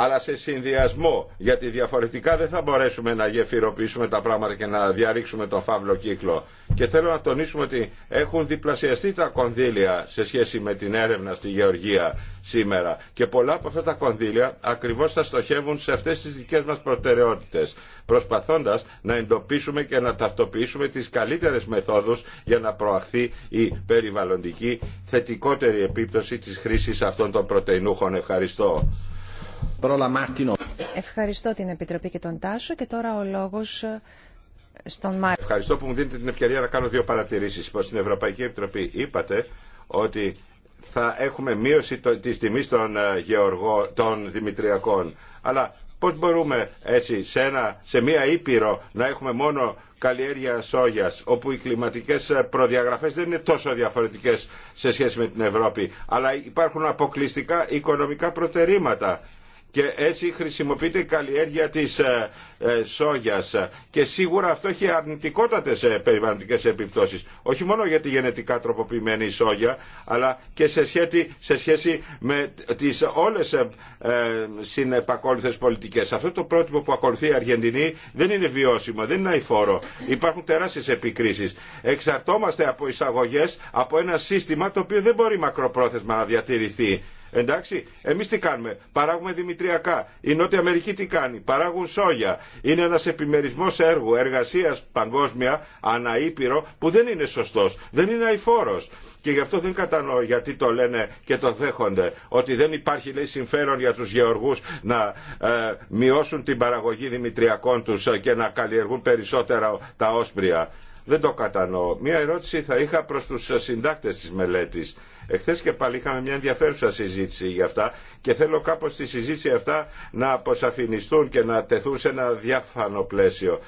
Speaker 4: αλλά σε συνδυασμό, γιατί διαφορετικά δεν θα μπορέσουμε να γεφυροποιήσουμε τα πράγματα και να διαρρήξουμε τον φαύλο κύκλο. Και θέλω να τονίσουμε ότι έχουν διπλασιαστεί τα κονδύλια σε σχέση με την έρευνα στη Γεωργία σήμερα. Και πολλά από αυτά τα κονδύλια ακριβώς θα στοχεύουν σε αυτές τις δικές μας προτεραιότητες, προσπαθώντας να εντοπίσουμε και να ταυτοποιήσουμε τις καλύτερες μεθόδους για να προαχθεί η περιβαλλοντική θετικότερη επίπτωση της χρήσης αυτών των πρωτεϊνούχων. Ευχαριστώ.
Speaker 2: Ευχαριστώ την Επιτροπή και τον Τάσο και τώρα ο λόγος ε, στον Μάρτιν.
Speaker 4: Ευχαριστώ που μου δίνετε την ευκαιρία να κάνω δύο παρατηρήσεις Πως στην Ευρωπαϊκή Επιτροπή. Είπατε ότι θα έχουμε μείωση τη τιμή των, ε, των δημητριακών. Αλλά πώς μπορούμε έτσι σε, ένα, σε μία ήπειρο να έχουμε μόνο καλλιέργεια σόγιας όπου οι κλιματικές ε, προδιαγραφές δεν είναι τόσο διαφορετικές σε σχέση με την Ευρώπη αλλά υπάρχουν αποκλειστικά οικονομικά προτερήματα και έτσι χρησιμοποιείται η καλλιέργεια της ε, ε, σόγιας και σίγουρα αυτό έχει αρνητικότατες ε, περιβαλλοντικές επιπτώσεις όχι μόνο για τη γενετικά τροποποιημένη σόγια αλλά και σε σχέση, σε σχέση με τις όλες ε, συνεπακόλουθες πολιτικές. Αυτό το πρότυπο που ακολουθεί η Αργεντινή δεν είναι βιώσιμο, δεν είναι αηφόρο. Υπάρχουν τεράστιες επικρίσεις. Εξαρτώμαστε από εισαγωγές από ένα σύστημα το οποίο δεν μπορεί μακροπρόθεσμα να διατηρηθεί Εντάξει, εμεί τι κάνουμε. Παράγουμε δημητριακά. Η Νότια Αμερική τι κάνει. Παράγουν σόγια. Είναι ένα επιμερισμό έργου, εργασία παγκόσμια, αναήπειρο, που δεν είναι σωστό. Δεν είναι αηφόρο. Και γι' αυτό δεν κατανοώ γιατί το λένε και το δέχονται. Ότι δεν υπάρχει λέει, συμφέρον για του γεωργού να ε, μειώσουν την παραγωγή δημητριακών του ε, και να καλλιεργούν περισσότερα τα όσπρια. Δεν το κατανοώ. Μία ερώτηση θα είχα προς τους συντάκτες της μελέτης. Εχθέ και πάλι είχαμε μια ενδιαφέρουσα συζήτηση για αυτά και θέλω κάπως στη συζήτηση αυτά να αποσαφινιστούν και να τεθούν σε ένα διάφανο πλαίσιο.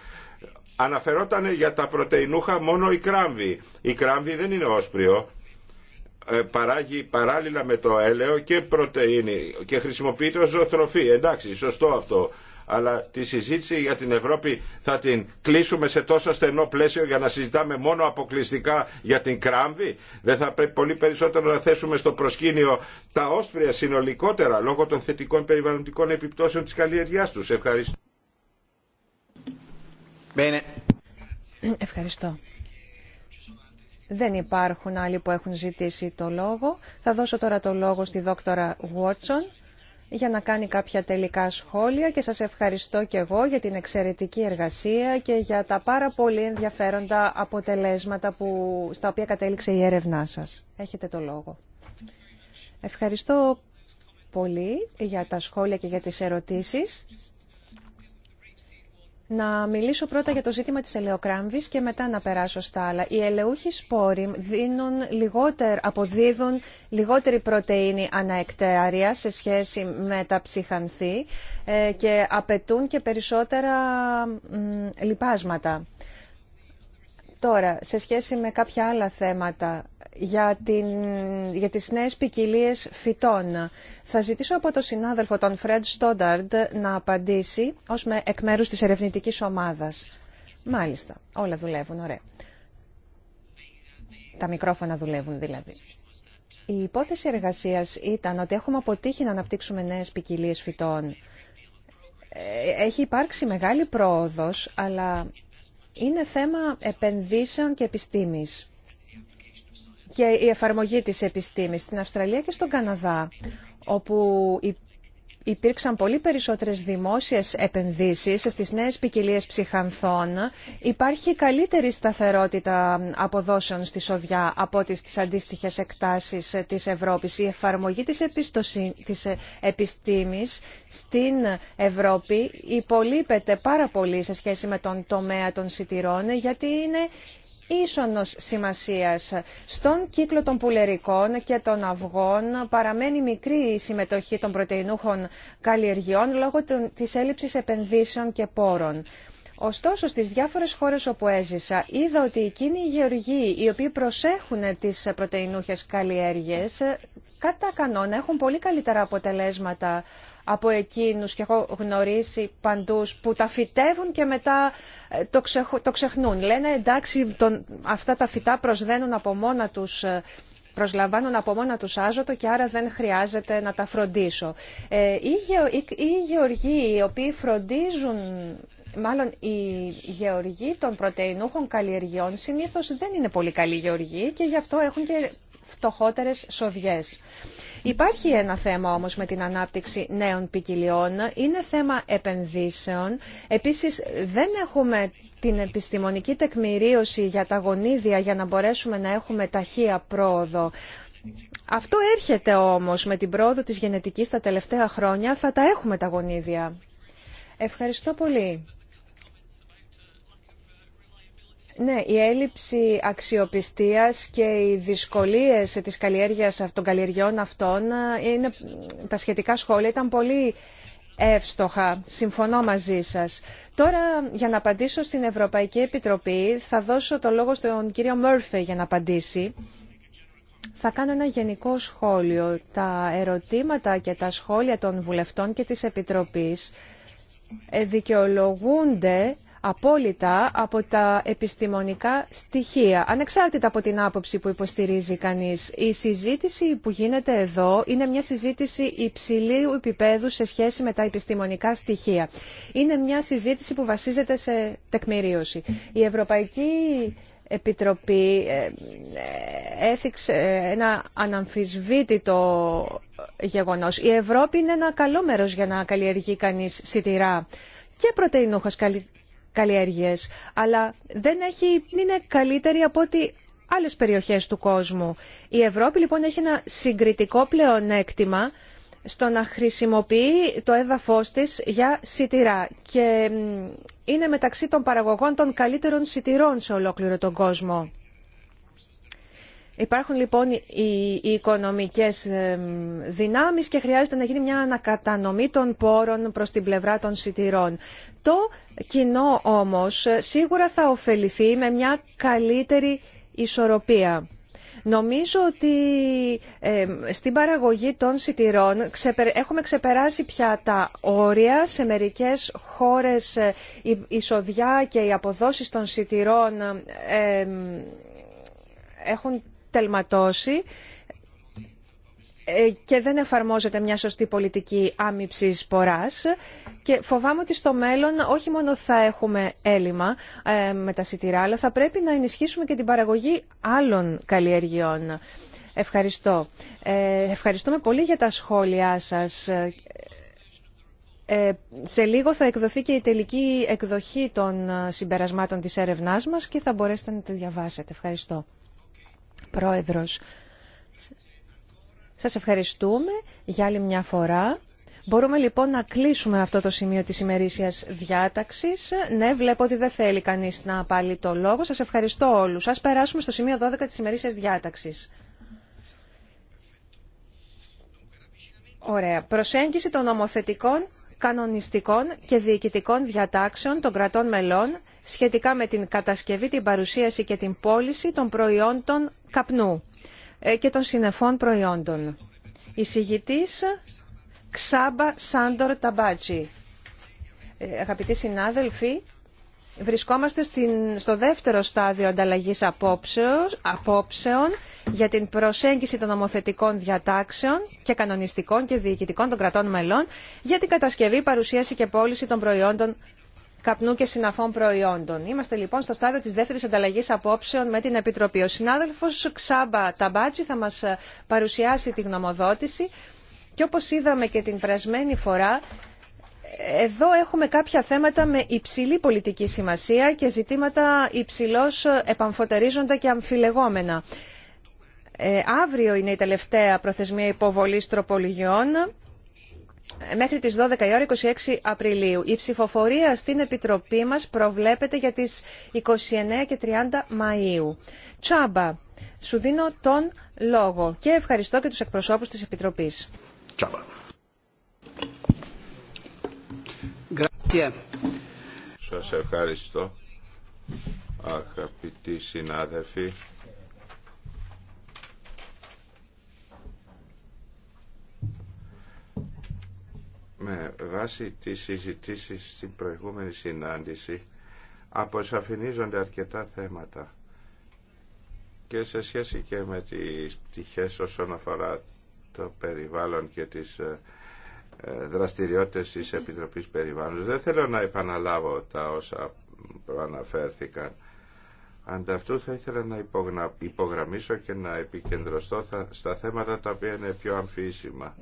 Speaker 4: Αναφερόταν για τα πρωτεϊνούχα μόνο η κράμβη. Η κράμβη δεν είναι όσπριο. Ε, παράγει παράλληλα με το έλαιο και πρωτεΐνη και χρησιμοποιείται ως ζωοτροφή. Εντάξει, σωστό αυτό αλλά τη συζήτηση για την Ευρώπη θα την κλείσουμε σε τόσο στενό πλαίσιο για να συζητάμε μόνο αποκλειστικά για την κράμβη. Δεν θα πρέπει πολύ περισσότερο να θέσουμε στο προσκήνιο τα όσπρια συνολικότερα λόγω των θετικών περιβαλλοντικών επιπτώσεων της καλλιεργιάς τους. Ευχαριστώ.
Speaker 2: Ευχαριστώ. Δεν υπάρχουν άλλοι που έχουν ζητήσει το λόγο. Θα δώσω τώρα το λόγο στη δόκτωρα Βότσον για να κάνει κάποια τελικά σχόλια και σας ευχαριστώ και εγώ για την εξαιρετική εργασία και για τα πάρα πολύ ενδιαφέροντα αποτελέσματα που, στα οποία κατέληξε η έρευνά σας. Έχετε το λόγο. Ευχαριστώ πολύ για τα σχόλια και για τις ερωτήσεις να μιλήσω πρώτα για το ζήτημα της ελαιοκράμβης και μετά να περάσω στα άλλα. Οι ελαιούχοι σπόροι δίνουν λιγότερ, αποδίδουν λιγότερη πρωτεΐνη αναεκτεάρια σε σχέση με τα ψυχανθή ε, και απαιτούν και περισσότερα λιπάσματα. Τώρα, σε σχέση με κάποια άλλα θέματα για, την, για τις νέες ποικιλίε φυτών, θα ζητήσω από τον συνάδελφο τον Φρέντ Στόνταρντ να απαντήσει ως με εκ μέρους της ερευνητικής ομάδας. Μάλιστα, όλα δουλεύουν, ωραία. Τα μικρόφωνα δουλεύουν δηλαδή. Η υπόθεση εργασίας ήταν ότι έχουμε αποτύχει να αναπτύξουμε νέες ποικιλίε φυτών. Ε, έχει υπάρξει μεγάλη πρόοδος, αλλά είναι θέμα επενδύσεων και επιστήμης και η εφαρμογή της επιστήμης στην Αυστραλία και στον Καναδά, όπου υπήρξαν πολύ περισσότερες δημόσιες επενδύσεις στις νέες ποικιλίε ψυχανθών, υπάρχει καλύτερη σταθερότητα αποδόσεων στη Σοδιά από ό,τι στις αντίστοιχες εκτάσεις της Ευρώπης. Η εφαρμογή της, επιστοσή... της επιστήμης στην Ευρώπη υπολείπεται πάρα πολύ σε σχέση με τον τομέα των σιτηρών, γιατί είναι ίσονος σημασίας. Στον κύκλο των πουλερικών και των αυγών παραμένει μικρή η συμμετοχή των πρωτεϊνούχων καλλιεργειών λόγω της έλλειψης επενδύσεων και πόρων. Ωστόσο, στις διάφορες χώρες όπου έζησα, είδα ότι εκείνοι οι γεωργοί οι οποίοι προσέχουν τις πρωτεϊνούχες καλλιέργειες, κατά κανόνα έχουν πολύ καλύτερα αποτελέσματα από εκείνους και έχω γνωρίσει παντούς που τα φυτεύουν και μετά ε, το, ξεχνούν. Λένε εντάξει αυτά τα φυτά προσδένουν από μόνα τους ε, προσλαμβάνουν από μόνα τους άζωτο και άρα δεν χρειάζεται να τα φροντίσω. Ε, οι, οι, οι γεωργοί οι οποίοι φροντίζουν Μάλλον οι γεωργοί των πρωτεϊνούχων καλλιεργειών συνήθως δεν είναι πολύ καλοί γεωργοί και γι' αυτό έχουν και φτωχότερες σοδιές. Υπάρχει ένα θέμα όμως με την ανάπτυξη νέων ποικιλιών, είναι θέμα επενδύσεων. Επίσης δεν έχουμε την επιστημονική τεκμηρίωση για τα γονίδια για να μπορέσουμε να έχουμε ταχεία πρόοδο. Αυτό έρχεται όμως με την πρόοδο της γενετικής τα τελευταία χρόνια, θα τα έχουμε τα γονίδια. Ευχαριστώ πολύ. Ναι, η έλλειψη αξιοπιστίας και οι δυσκολίες της καλλιέργειας των καλλιεργιών αυτών, ε, είναι, τα σχετικά σχόλια ήταν πολύ εύστοχα. Συμφωνώ μαζί σας. Τώρα, για να απαντήσω στην Ευρωπαϊκή Επιτροπή, θα δώσω το λόγο στον κύριο Μέρφε για να απαντήσει. Θα κάνω ένα γενικό σχόλιο. Τα ερωτήματα και τα σχόλια των βουλευτών και της Επιτροπής ε, δικαιολογούνται απόλυτα από τα επιστημονικά στοιχεία, ανεξάρτητα από την άποψη που υποστηρίζει κανείς. Η συζήτηση που γίνεται εδώ είναι μια συζήτηση υψηλού επίπεδου σε σχέση με τα επιστημονικά στοιχεία. Είναι μια συζήτηση που βασίζεται σε τεκμηρίωση. Η Ευρωπαϊκή Επιτροπή ε, ε, έθιξε ένα αναμφισβήτητο γεγονός. Η Ευρώπη είναι ένα καλό μέρος για να καλλιεργεί κανείς σιτηρά και πρωτεϊνούχα αλλά δεν έχει, είναι καλύτερη από ότι άλλες περιοχές του κόσμου. Η Ευρώπη λοιπόν έχει ένα συγκριτικό πλεονέκτημα στο να χρησιμοποιεί το έδαφος της για σιτηρά και είναι μεταξύ των παραγωγών των καλύτερων σιτηρών σε ολόκληρο τον κόσμο. Υπάρχουν λοιπόν οι οικονομικές ε, δυνάμεις και χρειάζεται να γίνει μια ανακατανομή των πόρων προς την πλευρά των σιτηρών. Το κοινό όμως σίγουρα θα ωφεληθεί με μια καλύτερη ισορροπία. Νομίζω ότι ε, στην παραγωγή των σιτηρών έχουμε ξεπεράσει πια τα όρια. Σε μερικές χώρες ε, η εισοδιά και οι αποδόσεις των σιτηρών τελματώσει ε, και δεν εφαρμόζεται μια σωστή πολιτική άμυψης ποράς και φοβάμαι ότι στο μέλλον όχι μόνο θα έχουμε έλλειμμα ε, με τα σιτηρά αλλά θα πρέπει να ενισχύσουμε και την παραγωγή άλλων καλλιεργειών. Ευχαριστώ. Ε, ευχαριστούμε πολύ για τα σχόλιά σας. Σε λίγο θα εκδοθεί και η τελική εκδοχή των συμπερασμάτων της έρευνάς μας και θα μπορέσετε να τη διαβάσετε. Ευχαριστώ. Πρόεδρος. Σας ευχαριστούμε για άλλη μια φορά. Μπορούμε λοιπόν να κλείσουμε αυτό το σημείο της ημερήσιας διάταξης. Ναι, βλέπω ότι δεν θέλει κανείς να πάλι το λόγο. Σας ευχαριστώ όλους. Ας περάσουμε στο σημείο 12 της ημερήσιας διάταξης. Ωραία. Προσέγγιση των νομοθετικών, κανονιστικών και διοικητικών διατάξεων των κρατών μελών σχετικά με την κατασκευή, την παρουσίαση και την πώληση των προϊόντων καπνού ε, και των συνεφών προϊόντων. Εισηγητής Ξάμπα Σάντορ Ταμπάτζη. Ε, αγαπητοί συνάδελφοι, βρισκόμαστε στο δεύτερο στάδιο ανταλλαγής απόψεων για την προσέγγιση των νομοθετικών διατάξεων και κανονιστικών και διοικητικών των κρατών μελών για την κατασκευή, παρουσίαση και πώληση των προϊόντων καπνού και συναφών προϊόντων. Είμαστε λοιπόν στο στάδιο της δεύτερης ανταλλαγής απόψεων με την Επιτροπή. Ο συνάδελφος Ξάμπα Ταμπάτζη θα μας ε, παρουσιάσει τη γνωμοδότηση και όπως είδαμε και την πρασμένη φορά, εδώ έχουμε κάποια θέματα με υψηλή πολιτική σημασία και ζητήματα υψηλώ ε, επαμφωτερίζοντα και αμφιλεγόμενα. Ε, αύριο είναι η τελευταία προθεσμία υποβολής τροπολογιών μέχρι τις 12 η ώρα 26 Απριλίου. Η ψηφοφορία στην Επιτροπή μας προβλέπεται για τις 29 και 30 Μαΐου. Τσάμπα, σου δίνω τον λόγο και ευχαριστώ και τους εκπροσώπους της Επιτροπής. Τσάμπα.
Speaker 4: Σας ευχαριστώ. Αγαπητοί συνάδελφοι, με βάση τις συζητήσεις στην προηγούμενη συνάντηση αποσαφηνίζονται αρκετά θέματα και σε σχέση και με τις πτυχές όσον αφορά το περιβάλλον και τις ε, ε, δραστηριότητες της Επιτροπής Περιβάλλοντος. Δεν θέλω να επαναλάβω τα όσα προαναφέρθηκαν. Ανταυτού θα ήθελα να υπογραμμίσω και να επικεντρωστώ στα θέματα τα οποία είναι πιο αμφίσιμα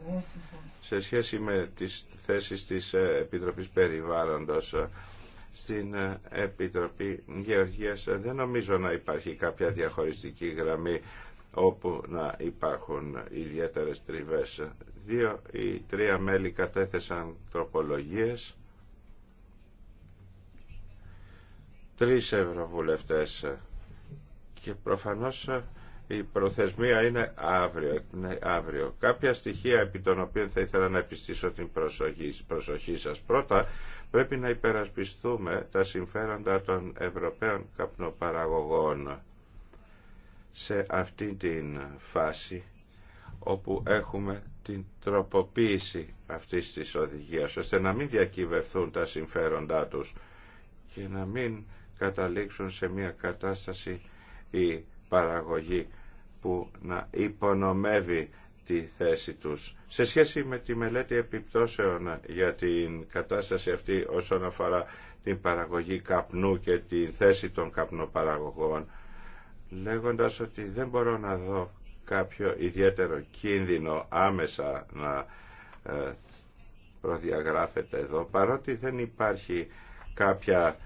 Speaker 4: σε σχέση με τις θέσεις της ε, Επιτροπής Περιβάλλοντος ε, στην ε, Επιτροπή Γεωργίας δεν νομίζω να υπάρχει κάποια διαχωριστική γραμμή όπου να υπάρχουν ιδιαίτερες τριβές. Δύο ή τρία μέλη κατέθεσαν τροπολογίες τρεις ευρωβουλευτές και προφανώς η προθεσμία είναι αύριο, είναι αύριο. Κάποια στοιχεία επί των οποίων θα ήθελα να επιστήσω την προσοχή, προσοχή σας. Πρώτα, πρέπει να υπερασπιστούμε τα συμφέροντα των Ευρωπαίων καπνοπαραγωγών σε αυτή την φάση όπου έχουμε την τροποποίηση αυτής της οδηγίας ώστε να μην διακυβευθούν τα συμφέροντά τους και να μην καταλήξουν σε μια κατάσταση η παραγωγή που να υπονομεύει τη θέση τους. Σε σχέση με τη μελέτη επιπτώσεων για την κατάσταση αυτή όσον αφορά την παραγωγή καπνού και την θέση των καπνοπαραγωγών, λέγοντας ότι δεν μπορώ να δω κάποιο ιδιαίτερο κίνδυνο άμεσα να ε, προδιαγράφεται εδώ, παρότι δεν υπάρχει κάποια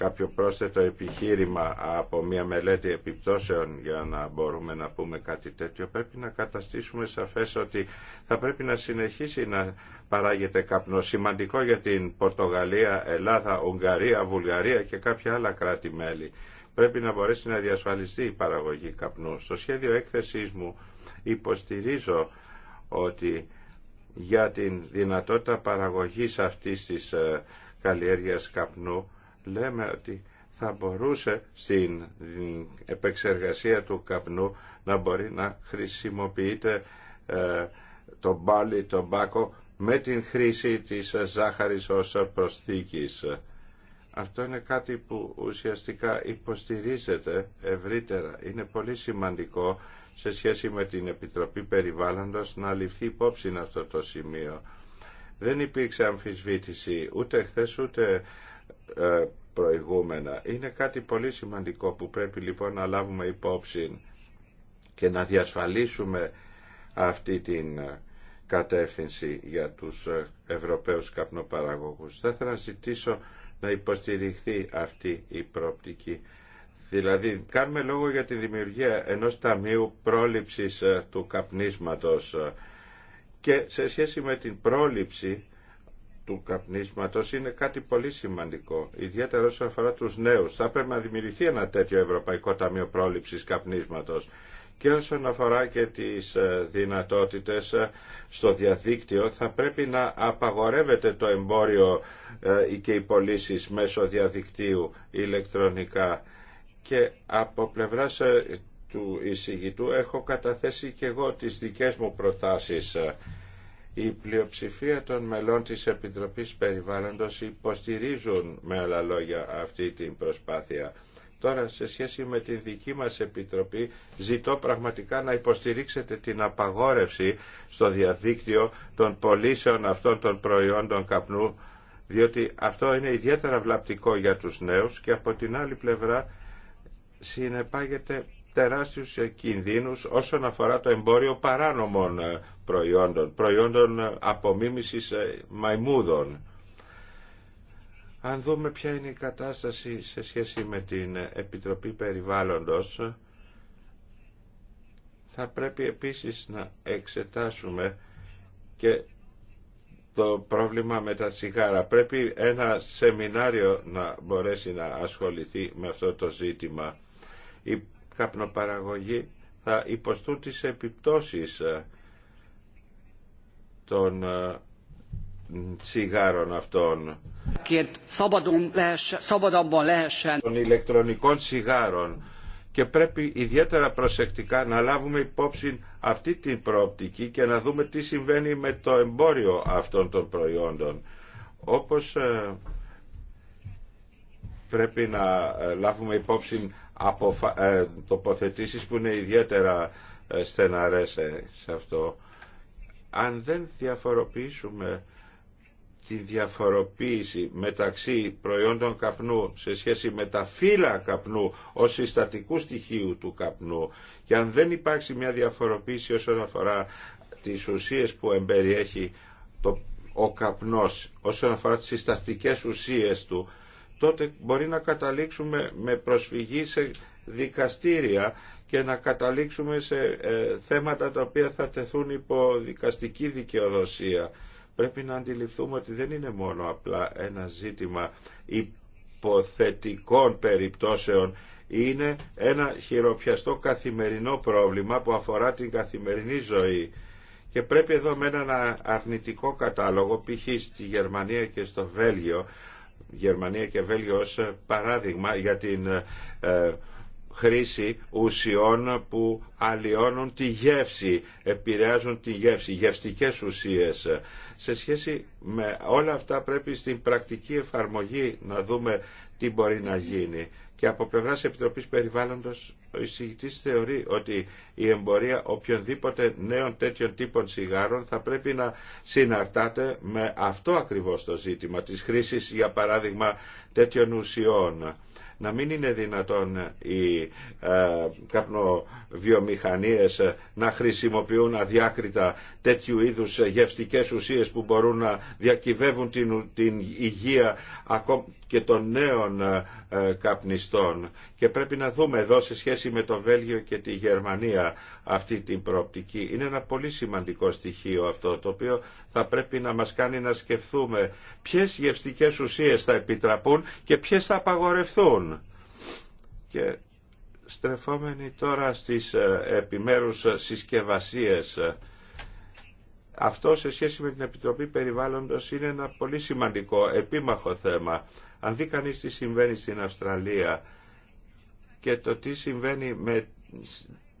Speaker 4: κάποιο πρόσθετο επιχείρημα από μια μελέτη επιπτώσεων για να μπορούμε να πούμε κάτι τέτοιο, πρέπει να καταστήσουμε σαφές ότι θα πρέπει να συνεχίσει να παράγεται καπνό. Σημαντικό για την Πορτογαλία, Ελλάδα, Ουγγαρία, Βουλγαρία και κάποια άλλα κράτη-μέλη. Πρέπει να μπορέσει να διασφαλιστεί η παραγωγή καπνού. Στο σχέδιο έκθεσής μου υποστηρίζω ότι για την δυνατότητα παραγωγής αυτής της ε, καλλιέργειας καπνού λέμε ότι θα μπορούσε στην επεξεργασία του καπνού να μπορεί να χρησιμοποιείται ε, το μπάλι, το μπάκο με την χρήση της ζάχαρης ως προσθήκης. Αυτό είναι κάτι που ουσιαστικά υποστηρίζεται ευρύτερα. Είναι πολύ σημαντικό σε σχέση με την Επιτροπή Περιβάλλοντος να ληφθεί υπόψη αυτό το σημείο. Δεν υπήρξε αμφισβήτηση ούτε χθε ούτε ε, προηγούμενα. Είναι κάτι πολύ σημαντικό που πρέπει λοιπόν να λάβουμε υπόψη και να διασφαλίσουμε αυτή την ε, κατεύθυνση για τους ε, Ευρωπαίους καπνοπαραγωγούς. Θα ήθελα να ζητήσω να υποστηριχθεί αυτή η πρόπτικη. Δηλαδή, κάνουμε λόγο για τη δημιουργία ενός ταμείου πρόληψης του καπνίσματος και σε σχέση με την πρόληψη του καπνίσματος είναι κάτι πολύ σημαντικό, ιδιαίτερα όσον αφορά τους νέους. Θα πρέπει να δημιουργηθεί ένα τέτοιο Ευρωπαϊκό Ταμείο Πρόληψης Καπνίσματος και όσον αφορά και τις ε, δυνατότητες ε, στο διαδίκτυο θα πρέπει να απαγορεύεται το εμπόριο ε, και οι πωλήσει μέσω διαδικτύου ηλεκτρονικά και από πλευρά του εισηγητού έχω καταθέσει και εγώ τις δικές μου προτάσεις η πλειοψηφία των μελών της Επιτροπής Περιβάλλοντος υποστηρίζουν με άλλα λόγια αυτή την προσπάθεια. Τώρα σε σχέση με την δική μας Επιτροπή ζητώ πραγματικά να υποστηρίξετε την απαγόρευση στο διαδίκτυο των πωλήσεων αυτών των προϊόντων καπνού διότι αυτό είναι ιδιαίτερα βλαπτικό για τους νέους και από την άλλη πλευρά συνεπάγεται τεράστιους κινδύνους όσον αφορά το εμπόριο παράνομων ε, προϊόντων, προϊόντων ε, απομίμησης ε, μαϊμούδων. Αν δούμε ποια είναι η κατάσταση σε σχέση με την Επιτροπή Περιβάλλοντος, θα πρέπει επίσης να εξετάσουμε και το πρόβλημα με τα τσιγάρα. Πρέπει ένα σεμινάριο να μπορέσει να ασχοληθεί με αυτό το ζήτημα καπνοπαραγωγή θα υποστούν τις επιπτώσεις ε, των ε, τσιγάρων αυτών των ηλεκτρονικών τσιγάρων και πρέπει ιδιαίτερα προσεκτικά να λάβουμε υπόψη αυτή την προοπτική και να δούμε τι συμβαίνει με το εμπόριο αυτών των προϊόντων. Όπως ε, πρέπει να ε, λάβουμε υπόψη το ε, τοποθετήσεις που είναι ιδιαίτερα ε, στεναρές σε αυτό. Αν δεν διαφοροποιήσουμε τη διαφοροποίηση μεταξύ προϊόντων καπνού σε σχέση με τα φύλλα καπνού ως συστατικού στοιχείου του καπνού και αν δεν υπάρξει μια διαφοροποίηση όσον αφορά τις ουσίες που εμπεριέχει το, ο καπνός όσον αφορά τις συστατικές ουσίες του τότε μπορεί να καταλήξουμε με προσφυγή σε δικαστήρια και να καταλήξουμε σε ε, θέματα τα οποία θα τεθούν υπό δικαστική δικαιοδοσία. Πρέπει να αντιληφθούμε ότι δεν είναι μόνο απλά ένα ζήτημα υποθετικών περιπτώσεων είναι ένα χειροπιαστό καθημερινό πρόβλημα που αφορά την καθημερινή ζωή. Και πρέπει εδώ με έναν αρνητικό κατάλογο, π.χ. στη Γερμανία και στο Βέλγιο, Γερμανία και Βέλγιο ως ε, παράδειγμα για την ε, ε, χρήση ουσιών που αλλοιώνουν τη γεύση, επηρεάζουν τη γεύση, γευστικές ουσίες. Σε σχέση με όλα αυτά πρέπει στην πρακτική εφαρμογή να δούμε τι μπορεί να γίνει. Και από πλευράς Επιτροπής Περιβάλλοντος ο εισηγητή θεωρεί ότι η εμπορία οποιονδήποτε νέων τέτοιων τύπων σιγάρων θα πρέπει να συναρτάται με αυτό ακριβώς το ζήτημα της χρήσης για παράδειγμα τέτοιων ουσιών να μην είναι δυνατόν οι ε, καπνοβιομηχανίες να χρησιμοποιούν αδιάκριτα τέτοιου είδους γευστικές ουσίες που μπορούν να διακυβεύουν την, την υγεία ακόμα και των νέων ε, καπνιστών. Και πρέπει να δούμε εδώ σε σχέση με το Βέλγιο και τη Γερμανία αυτή την προοπτική. Είναι ένα πολύ σημαντικό στοιχείο αυτό το οποίο θα πρέπει να μας κάνει να σκεφτούμε ποιες γευστικές ουσίες θα επιτραπούν και ποιες θα απαγορευθούν. Και στρεφόμενοι τώρα στις ε, επιμέρους συσκευασίες αυτό σε σχέση με την Επιτροπή Περιβάλλοντος είναι ένα πολύ σημαντικό, επίμαχο θέμα. Αν δει κανείς τι συμβαίνει στην Αυστραλία και το τι συμβαίνει με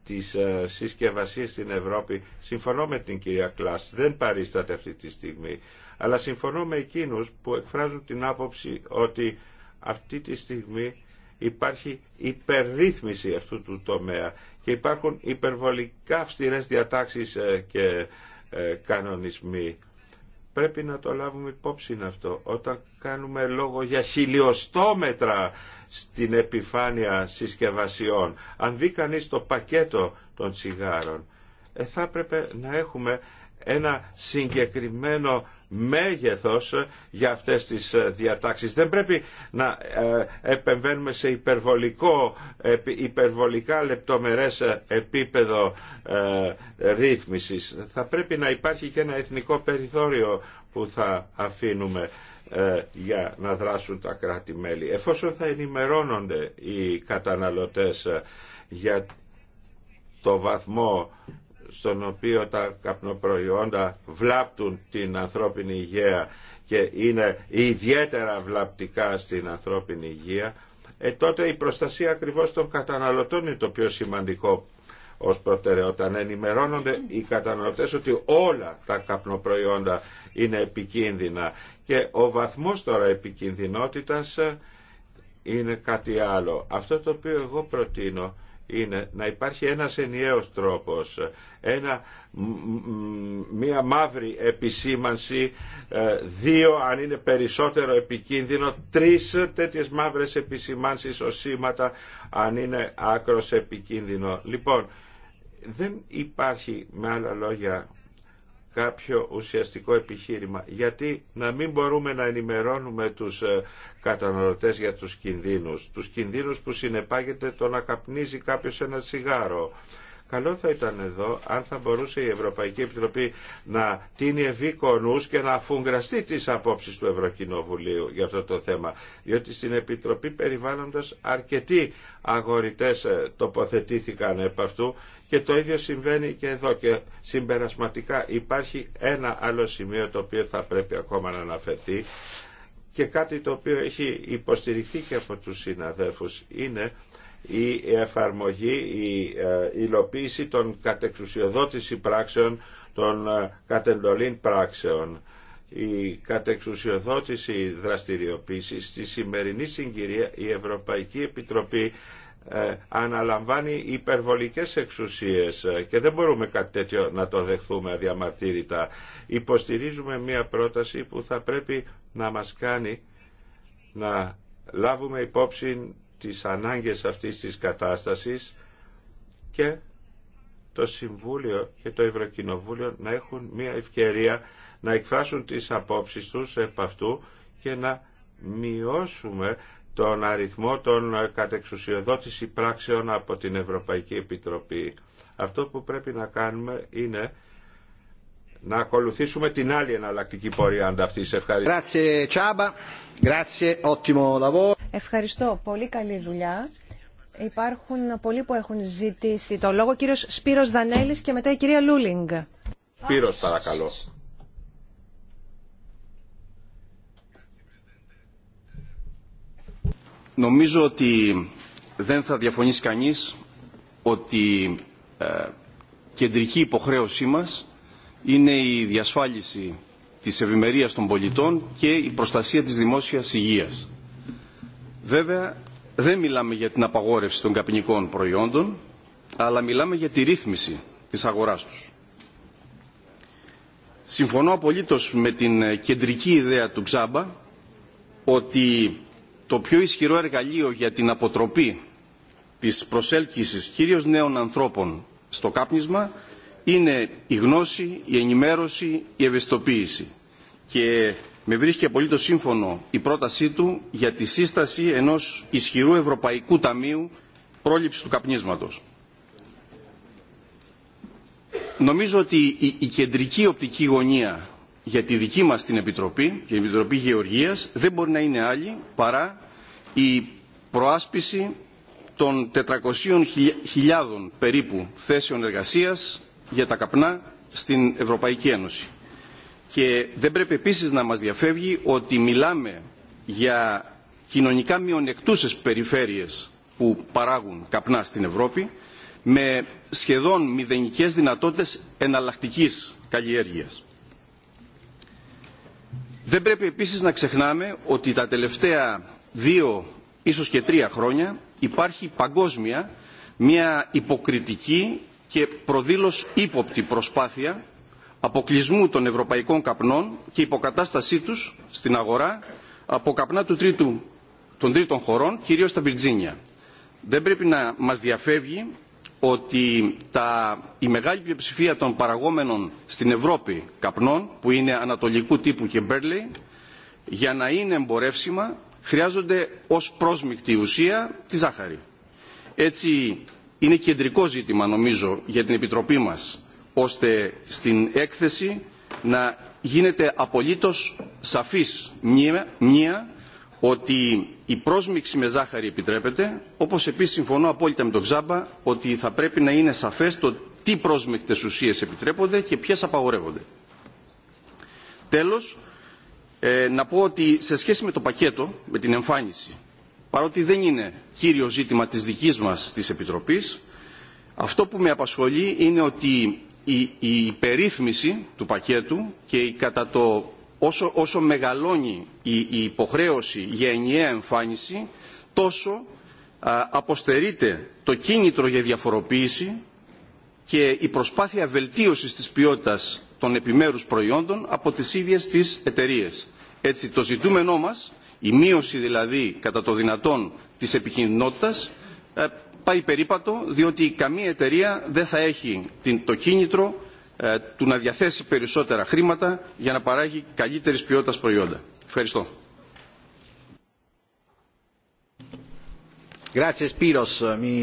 Speaker 4: τις ε, συσκευασία στην Ευρώπη, συμφωνώ με την κυρία Κλάς, δεν παρίσταται αυτή τη στιγμή, αλλά συμφωνώ με εκείνους που εκφράζουν την άποψη ότι αυτή τη στιγμή υπάρχει υπερρύθμιση αυτού του τομέα και υπάρχουν υπερβολικά αυστηρές διατάξεις ε, και ε, κανονισμοί. Πρέπει να το λάβουμε υπόψη αυτό. Όταν κάνουμε λόγο για χιλιοστόμετρα στην επιφάνεια συσκευασιών. Αν δει κανείς το πακέτο των τσιγάρων, ε, θα έπρεπε να έχουμε ένα συγκεκριμένο μέγεθος για αυτές τις ε, διατάξεις. Δεν πρέπει να ε, επεμβαίνουμε σε υπερβολικό, υπερβολικά λεπτομερές επίπεδο ρύθμισης. Θα πρέπει να υπάρχει και ένα εθνικό περιθώριο που θα αφήνουμε ε, για να δράσουν τα κράτη-μέλη. Εφόσον θα ενημερώνονται οι καταναλωτές ε, για το βαθμό στον οποίο τα καπνοπροϊόντα βλάπτουν την ανθρώπινη υγεία και είναι ιδιαίτερα βλαπτικά στην ανθρώπινη υγεία, ε, τότε η προστασία ακριβώς των καταναλωτών είναι το πιο σημαντικό ως προτεραιότητα. Να ενημερώνονται οι καταναλωτές ότι όλα τα καπνοπροϊόντα είναι επικίνδυνα και ο βαθμός τώρα επικινδυνότητας ε, είναι κάτι άλλο. Αυτό το οποίο εγώ προτείνω είναι να υπάρχει ένας ενιαίος τρόπος, ένα, μία μαύρη επισήμανση, ε, δύο αν είναι περισσότερο επικίνδυνο, τρεις τέτοιες μαύρες επισημάνσεις ως σήματα αν είναι άκρος επικίνδυνο. Λοιπόν, δεν υπάρχει με άλλα λόγια κάποιο ουσιαστικό επιχείρημα γιατί να μην μπορούμε να ενημερώνουμε τους ε, καταναλωτές για τους κινδύνους τους κινδύνους που συνεπάγεται το να καπνίζει κάποιος ένα σιγάρο Καλό θα ήταν εδώ αν θα μπορούσε η Ευρωπαϊκή Επιτροπή να τίνει ευήκονους και να αφουγκραστεί τις απόψεις του Ευρωκοινοβουλίου για αυτό το θέμα. Διότι στην Επιτροπή Περιβάλλοντος αρκετοί αγορητές ε, τοποθετήθηκαν επ' αυτού και το ίδιο συμβαίνει και εδώ και συμπερασματικά υπάρχει ένα άλλο σημείο το οποίο θα πρέπει ακόμα να αναφερθεί και κάτι το οποίο έχει υποστηριχθεί και από τους συναδέλφους είναι η εφαρμογή, η ε, υλοποίηση των κατεξουσιοδότηση πράξεων, των ε, κατεντολήν πράξεων. Η κατεξουσιοδότηση δραστηριοποίηση στη σημερινή συγκυρία η Ευρωπαϊκή Επιτροπή ε, αναλαμβάνει υπερβολικές εξουσίες και δεν μπορούμε κάτι τέτοιο να το δεχθούμε αδιαμαρτύρητα. Υποστηρίζουμε μια πρόταση που θα πρέπει να μας κάνει να λάβουμε υπόψη τις ανάγκες αυτής της κατάστασης και το Συμβούλιο και το Ευρωκοινοβούλιο να έχουν μια ευκαιρία να εκφράσουν τις απόψεις τους επ' αυτού και να μειώσουμε τον αριθμό των κατεξουσιοδότηση πράξεων από την Ευρωπαϊκή Επιτροπή. Αυτό που πρέπει να κάνουμε είναι να ακολουθήσουμε την άλλη εναλλακτική πορεία αν
Speaker 1: ευχαριστώ.
Speaker 2: Ευχαριστώ. Πολύ καλή δουλειά. Υπάρχουν πολλοί που έχουν ζητήσει το λόγο. Κύριο κύριος Σπύρος Δανέλης και μετά η κυρία Λούλινγκ.
Speaker 4: Σπύρος παρακαλώ.
Speaker 3: Νομίζω ότι δεν θα διαφωνήσει κανείς ότι ε, κεντρική υποχρέωσή μας είναι η διασφάλιση της ευημερίας των πολιτών και η προστασία της δημόσιας υγείας. Βέβαια, δεν μιλάμε για την απαγόρευση των καπνικών προϊόντων, αλλά μιλάμε για τη ρύθμιση της αγοράς τους. Συμφωνώ απολύτως με την κεντρική ιδέα του Ξάμπα ότι το πιο ισχυρό εργαλείο για την αποτροπή της προσέλκυσης κυρίως νέων ανθρώπων στο κάπνισμα είναι η γνώση, η ενημέρωση, η ευαισθητοποίηση. Και με βρίσκει απολύτω σύμφωνο η πρότασή του για τη σύσταση ενός ισχυρού Ευρωπαϊκού Ταμείου πρόληψης του καπνίσματος. Νομίζω ότι η κεντρική οπτική γωνία για τη δική μας την Επιτροπή, για την Επιτροπή Γεωργίας, δεν μπορεί να είναι άλλη παρά η προάσπιση των 400.000 περίπου θέσεων εργασίας για τα καπνά στην Ευρωπαϊκή Ένωση. Και δεν πρέπει επίσης να μας διαφεύγει ότι μιλάμε για κοινωνικά μειονεκτούσες περιφέρειες που παράγουν καπνά στην Ευρώπη με σχεδόν μηδενικές δυνατότητες εναλλακτικής καλλιέργειας. Δεν πρέπει επίσης να ξεχνάμε ότι τα τελευταία δύο, ίσως και τρία χρόνια υπάρχει παγκόσμια μια υποκριτική και προδήλως ύποπτη προσπάθεια αποκλεισμού των ευρωπαϊκών καπνών και υποκατάστασή τους στην αγορά από καπνά του τρίτου, των τρίτων χωρών, κυρίως τα Βιρτζίνια. Δεν πρέπει να μας διαφεύγει ότι τα, η μεγάλη πλειοψηφία των παραγόμενων στην Ευρώπη καπνών, που είναι ανατολικού τύπου και μπέρλεϊ, για να είναι εμπορεύσιμα χρειάζονται ως πρόσμικτη ουσία τη ζάχαρη. Έτσι είναι κεντρικό ζήτημα νομίζω για την Επιτροπή μας ώστε στην έκθεση να γίνεται απολύτως σαφής μία ότι η πρόσμιξη με ζάχαρη επιτρέπεται, όπως επίσης συμφωνώ απόλυτα με τον Ξάμπα ότι θα πρέπει να είναι σαφές το τι πρόσμικτες ουσίες επιτρέπονται και ποιες απαγορεύονται. Τέλος, ε, να πω ότι σε σχέση με το πακέτο, με την εμφάνιση παρότι δεν είναι κύριο ζήτημα της δικής μας της Επιτροπής, αυτό που με απασχολεί είναι ότι η, η του πακέτου και η κατά το όσο, όσο μεγαλώνει η, υποχρέωση για ενιαία εμφάνιση, τόσο α, αποστερείται το κίνητρο για διαφοροποίηση και η προσπάθεια βελτίωσης της ποιότητας των επιμέρους προϊόντων από τις ίδιες τις εταιρείες. Έτσι, το ζητούμενό μας η μείωση δηλαδή κατά το δυνατόν της επικινδυνότητας ε, πάει περίπατο διότι καμία εταιρεία δεν θα έχει το κίνητρο ε, του να διαθέσει περισσότερα χρήματα για να παράγει καλύτερης ποιότητας προϊόντα. Ευχαριστώ.
Speaker 1: Grazie Spiros, mi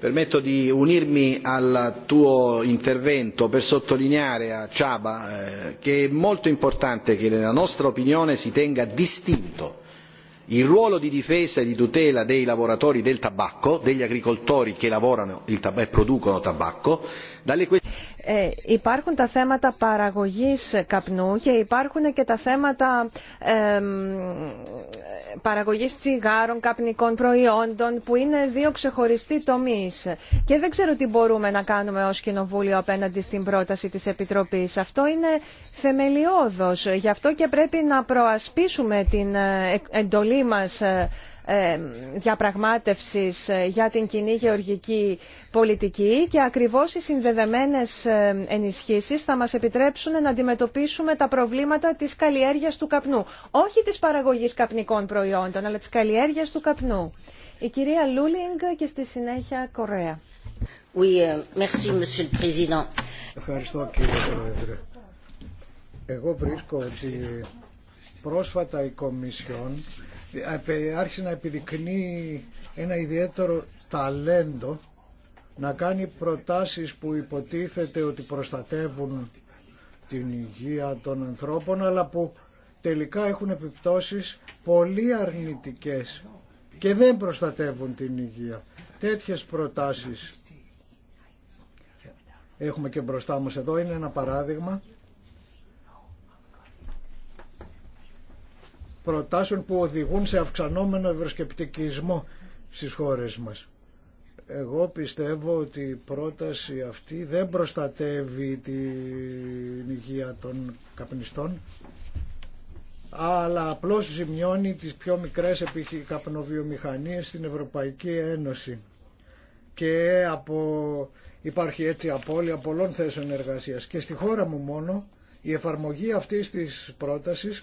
Speaker 1: permetto di unirmi al tuo intervento per sottolineare a Ciaba eh, che è molto importante che nella nostra opinione si tenga distinto il ruolo di difesa e di tutela dei lavoratori del tabacco degli agricoltori che lavorano e producono tabacco dalle questioni
Speaker 2: ε, υπάρχουν τα θέματα παραγωγής καπνού και υπάρχουν και τα θέματα παραγωγής τσιγάρων, καπνικών προϊόντων που είναι δύο ξεχωριστοί τομείς. Και δεν ξέρω τι μπορούμε να κάνουμε ως Κοινοβούλιο απέναντι στην πρόταση της Επιτροπής. Αυτό είναι θεμελιώδος. Γι' αυτό και πρέπει να προασπίσουμε την ε, εντολή μας ε, ε, διαπραγμάτευσης ε, για την κοινή γεωργική πολιτική και ακριβώς οι συνδεδεμένες ε, ενισχύσεις θα μας επιτρέψουν να αντιμετωπίσουμε τα προβλήματα της καλλιέργειας του καπνού. Όχι της παραγωγής καπνικών προϊόντων, αλλά της καλλιέργειας του καπνού. Η κυρία Λούλινγκ και στη συνέχεια Κορέα. Oui, euh, merci, Monsieur le Président.
Speaker 5: Ευχαριστώ κύριε Πρόεδρε. Εγώ βρίσκω ότι πρόσφατα η Κομισιόν άρχισε να επιδεικνύει ένα ιδιαίτερο ταλέντο να κάνει προτάσεις που υποτίθεται ότι προστατεύουν την υγεία των ανθρώπων αλλά που τελικά έχουν επιπτώσεις πολύ αρνητικές και δεν προστατεύουν την υγεία. Τέτοιες προτάσεις έχουμε και μπροστά μας εδώ είναι ένα παράδειγμα προτάσεων που οδηγούν σε αυξανόμενο ευρωσκεπτικισμό στις χώρες μας. Εγώ πιστεύω ότι η πρόταση αυτή δεν προστατεύει την υγεία των καπνιστών αλλά απλώς ζημιώνει τις πιο μικρές καπνοβιομηχανίες στην Ευρωπαϊκή Ένωση και από... υπάρχει έτσι απώλεια πολλών θέσεων εργασίας και στη χώρα μου μόνο η εφαρμογή αυτής της πρότασης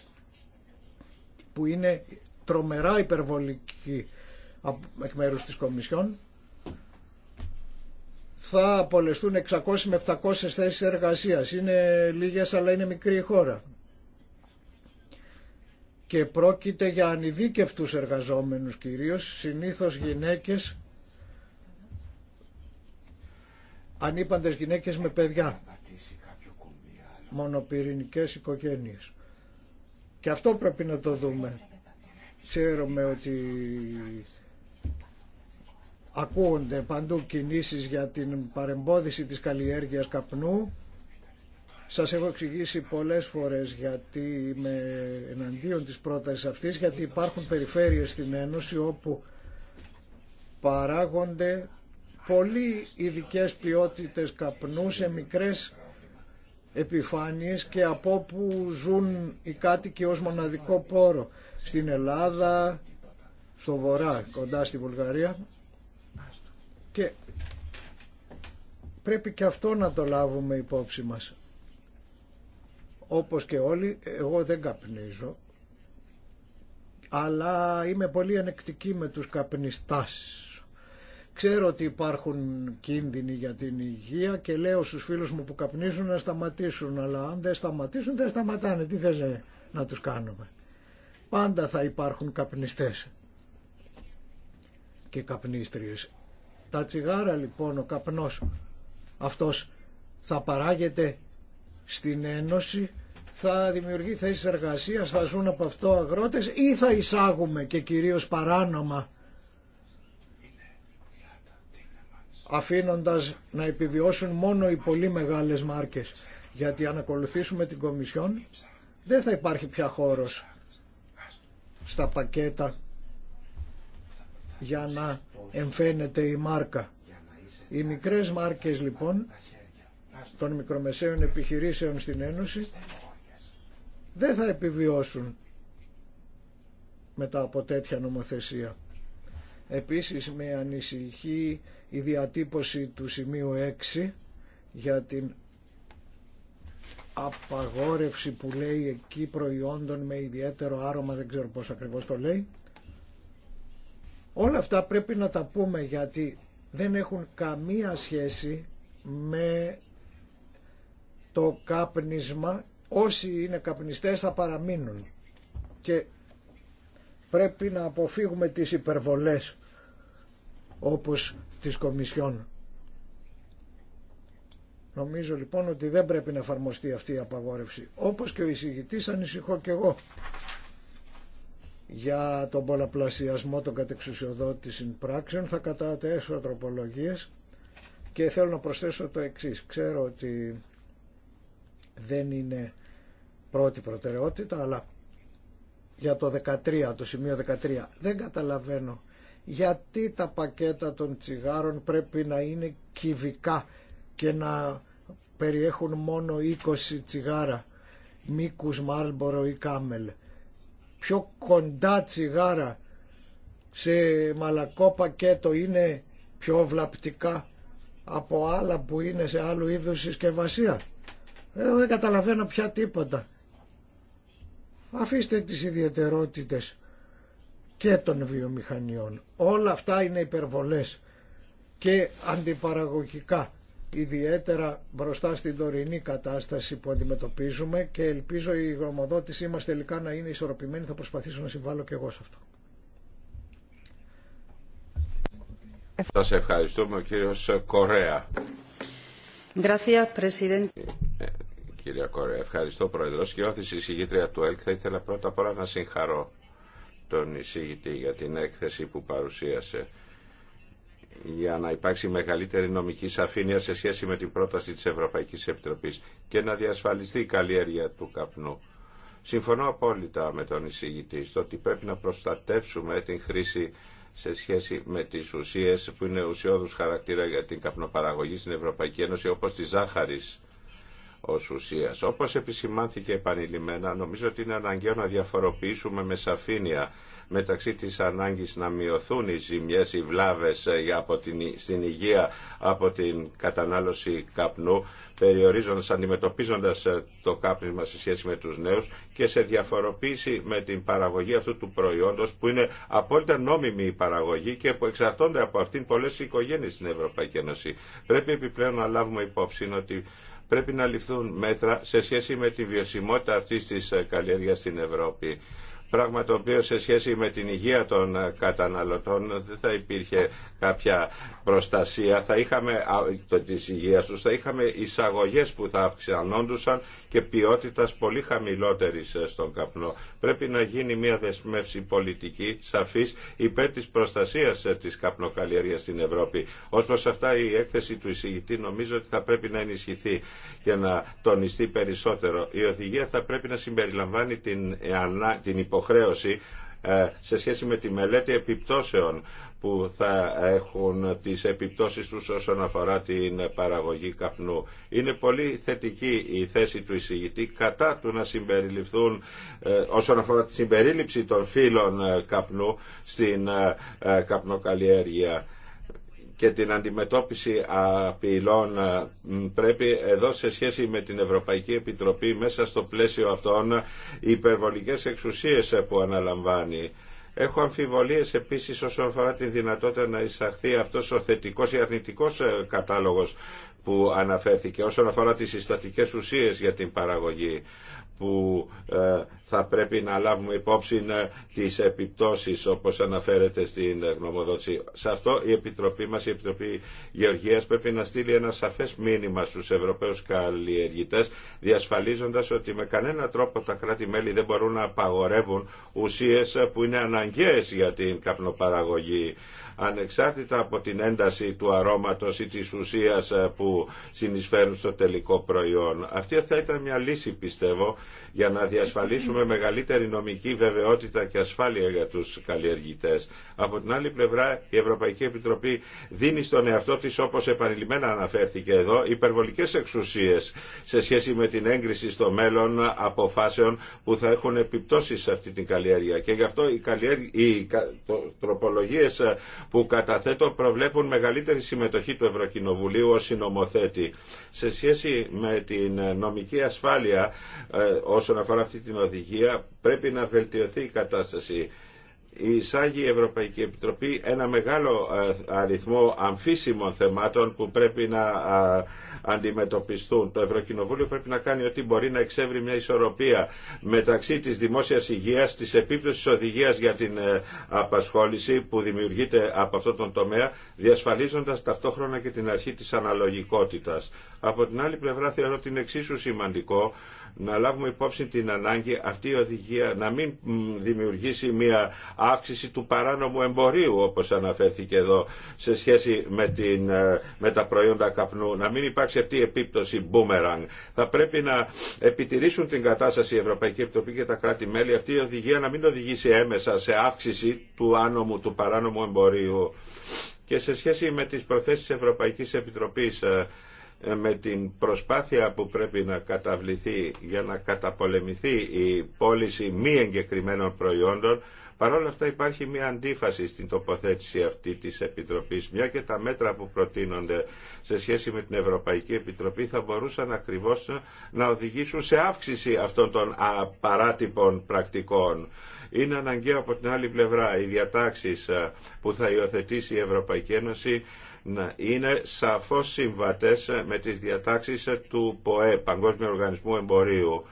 Speaker 5: που είναι τρομερά υπερβολική εκ μέρους της Κομισιόν θα απολεστούν 600 με 700 θέσεις εργασίας. Είναι λίγες αλλά είναι μικρή η χώρα. Και πρόκειται για ανειδίκευτους εργαζόμενους κυρίως, συνήθως γυναίκες, ανήπαντες γυναίκες με παιδιά, μονοπυρηνικές οικογένειες. Και αυτό πρέπει να το δούμε. Ξέρουμε ότι ακούγονται παντού κινήσεις για την παρεμπόδιση της καλλιέργειας καπνού. Σας έχω εξηγήσει πολλές φορές γιατί με εναντίον της πρότασης αυτής, γιατί υπάρχουν περιφέρειες στην Ένωση όπου παράγονται πολύ ειδικέ ποιότητες καπνού σε μικρές επιφάνειες και από όπου ζουν οι κάτοικοι ως μοναδικό πόρο στην Ελλάδα, στο βορρά, κοντά στη Βουλγαρία και πρέπει και αυτό να το λάβουμε υπόψη μας. Όπως και όλοι, εγώ δεν καπνίζω, αλλά είμαι πολύ ανεκτική με τους καπνιστάς. Ξέρω ότι υπάρχουν κίνδυνοι για την υγεία και λέω στους φίλους μου που καπνίζουν να σταματήσουν, αλλά αν δεν σταματήσουν δεν σταματάνε. Τι θες ε, να τους κάνουμε. Πάντα θα υπάρχουν καπνιστές και καπνίστριες. Τα τσιγάρα λοιπόν, ο καπνός αυτός θα παράγεται στην Ένωση, θα δημιουργεί θέσεις εργασίας, θα ζουν από αυτό αγρότες ή θα εισάγουμε και κυρίως παράνομα αφήνοντας να επιβιώσουν μόνο οι πολύ μεγάλες μάρκες. Γιατί αν ακολουθήσουμε την Κομισιόν δεν θα υπάρχει πια χώρος στα πακέτα για να εμφαίνεται η μάρκα. Οι μικρές μάρκες λοιπόν των μικρομεσαίων επιχειρήσεων στην Ένωση δεν θα επιβιώσουν μετά από τέτοια νομοθεσία. Επίσης με ανησυχή η διατύπωση του σημείου 6 για την απαγόρευση που λέει εκεί προϊόντων με ιδιαίτερο άρωμα, δεν ξέρω πώς ακριβώς το λέει. Όλα αυτά πρέπει να τα πούμε γιατί δεν έχουν καμία σχέση με το κάπνισμα. Όσοι είναι καπνιστές θα παραμείνουν και πρέπει να αποφύγουμε τις υπερβολές όπως της Κομισιόν. Νομίζω λοιπόν ότι δεν πρέπει να εφαρμοστεί αυτή η απαγόρευση. Όπως και ο εισηγητής ανησυχώ και εγώ για τον πολλαπλασιασμό των κατεξουσιοδότησης πράξεων θα κατατέσω τροπολογίες και θέλω να προσθέσω το εξής. Ξέρω ότι δεν είναι πρώτη προτεραιότητα αλλά για το 13, το σημείο 13 δεν καταλαβαίνω γιατί τα πακέτα των τσιγάρων πρέπει να είναι κυβικά και να περιέχουν μόνο 20 τσιγάρα, μήκους, μάλμπορο ή κάμελ. Πιο κοντά τσιγάρα σε μαλακό πακέτο είναι πιο βλαπτικά από άλλα που είναι σε άλλου είδους συσκευασία. δεν καταλαβαίνω πια τίποτα. Αφήστε τις ιδιαιτερότητες και των βιομηχανιών. Όλα αυτά είναι υπερβολές και αντιπαραγωγικά, ιδιαίτερα μπροστά στην τωρινή κατάσταση που αντιμετωπίζουμε και ελπίζω η γνωμοδότησή μας τελικά να είναι ισορροπημένη, θα προσπαθήσω να συμβάλλω και εγώ σε αυτό.
Speaker 4: σε ευχαριστούμε ο κύριος Κορέα.
Speaker 2: Gracias, ε, ε,
Speaker 4: Κυρία Κορέα, ευχαριστώ Πρόεδρος και όθηση η συγγήτρια του ΕΛΚ θα ήθελα πρώτα απ' όλα να συγχαρώ τον εισήγητη για την έκθεση που παρουσίασε για να υπάρξει μεγαλύτερη νομική σαφήνεια σε σχέση με την πρόταση της Ευρωπαϊκής Επιτροπής και να διασφαλιστεί η καλλιέργεια του καπνού. Συμφωνώ απόλυτα με τον εισηγητή στο ότι πρέπει να προστατεύσουμε την χρήση σε σχέση με τις ουσίες που είναι ουσιώδους χαρακτήρα για την καπνοπαραγωγή στην Ευρωπαϊκή Ένωση όπως τη ζάχαρης ως ουσίας. Όπως επισημάνθηκε επανειλημμένα, νομίζω ότι είναι αναγκαίο να διαφοροποιήσουμε με σαφήνεια μεταξύ της ανάγκης να μειωθούν οι ζημιές, οι βλάβες ε, από την, στην υγεία από την κατανάλωση καπνού περιορίζοντας, αντιμετωπίζοντας ε, το κάπνισμα σε σχέση με τους νέους και σε διαφοροποίηση με την παραγωγή αυτού του προϊόντος που είναι απόλυτα νόμιμη η παραγωγή και που εξαρτώνται από αυτήν πολλές οικογένειες στην Ευρωπαϊκή Ένωση. Πρέπει επιπλέον να λάβουμε υπόψη ότι πρέπει να ληφθούν μέτρα σε σχέση με τη βιωσιμότητα αυτής της ε, καλλιέργειας στην Ευρώπη πράγμα το οποίο σε σχέση με την υγεία των ε, καταναλωτών δεν θα υπήρχε κάποια προστασία θα είχαμε, το, της υγείας τους θα είχαμε εισαγωγές που θα αυξανόντουσαν και ποιότητας πολύ χαμηλότερης ε, στον καπνό. Πρέπει να γίνει μια δεσμεύση πολιτική σαφής υπέρ της προστασίας ε, της καπνοκαλλιέργειας στην Ευρώπη. Ως προς αυτά η έκθεση του εισηγητή νομίζω ότι θα πρέπει να ενισχυθεί και να τονιστεί περισσότερο. Η οδηγία θα πρέπει να συμπεριλαμβάνει την, την υποχρέωση ε, σε σχέση με τη μελέτη επιπτώσεων που θα έχουν τις επιπτώσεις τους όσον αφορά την παραγωγή καπνού. Είναι πολύ θετική η θέση του εισηγητή κατά του να συμπεριληφθούν ε, όσον αφορά τη συμπερίληψη των φύλων ε, καπνού στην καπνοκαλλιέργεια και την αντιμετώπιση απειλών ε, πρέπει εδώ σε σχέση με την Ευρωπαϊκή Επιτροπή μέσα στο πλαίσιο αυτών οι υπερβολικές εξουσίες ε, που αναλαμβάνει. Έχω αμφιβολίες επίσης όσον αφορά την δυνατότητα να εισαχθεί αυτός ο θετικός ή αρνητικός ε, κατάλογος που αναφέρθηκε όσον αφορά τις συστατικές ουσίες για την παραγωγή που ε, θα πρέπει να λάβουμε υπόψη ε, τις επιπτώσεις όπως αναφέρεται στην γνωμοδότηση. Σε αυτό η Επιτροπή μας, η Επιτροπή Γεωργίας πρέπει να στείλει ένα σαφές μήνυμα στους Ευρωπαίους καλλιεργητές διασφαλίζοντας ότι με κανένα τρόπο τα κράτη-μέλη δεν μπορούν να απαγορεύουν ουσίες που είναι αναγκαίες για την καπνοπαραγωγή ανεξάρτητα από την ένταση του αρώματος ή της ουσίας ε, που συνεισφέρουν στο τελικό προϊόν. Αυτή θα ήταν μια λύση πιστεύω για να διασφαλίσουμε μεγαλύτερη νομική βεβαιότητα και ασφάλεια για τους καλλιεργητές. Από την άλλη πλευρά η Ευρωπαϊκή Επιτροπή δίνει στον εαυτό της όπως επανειλημμένα αναφέρθηκε εδώ υπερβολικές εξουσίες σε σχέση με την έγκριση στο μέλλον αποφάσεων που θα έχουν επιπτώσει σε αυτή την καλλιέργεια. Και γι' αυτό οι, οι τροπολογίες ε, που καταθέτω προβλέπουν μεγαλύτερη συμμετοχή του Ευρωκοινοβουλίου ως συνομοθέτη. Σε σχέση με την νομική ασφάλεια ε, όσον αφορά αυτή την οδηγία πρέπει να βελτιωθεί η κατάσταση εισάγει η Ευρωπαϊκή Επιτροπή ένα μεγάλο ε, αριθμό αμφίσιμων θεμάτων που πρέπει να αντιμετωπιστούν. Το Ευρωκοινοβούλιο πρέπει να κάνει ό,τι μπορεί να εξεύρει μια ισορροπία μεταξύ της δημόσιας υγείας, της επίπτωσης οδηγίας για την ε, απασχόληση που δημιουργείται από αυτόν τον τομέα, διασφαλίζοντας ταυτόχρονα και την αρχή της αναλογικότητας. Από την άλλη πλευρά θεωρώ ότι είναι εξίσου σημαντικό να λάβουμε υπόψη την ανάγκη αυτή η οδηγία να μην δημιουργήσει μια αύξηση του παράνομου εμπορίου όπως αναφέρθηκε εδώ σε σχέση με, την, ε, με τα προϊόντα καπνού να μην υπάρξει αυτή η επίπτωση boomerang θα πρέπει να επιτηρήσουν την κατάσταση η Ευρωπαϊκή Επιτροπή και τα κράτη-μέλη αυτή η οδηγία να μην οδηγήσει έμεσα σε αύξηση του άνομου του παράνομου εμπορίου και σε σχέση με τις προθέσεις Ευρωπαϊκής Επιτροπής ε, με την προσπάθεια που πρέπει να καταβληθεί για να καταπολεμηθεί η πώληση μη εγκεκριμένων προϊόντων, παρόλα αυτά υπάρχει μια αντίφαση στην τοποθέτηση αυτή της Επιτροπής, μια και τα μέτρα που προτείνονται σε σχέση με την Ευρωπαϊκή Επιτροπή θα μπορούσαν ακριβώς να οδηγήσουν σε αύξηση αυτών των παράτυπων πρακτικών. Είναι αναγκαίο από την άλλη πλευρά οι διατάξεις που θα υιοθετήσει η Ευρωπαϊκή Ένωση να είναι σαφώς συμβατές με τις διατάξεις του ΠΟΕ, Παγκόσμιου Οργανισμού Εμπορίου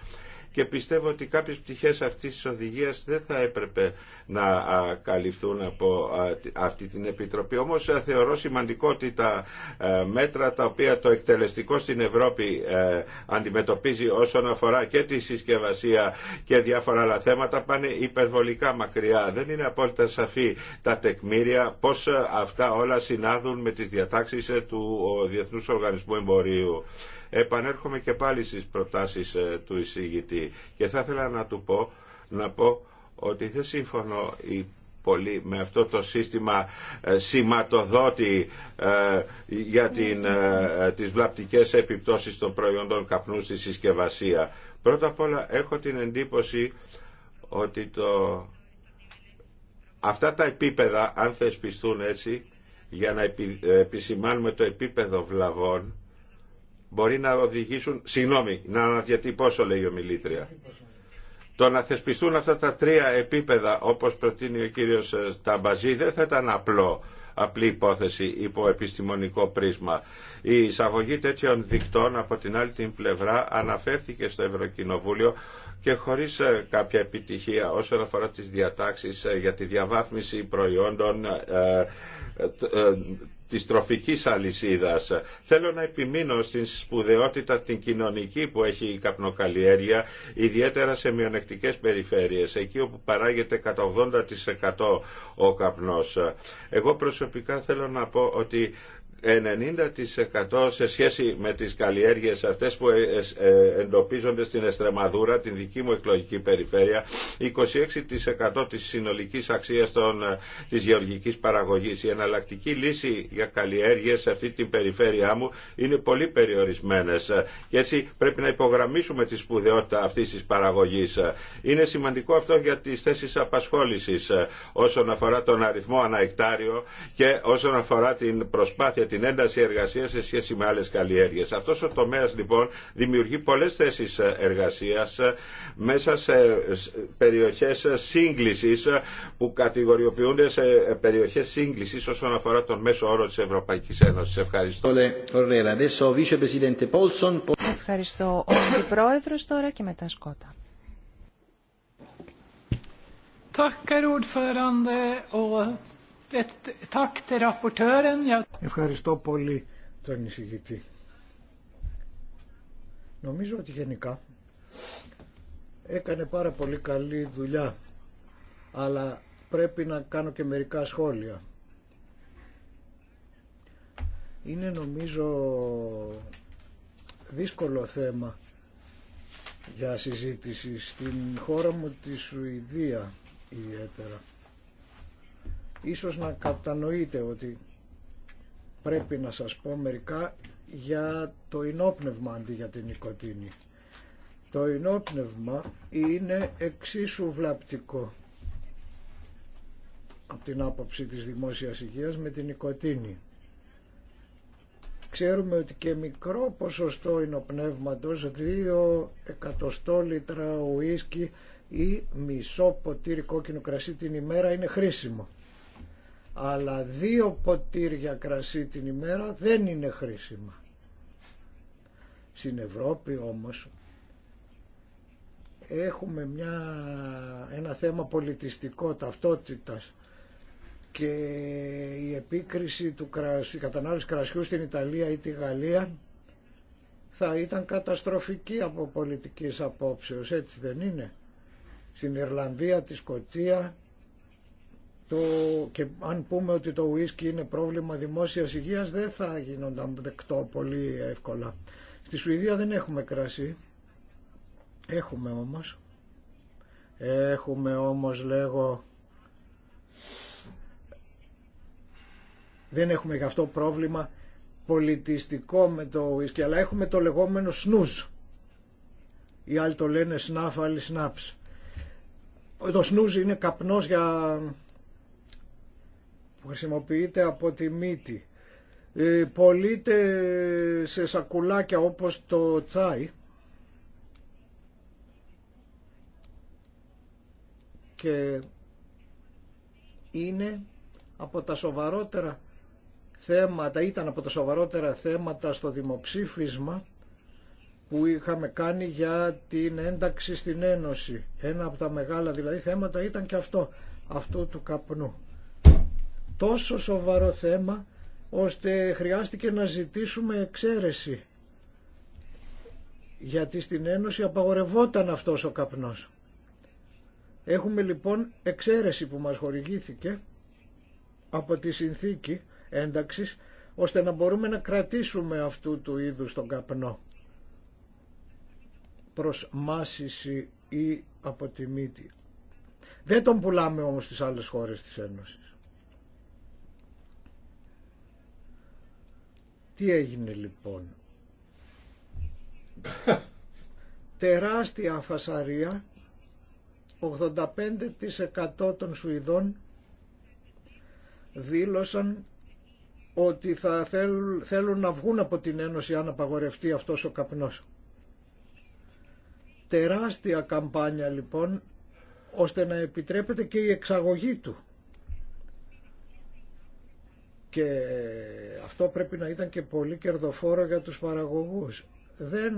Speaker 4: και πιστεύω ότι κάποιες πτυχές αυτής της οδηγίας δεν θα έπρεπε να καλυφθούν από αυτή την Επιτροπή. Όμως θεωρώ σημαντικό ότι τα ε, μέτρα τα οποία το εκτελεστικό στην Ευρώπη ε, αντιμετωπίζει όσον αφορά και τη συσκευασία και διάφορα άλλα θέματα πάνε υπερβολικά μακριά. Δεν είναι απόλυτα σαφή τα τεκμήρια πώς ε, αυτά όλα συνάδουν με τις διατάξεις του Διεθνούς Οργανισμού Εμπορίου επανέρχομαι και πάλι στις προτάσεις ε, του εισηγητή και θα ήθελα να του πω, να πω ότι δεν συμφωνώ πολύ με αυτό το σύστημα ε, σηματοδότη ε, για την, τις βλαπτικές επιπτώσεις των προϊόντων καπνού στη συσκευασία. Πρώτα απ' όλα έχω την εντύπωση ότι το... αυτά τα επίπεδα, αν θεσπιστούν έτσι, για να επισημάνουμε το επίπεδο βλαβών, μπορεί να οδηγήσουν, συγγνώμη, να αναδιατυπώσω λέει η ομιλήτρια. Το να θεσπιστούν αυτά τα τρία επίπεδα όπως προτείνει ο κύριος ε, Ταμπαζή δεν θα ήταν απλό απλή υπόθεση υπό επιστημονικό πρίσμα. Η εισαγωγή τέτοιων δικτών από την άλλη την πλευρά αναφέρθηκε στο Ευρωκοινοβούλιο και χωρίς ε, κάποια επιτυχία όσον αφορά τις διατάξεις ε, για τη διαβάθμιση προϊόντων της τροφικής αλυσίδας. Θέλω να επιμείνω στην σπουδαιότητα την κοινωνική που έχει η καπνοκαλλιέργεια, ιδιαίτερα σε μειονεκτικές περιφέρειες, εκεί όπου παράγεται κατά 80% ο καπνός. Εγώ προσωπικά θέλω να πω ότι 90% σε σχέση με τις καλλιέργειες αυτές που ε, ε, εντοπίζονται στην Εστρεμαδούρα, την δική μου εκλογική περιφέρεια, 26% της συνολικής αξίας των, ε, της γεωργικής παραγωγής. Η εναλλακτική λύση για καλλιέργειες σε αυτή την περιφέρειά μου είναι πολύ περιορισμένες και έτσι πρέπει να υπογραμμίσουμε τη σπουδαιότητα αυτής της παραγωγής. Είναι σημαντικό αυτό για τις θέσεις απασχόλησης όσον αφορά τον αριθμό αναεκτάριο και όσον αφορά την προσπάθεια την ένταση εργασία σε σχέση με άλλε καλλιέργειε. Αυτό ο τομέα λοιπόν δημιουργεί πολλέ θέσει εργασία μέσα σε περιοχέ σύγκληση που κατηγοριοποιούνται σε περιοχέ σύγκληση όσον αφορά τον μέσο όρο τη Ευρωπαϊκή Ένωση.
Speaker 1: Ευχαριστώ.
Speaker 2: Ευχαριστώ. Ο πρόεδρος τώρα και μετά Σκότα. Tackar
Speaker 5: ordförande och
Speaker 2: Ευχαριστώ πολύ
Speaker 5: τον εισηγητή. Νομίζω ότι γενικά έκανε πάρα πολύ καλή δουλειά, αλλά πρέπει να κάνω και μερικά σχόλια. Είναι νομίζω δύσκολο θέμα για συζήτηση στην χώρα μου τη Σουηδία ιδιαίτερα. Ίσως να κατανοείτε ότι πρέπει να σας πω μερικά για το ενόπνευμα αντί για την νοικοτήνη. Το ενόπνευμα είναι εξίσου βλαπτικό από την άποψη της δημόσιας υγείας με την νοικοτήνη. Ξέρουμε ότι και μικρό ποσοστό ενοπνεύματος, 2 εκατοστό λίτρα ουίσκι ή μισό ποτήρι κόκκινο κρασί την ημέρα είναι χρήσιμο αλλά δύο ποτήρια κρασί την ημέρα δεν είναι χρήσιμα. Στην Ευρώπη όμως έχουμε μια, ένα θέμα πολιτιστικό ταυτότητας και η επίκριση του κρασί, κατανάλωση κρασιού στην Ιταλία ή τη Γαλλία θα ήταν καταστροφική από πολιτικής απόψεως, έτσι δεν είναι. Στην Ιρλανδία, τη Σκοτία και αν πούμε ότι το ουίσκι είναι πρόβλημα δημόσιας υγείας δεν θα γίνονταν δεκτό πολύ εύκολα. Στη Σουηδία δεν έχουμε κρασί. Έχουμε όμως. Έχουμε όμως λέγω... Δεν έχουμε γι' αυτό πρόβλημα πολιτιστικό με το ουίσκι, αλλά έχουμε το λεγόμενο σνούς. Οι άλλοι το λένε σνάφ, άλλοι σνάψ. Το σνούζ είναι καπνός για που χρησιμοποιείται από τη μύτη. Ε, πωλείται σε σακουλάκια όπως το τσάι και είναι από τα σοβαρότερα θέματα, ήταν από τα σοβαρότερα θέματα στο δημοψήφισμα που είχαμε κάνει για την ένταξη στην Ένωση. Ένα από τα μεγάλα δηλαδή θέματα ήταν και αυτό, αυτού του καπνού τόσο σοβαρό θέμα ώστε χρειάστηκε να ζητήσουμε εξαίρεση γιατί στην Ένωση απαγορευόταν αυτός ο καπνός. Έχουμε λοιπόν εξαίρεση που μας χορηγήθηκε από τη συνθήκη ένταξης ώστε να μπορούμε να κρατήσουμε αυτού του είδους τον καπνό προς μάσηση ή αποτιμήτη. Δεν τον πουλάμε όμως στις άλλες χώρες της Ένωσης. Τι έγινε λοιπόν. Τεράστια φασαρία, 85% των Σουηδών δήλωσαν ότι θα θέλουν, θέλουν να βγουν από την Ένωση αν απαγορευτεί αυτός ο καπνός. Τεράστια καμπάνια λοιπόν, ώστε να επιτρέπεται και η εξαγωγή του και αυτό πρέπει να ήταν και πολύ κερδοφόρο για τους παραγωγούς. Δεν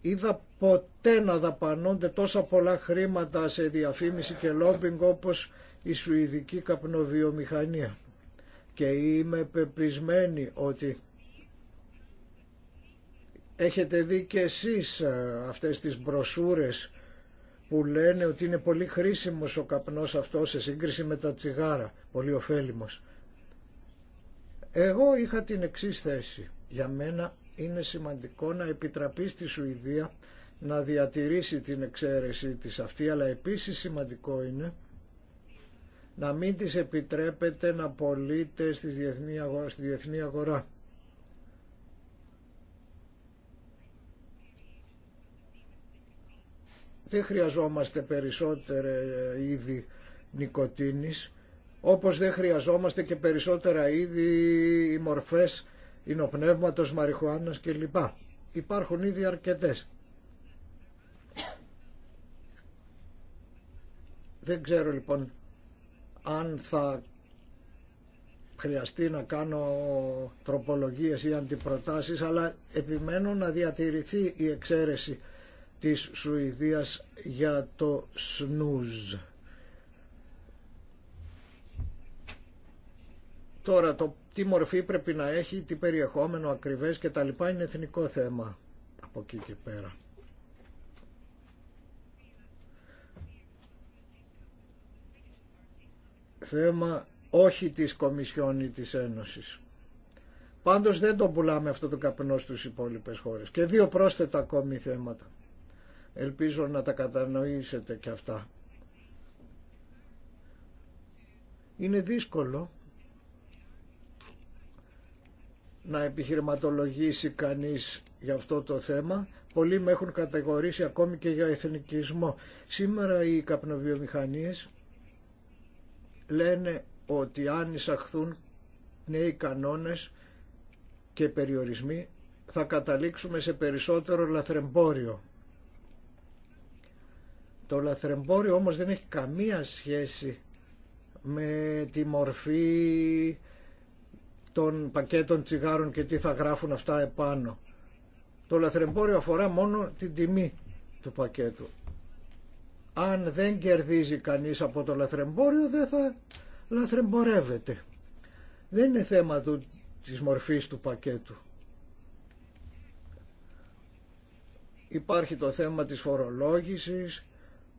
Speaker 5: είδα ποτέ να δαπανώνται τόσα πολλά χρήματα σε διαφήμιση και λόμπινγκ όπως η Σουηδική καπνοβιομηχανία. Και είμαι πεπισμένη ότι έχετε δει και εσείς ε, αυτές τις μπροσούρες που λένε ότι είναι πολύ χρήσιμος ο καπνός αυτός σε σύγκριση με τα τσιγάρα, πολύ ωφέλιμος. Εγώ είχα την εξή θέση. Για μένα είναι σημαντικό να επιτραπεί στη Σουηδία να διατηρήσει την εξαίρεση της αυτή, αλλά επίσης σημαντικό είναι να μην της επιτρέπεται να πωλείται στη διεθνή αγορά. Δεν χρειαζόμαστε περισσότερα είδη νικοτίνης, όπως δεν χρειαζόμαστε και περισσότερα είδη οι μορφές ινοπνεύματος, μαριχουάνας κλπ. Υπάρχουν ήδη αρκετές. Δεν ξέρω λοιπόν αν θα χρειαστεί να κάνω τροπολογίες ή αντιπροτάσεις, αλλά επιμένω να διατηρηθεί η εξαίρεση της Σουηδίας για το σνούζ. Τώρα το τι μορφή πρέπει να έχει, τι περιεχόμενο ακριβές και τα λοιπά είναι εθνικό θέμα από εκεί και πέρα. Θέμα όχι της Κομισιόν ή της Ένωσης. Πάντως δεν το πουλάμε αυτό το καπνό στους υπόλοιπες χώρες. Και δύο πρόσθετα ακόμη θέματα. Ελπίζω να τα κατανοήσετε και αυτά. Είναι δύσκολο να επιχειρηματολογήσει κανείς για αυτό το θέμα. Πολλοί με έχουν κατηγορήσει ακόμη και για εθνικισμό. Σήμερα οι καπνοβιομηχανίες λένε ότι αν εισαχθούν νέοι κανόνες και περιορισμοί θα καταλήξουμε σε περισσότερο λαθρεμπόριο. Το λαθρεμπόριο όμως δεν έχει καμία σχέση με τη μορφή των πακέτων τσιγάρων και τι θα γράφουν αυτά επάνω. Το λαθρεμπόριο αφορά μόνο την τιμή του πακέτου. Αν δεν κερδίζει κανείς από το λαθρεμπόριο δεν θα λαθρεμπορεύεται. Δεν είναι θέμα του, της μορφής του πακέτου. Υπάρχει το θέμα της φορολόγησης,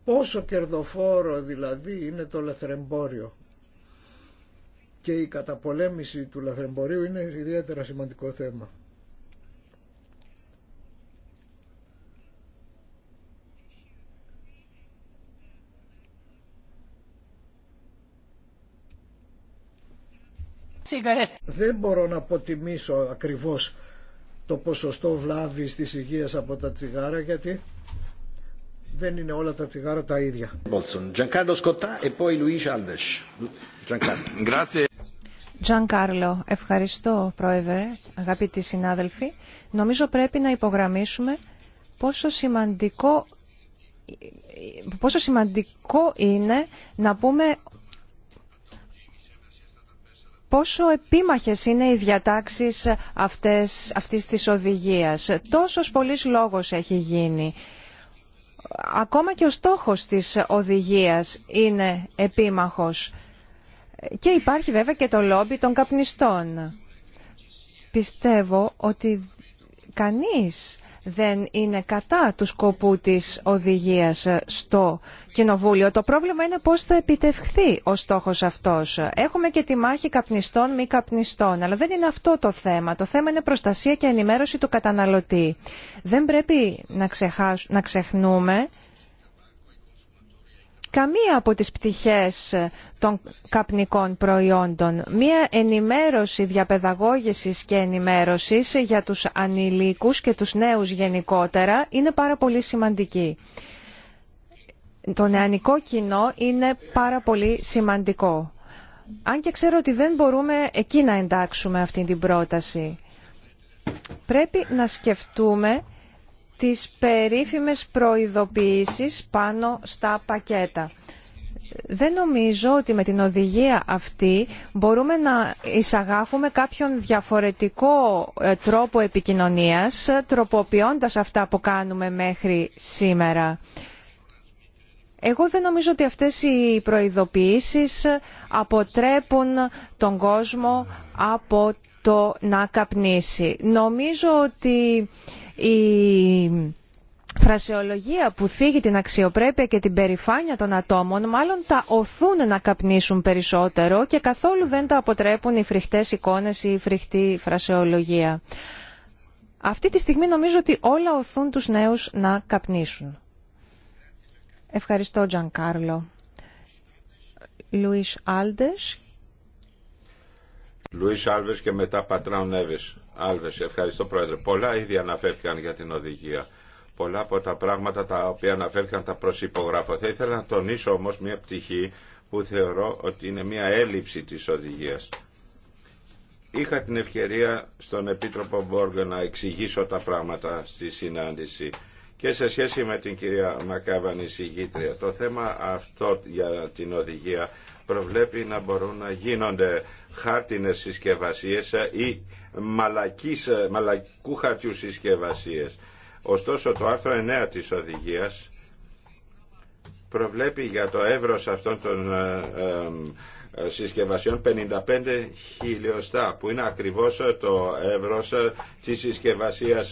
Speaker 5: Πόσο κερδοφόρο δηλαδή είναι το λαθρεμπόριο. Και η καταπολέμηση του λαθρεμπορίου είναι ιδιαίτερα σημαντικό θέμα. Δεν μπορώ να αποτιμήσω ακριβώς το ποσοστό βλάβης της υγείας από τα τσιγάρα
Speaker 2: γιατί δεν είναι όλα τα τσιγάρα τα ίδια. Τζαν Κάρλο, e ευχαριστώ πρόεδρε, αγαπητοί συνάδελφοι. Νομίζω πρέπει να υπογραμμίσουμε πόσο σημαντικό, πόσο σημαντικό είναι να πούμε πόσο επίμαχες είναι οι διατάξεις αυτές, αυτής της οδηγίας. Τόσος πολλής λόγος έχει γίνει ακόμα και ο στόχος της οδηγίας είναι επίμαχος. Και υπάρχει βέβαια και το λόμπι των καπνιστών. Πιστεύω ότι κανείς δεν είναι κατά του σκοπού της οδηγίας στο Κοινοβούλιο. Το πρόβλημα είναι πώς θα επιτευχθεί ο στόχος αυτός. Έχουμε και τη μάχη καπνιστών μη καπνιστών, αλλά δεν είναι αυτό το θέμα. Το θέμα είναι προστασία και ενημέρωση του καταναλωτή. Δεν πρέπει να, να ξεχνούμε καμία από τις πτυχές των καπνικών προϊόντων. Μία ενημέρωση διαπαιδαγώγησης και ενημέρωσης για τους ανηλίκους και τους νέους γενικότερα είναι πάρα πολύ σημαντική. Το νεανικό κοινό είναι πάρα πολύ σημαντικό. Αν και ξέρω ότι δεν μπορούμε εκεί να εντάξουμε αυτή την πρόταση. Πρέπει να σκεφτούμε τις περίφημες προειδοποιήσεις πάνω στα πακέτα. Δεν νομίζω ότι με την οδηγία αυτή μπορούμε να εισαγάγουμε κάποιον διαφορετικό ε, τρόπο επικοινωνίας, ε, τροποποιώντας αυτά που κάνουμε μέχρι σήμερα. Εγώ δεν νομίζω ότι αυτές οι προειδοποιήσεις ε, αποτρέπουν τον κόσμο από το να καπνίσει. Νομίζω ότι η φρασεολογία που θίγει την αξιοπρέπεια και την περηφάνεια των ατόμων μάλλον τα οθούν να καπνίσουν περισσότερο και καθόλου δεν τα αποτρέπουν οι φρικτές εικόνες ή η φρικτή φρασεολογία. Αυτή τη στιγμή νομίζω ότι όλα οθούν τους νέους να καπνίσουν. Ευχαριστώ Τζαν Κάρλο. Λουίς Άλντες.
Speaker 4: Λουίς Άλβες και μετά Πατράουν Άλβες, ευχαριστώ Πρόεδρε. Πολλά ήδη αναφέρθηκαν για την οδηγία. Πολλά από τα πράγματα τα οποία αναφέρθηκαν τα προσυπογράφω. Θα ήθελα να τονίσω όμως μια πτυχή που θεωρώ ότι είναι μια έλλειψη της οδηγίας. Είχα την ευκαιρία στον Επίτροπο Μπόργο να εξηγήσω τα πράγματα στη συνάντηση και σε σχέση με την κυρία Μακάβανη Συγήτρια. Το θέμα αυτό για την οδηγία προβλέπει να μπορούν να γίνονται χάρτινες συσκευασίες ή μαλακής, ε, μαλακού χαρτιού συσκευασίες. Ωστόσο το άρθρο 9 της οδηγίας προβλέπει για το εύρος αυτών των ε, ε, συσκευασιών 55 χιλιοστά που είναι ακριβώς το εύρος της συσκευασίας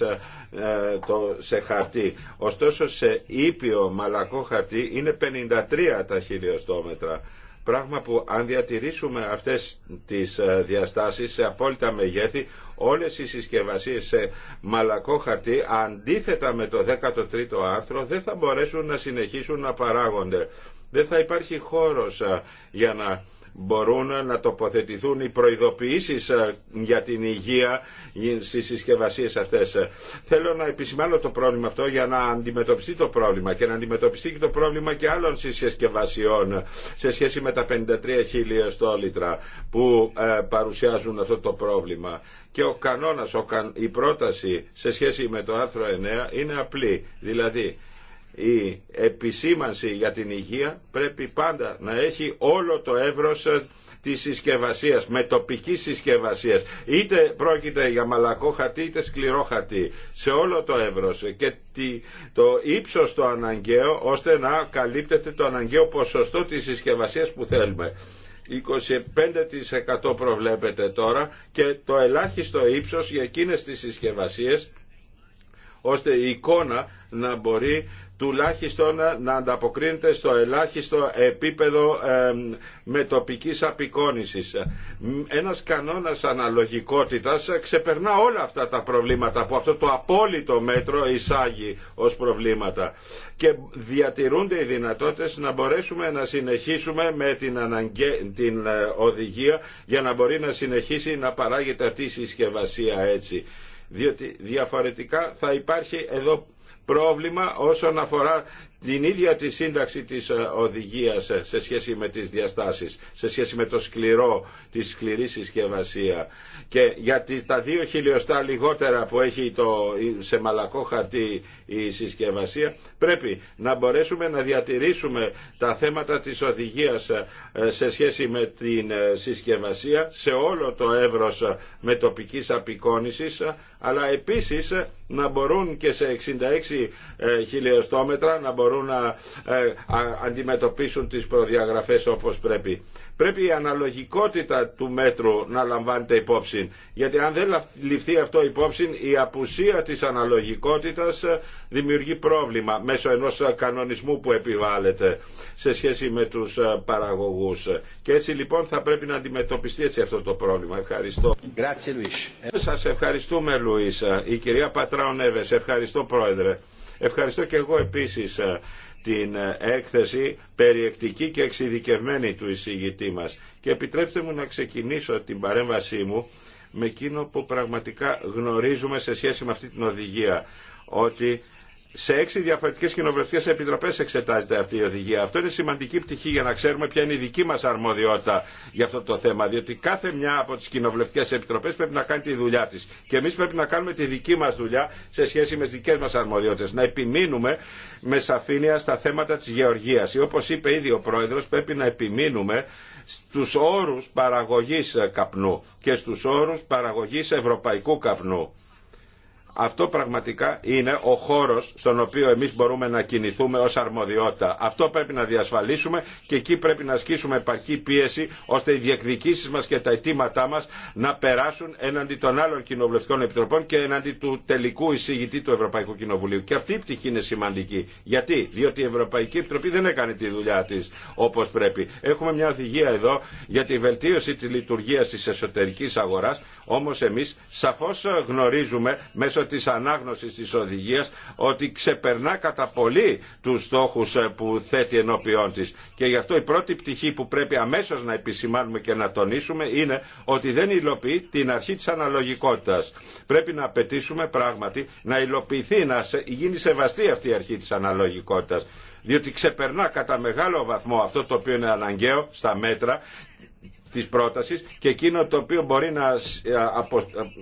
Speaker 4: το, σε χαρτί. Ωστόσο σε ήπιο μαλακό χαρτί είναι 53 τα χιλιοστόμετρα. Πράγμα που αν διατηρήσουμε αυτές τις ε, διαστάσεις σε απόλυτα μεγέθη, όλες οι συσκευασίες σε μαλακό χαρτί, αντίθετα με το 13ο άρθρο, δεν θα μπορέσουν να συνεχίσουν να παράγονται. Δεν θα υπάρχει χώρος ε, για να μπορούν να τοποθετηθούν οι προειδοποιήσεις ε, για την υγεία στις συσκευασίες αυτές. Θέλω να επισημάνω το πρόβλημα αυτό για να αντιμετωπιστεί το πρόβλημα και να αντιμετωπιστεί και το πρόβλημα και άλλων συσκευασιών σε σχέση με τα 53 στολίτρα που ε, παρουσιάζουν αυτό το πρόβλημα. Και ο κανόνας, η πρόταση σε σχέση με το άρθρο 9 είναι απλή. Δηλαδή η επισήμανση για την υγεία πρέπει πάντα να έχει όλο το εύρος ε, της συσκευασίας, με τοπική συσκευασία. Είτε πρόκειται για μαλακό χαρτί είτε σκληρό χαρτί. Σε όλο το εύρος και το ύψος το αναγκαίο ώστε να καλύπτεται το αναγκαίο ποσοστό της συσκευασία που θέλουμε. 25% προβλέπεται τώρα και το ελάχιστο ύψος για εκείνες τις συσκευασίες ώστε η εικόνα να μπορεί τουλάχιστον να ανταποκρίνεται στο ελάχιστο επίπεδο με τοπικής απεικόνησης. Ένας κανόνας αναλογικότητας ξεπερνά όλα αυτά τα προβλήματα που αυτό το απόλυτο μέτρο εισάγει ως προβλήματα και διατηρούνται οι δυνατότητες να μπορέσουμε να συνεχίσουμε με την, την ε, οδηγία για να μπορεί να συνεχίσει να παράγεται αυτή η συσκευασία έτσι διότι διαφορετικά θα υπάρχει εδώ πρόβλημα όσον αφορά την ίδια τη σύνταξη της ε, οδηγίας ε, σε σχέση με τις διαστάσεις, σε σχέση με το σκληρό, τη σκληρή συσκευασία. Και για τα δύο χιλιοστά λιγότερα που έχει το, σε μαλακό χαρτί η συσκευασία, πρέπει να μπορέσουμε να διατηρήσουμε τα θέματα της οδηγίας ε, σε σχέση με την συσκευασία σε όλο το εύρος με τοπικής απεικόνησης αλλά επίσης ε, να μπορούν και σε 66 ε, χιλιοστόμετρα να μπορούν να ε, αντιμετωπίσουν τις προδιαγραφές όπως πρέπει. Πρέπει η αναλογικότητα του μέτρου να λαμβάνεται υπόψη, γιατί αν δεν ληφθεί αυτό υπόψη, η απουσία της αναλογικότητας δημιουργεί πρόβλημα μέσω ενός κανονισμού που επιβάλλεται σε σχέση με τους παραγωγούς. Και έτσι λοιπόν θα πρέπει να αντιμετωπιστεί έτσι αυτό το πρόβλημα. Ευχαριστώ. Σας ευχαριστούμε, Λου. Λουίσα. Ε, η κυρία Πατράου ευχαριστώ πρόεδρε. Ευχαριστώ και εγώ επίσης ε, την ε, έκθεση περιεκτική και εξειδικευμένη του εισηγητή μας. Και επιτρέψτε μου να ξεκινήσω την παρέμβασή μου με εκείνο που πραγματικά γνωρίζουμε σε σχέση με αυτή την οδηγία, ότι σε έξι διαφορετικέ κοινοβουλευτικέ επιτροπέ εξετάζεται αυτή η οδηγία. Αυτό είναι σημαντική πτυχή για να ξέρουμε ποια είναι η δική μα αρμοδιότητα για αυτό το θέμα. Διότι κάθε μια από τι κοινοβουλευτικέ επιτροπέ πρέπει να κάνει τη δουλειά τη. Και εμεί πρέπει να κάνουμε τη δική μα δουλειά σε σχέση με τι δικέ μα αρμοδιότητε. Να επιμείνουμε με σαφήνεια στα θέματα τη γεωργία. όπω είπε ήδη ο πρόεδρο, πρέπει να επιμείνουμε στου όρου παραγωγή καπνού και στου όρου παραγωγή ευρωπαϊκού καπνού αυτό πραγματικά είναι ο χώρος στον οποίο εμείς μπορούμε να κινηθούμε ως αρμοδιότητα. Αυτό πρέπει να διασφαλίσουμε και εκεί πρέπει να ασκήσουμε επαρκή πίεση ώστε οι διεκδικήσεις μας και τα αιτήματά μας να περάσουν έναντι των άλλων κοινοβουλευτικών επιτροπών και έναντι του τελικού εισηγητή του Ευρωπαϊκού Κοινοβουλίου. Και αυτή η πτυχή είναι σημαντική. Γιατί? Διότι η Ευρωπαϊκή Επιτροπή δεν έκανε τη δουλειά της όπως πρέπει. Έχουμε μια οδηγία εδώ για τη βελτίωση της λειτουργίας της εσωτερικής αγοράς, όμως εμείς σαφώς γνωρίζουμε μέσω μέσω της ανάγνωσης της οδηγίας ότι ξεπερνά κατά πολύ τους στόχους ε, που θέτει ενώπιόν της. Και γι' αυτό η πρώτη πτυχή που πρέπει αμέσως να επισημάνουμε και να τονίσουμε είναι ότι δεν υλοποιεί την αρχή της αναλογικότητας. Πρέπει να απαιτήσουμε πράγματι να υλοποιηθεί, να γίνει σεβαστή αυτή η αρχή της αναλογικότητας διότι ξεπερνά κατά μεγάλο βαθμό αυτό το οποίο είναι αναγκαίο στα μέτρα της πρότασης και εκείνο το οποίο μπορεί να ε, ε,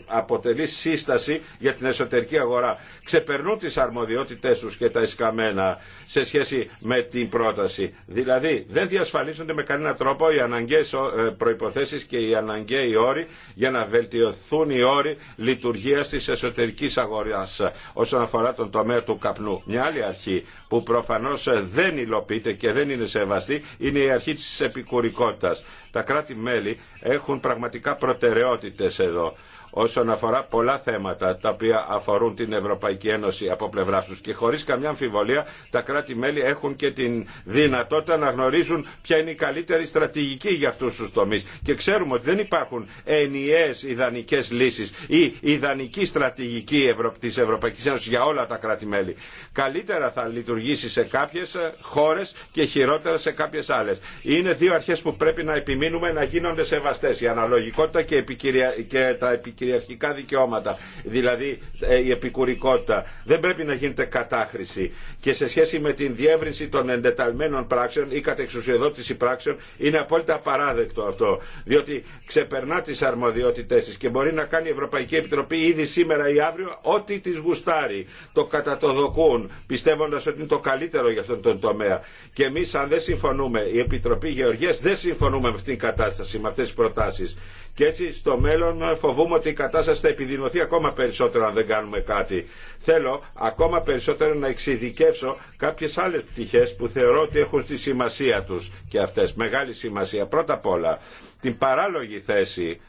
Speaker 4: αποτελεί σύσταση για την εσωτερική αγορά ξεπερνούν τις αρμοδιότητές τους και τα εισκαμμένα σε σχέση με την πρόταση. Δηλαδή δεν διασφαλίζονται με κανένα τρόπο οι αναγκαίες ε, προϋποθέσεις και οι αναγκαίοι όροι για να βελτιωθούν οι όροι λειτουργίας της εσωτερικής αγοράς όσον αφορά τον τομέα του καπνού. Μια άλλη αρχή που προφανώς δεν υλοποιείται και δεν είναι σεβαστή είναι η αρχή της επικουρικότητας. Τα κράτη-μέλη έχουν πραγματικά προτεραιότητες εδώ όσον αφορά πολλά θέματα τα οποία αφορούν την Ευρωπαϊκή Ένωση από πλευρά του. Και χωρί καμιά αμφιβολία τα κράτη-μέλη έχουν και την δυνατότητα να γνωρίζουν ποια είναι η καλύτερη στρατηγική για αυτού του τομεί. Και ξέρουμε ότι δεν υπάρχουν ενιαίε ιδανικέ λύσει ή ιδανική στρατηγική τη Ευρωπαϊκή Ένωση για όλα τα κράτη-μέλη. Καλύτερα θα λειτουργήσει σε κάποιε χώρε και χειρότερα σε κάποιε άλλε. Είναι δύο αρχέ που πρέπει να επιμείνουμε να γίνονται σεβαστέ. Η αναλογικότητα και, επικυρια... και τα κυριαρχικά δικαιώματα, δηλαδή ε, η επικουρικότητα. Δεν πρέπει να γίνεται κατάχρηση. Και σε σχέση με την διεύρυνση των εντεταλμένων πράξεων ή κατεξουσιοδότηση πράξεων είναι απόλυτα απαράδεκτο αυτό. Διότι ξεπερνά τι αρμοδιότητέ τη και μπορεί να κάνει η Ευρωπαϊκή Επιτροπή ήδη σήμερα ή αύριο ό,τι τη γουστάρει. Το κατατοδοκούν πιστεύοντα ότι είναι το καλύτερο για αυτόν τον τομέα. Και εμεί αν δεν συμφωνούμε, η Επιτροπή Γεωργία δεν συμφωνούμε με αυτήν την κατάσταση, με αυτέ τι προτάσει. Και έτσι στο μέλλον φοβούμαι ότι η κατάσταση θα επιδεινωθεί ακόμα περισσότερο αν δεν κάνουμε κάτι. Θέλω ακόμα περισσότερο να εξειδικεύσω κάποιες άλλες πτυχέ που θεωρώ ότι έχουν τη σημασία τους και αυτές. Μεγάλη σημασία. Πρώτα απ' όλα την παράλογη θέση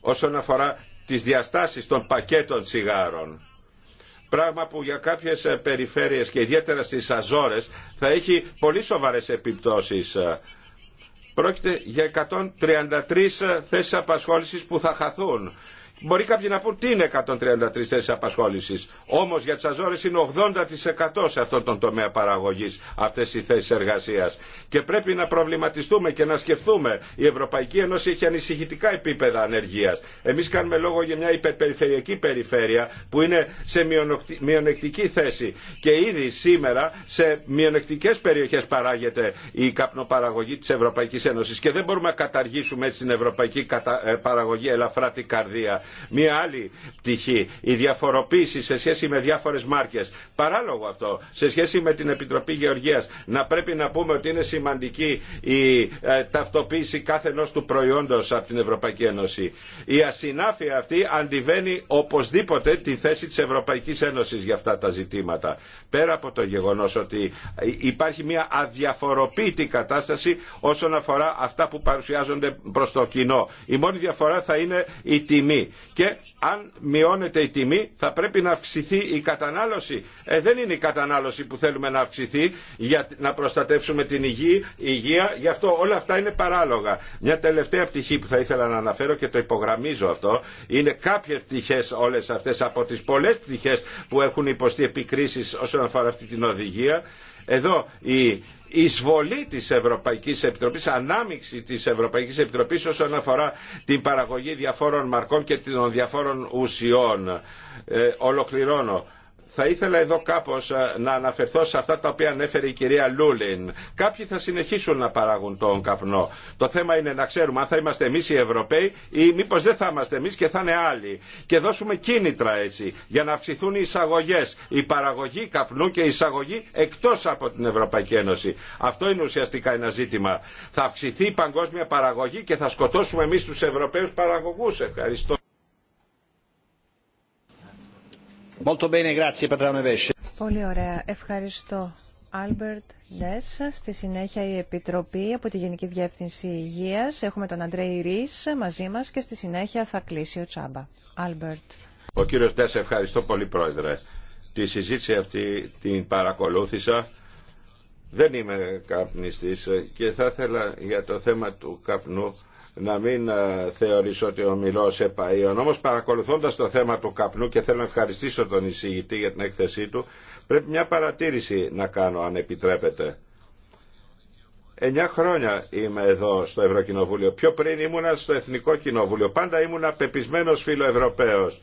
Speaker 4: όσον αφορά τις διαστάσεις των πακέτων τσιγάρων πράγμα που για κάποιες περιφέρειες και ιδιαίτερα στις Αζόρες θα έχει πολύ σοβαρές επιπτώσεις Πρόκειται για 133 θέσεις απασχόλησης που θα χαθούν Μπορεί κάποιοι να πούν τι είναι 133 θέσει απασχόληση. Όμω για τι Αζόρε είναι 80% σε αυτόν τον τομέα παραγωγή αυτέ οι θέσει εργασία. Και πρέπει να προβληματιστούμε και να σκεφτούμε. Η Ευρωπαϊκή Ένωση έχει ανησυχητικά επίπεδα ανεργία. Εμεί κάνουμε λόγο για μια υπερπεριφερειακή περιφέρεια που είναι σε μειονεκτική θέση. Και ήδη σήμερα σε μειονεκτικέ περιοχέ παράγεται η καπνοπαραγωγή τη Ευρωπαϊκή Ένωση. Και δεν μπορούμε να καταργήσουμε έτσι την ευρωπαϊκή ε, παραγωγή ελαφρά την καρδία Μία άλλη πτυχή, η διαφοροποίηση σε σχέση με διάφορες μάρκες. Παράλογο αυτό, σε σχέση με την Επιτροπή Γεωργίας, να πρέπει να πούμε ότι είναι σημαντική η ε, ταυτοποίηση κάθε ενός του προϊόντος από την Ευρωπαϊκή Ένωση. Η ασυνάφεια αυτή αντιβαίνει οπωσδήποτε τη θέση της Ευρωπαϊκής Ένωσης για αυτά τα ζητήματα πέρα από το γεγονός ότι υπάρχει μια αδιαφοροποίητη κατάσταση όσον αφορά αυτά που παρουσιάζονται προς το κοινό. Η μόνη διαφορά θα είναι η τιμή. Και αν μειώνεται η τιμή θα πρέπει να αυξηθεί η κατανάλωση. Ε, δεν είναι η κατανάλωση που θέλουμε να αυξηθεί για να προστατεύσουμε την υγεία, υγεία. Γι' αυτό όλα αυτά είναι παράλογα. Μια τελευταία πτυχή που θα ήθελα να αναφέρω και το υπογραμμίζω αυτό είναι κάποιες πτυχές όλες αυτές από τις πολλές πτυχές που έχουν υποστεί επικρίσεις όσον αφορά αυτή την οδηγία. Εδώ η εισβολή της Ευρωπαϊκής Επιτροπής, ανάμειξη της Ευρωπαϊκής Επιτροπής όσον αφορά την παραγωγή διαφόρων μαρκών και των διαφόρων ουσιών. Ε, ολοκληρώνω. Θα ήθελα εδώ κάπως ε, να αναφερθώ σε αυτά τα οποία ανέφερε η κυρία Λούλιν. Κάποιοι θα συνεχίσουν να παράγουν τον καπνό. Το θέμα είναι να ξέρουμε αν θα είμαστε εμείς οι Ευρωπαίοι ή μήπως δεν θα είμαστε εμείς και θα είναι άλλοι. Και δώσουμε κίνητρα έτσι για να αυξηθούν οι εισαγωγές, η παραγωγή καπνού και η εισαγωγή εκτός από την Ευρωπαϊκή Ένωση. Αυτό είναι ουσιαστικά ένα ζήτημα. Θα αυξηθεί η παγκόσμια παραγωγή και θα σκοτώσουμε εμείς τους Ευρωπαίους παραγωγούς. Ευχαριστώ.
Speaker 2: Πολύ ωραία. Ευχαριστώ. Άλμπερτ Ντες. Στη συνέχεια η Επιτροπή από τη Γενική Διεύθυνση Υγείας. Έχουμε τον Αντρέη Ρίς μαζί μας και στη συνέχεια θα κλείσει ο Τσάμπα. Albert.
Speaker 4: Ο κύριος Ντες, ευχαριστώ πολύ πρόεδρε. Τη συζήτηση αυτή την παρακολούθησα. Δεν είμαι καπνιστής και θα ήθελα για το θέμα του καπνού να μην ε, θεωρήσω ότι ο σε επαείων. Όμως παρακολουθώντας το θέμα του καπνού και θέλω να ευχαριστήσω τον εισηγητή για την έκθεσή του, πρέπει μια παρατήρηση να κάνω αν επιτρέπετε. Εννιά χρόνια είμαι εδώ στο Ευρωκοινοβούλιο. Πιο πριν ήμουνα στο Εθνικό Κοινοβούλιο. Πάντα ήμουνα πεπισμένος φιλοευρωπαίος.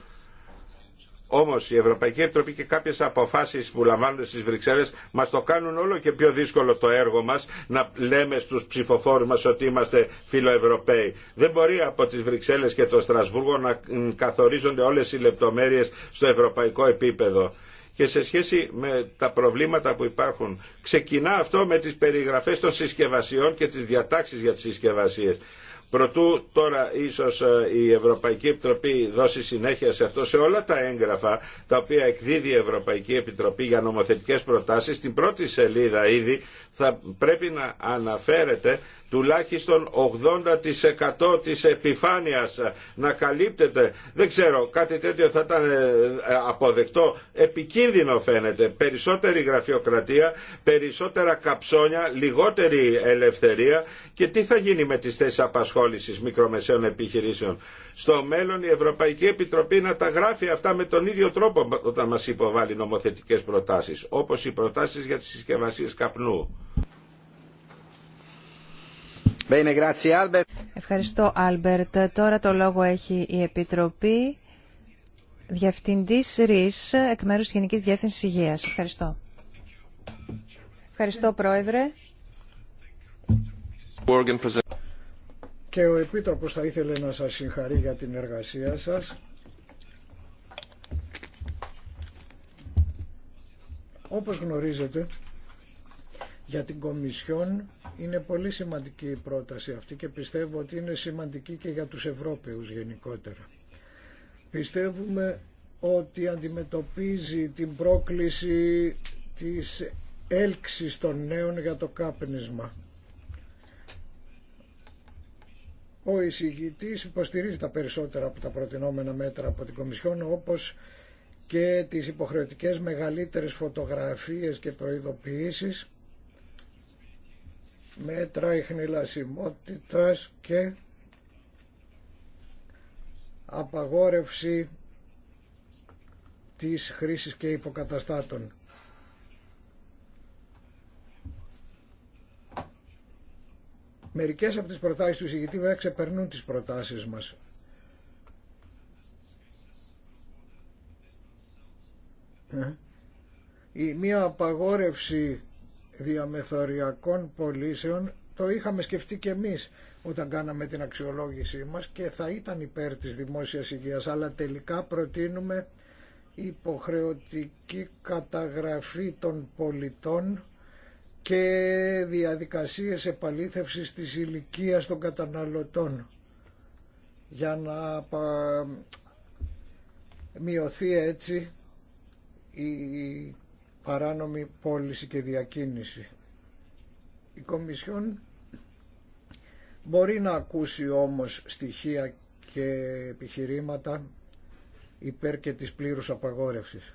Speaker 4: Όμω η Ευρωπαϊκή Επιτροπή και κάποιε αποφάσει που λαμβάνονται στι Βρυξέλλε μα το κάνουν όλο και πιο δύσκολο το έργο μα να λέμε στου ψηφοφόρου μα ότι είμαστε φιλοευρωπαίοι. Δεν μπορεί από τι Βρυξέλλε και το Στρασβούργο να καθορίζονται όλε οι λεπτομέρειε στο ευρωπαϊκό επίπεδο και σε σχέση με τα προβλήματα που υπάρχουν. Ξεκινά αυτό με τις περιγραφές των συσκευασιών και τις διατάξεις για τις συσκευασίες. Προτού τώρα ίσως ε, η Ευρωπαϊκή Επιτροπή δώσει συνέχεια σε αυτό, σε όλα τα έγγραφα τα οποία εκδίδει η Ευρωπαϊκή Επιτροπή για νομοθετικές προτάσεις, στην πρώτη σελίδα ήδη θα πρέπει να αναφέρεται τουλάχιστον 80% της επιφάνειας να καλύπτεται. Δεν ξέρω, κάτι τέτοιο θα ήταν ε, ε, αποδεκτό. Επικίνδυνο φαίνεται. Περισσότερη γραφειοκρατία, περισσότερα καψόνια, λιγότερη ελευθερία και τι θα γίνει με τις θέσεις απασχόλησης μικρομεσαίων επιχειρήσεων. Στο μέλλον η Ευρωπαϊκή Επιτροπή να τα γράφει αυτά με τον ίδιο τρόπο όταν μας υποβάλλει νομοθετικές προτάσεις, όπως οι προτάσεις για τις συσκευασίες καπνού.
Speaker 2: Ευχαριστώ, Άλμπερτ. Τώρα το λόγο έχει η Επιτροπή. Διευθυντής ΡΙΣ, εκ μέρους της Γενικής Διεύθυνσης Υγείας. Ευχαριστώ. Ευχαριστώ, Πρόεδρε.
Speaker 5: Και ο Επίτροπος θα ήθελε να σας συγχαρεί για την εργασία σας. Όπως γνωρίζετε, για την Κομισιόν είναι πολύ σημαντική η πρόταση αυτή και πιστεύω ότι είναι σημαντική και για τους Ευρώπαιους γενικότερα. Πιστεύουμε ότι αντιμετωπίζει την πρόκληση της έλξης των νέων για το κάπνισμα. Ο εισηγητής υποστηρίζει τα περισσότερα από τα προτινόμενα μέτρα από την Κομισιόν όπως και τις υποχρεωτικές μεγαλύτερες φωτογραφίες και προειδοποιήσεις μέτρα ιχνηλασιμότητας και απαγόρευση της χρήσης και υποκαταστάτων. Μερικές από τις προτάσεις του εισηγητή βέβαια ξεπερνούν τις προτάσεις μας. Ε, η μία απαγόρευση διαμεθοριακών πωλήσεων το είχαμε σκεφτεί και εμείς όταν κάναμε την αξιολόγησή μας και θα ήταν υπέρ της δημόσιας υγείας αλλά τελικά προτείνουμε υποχρεωτική καταγραφή των πολιτών και διαδικασίες επαλήθευσης της ηλικία των καταναλωτών για να μειωθεί έτσι η παράνομη πώληση και διακίνηση. Η Κομισιόν μπορεί να ακούσει όμως στοιχεία και επιχειρήματα υπέρ και της πλήρους απαγόρευσης.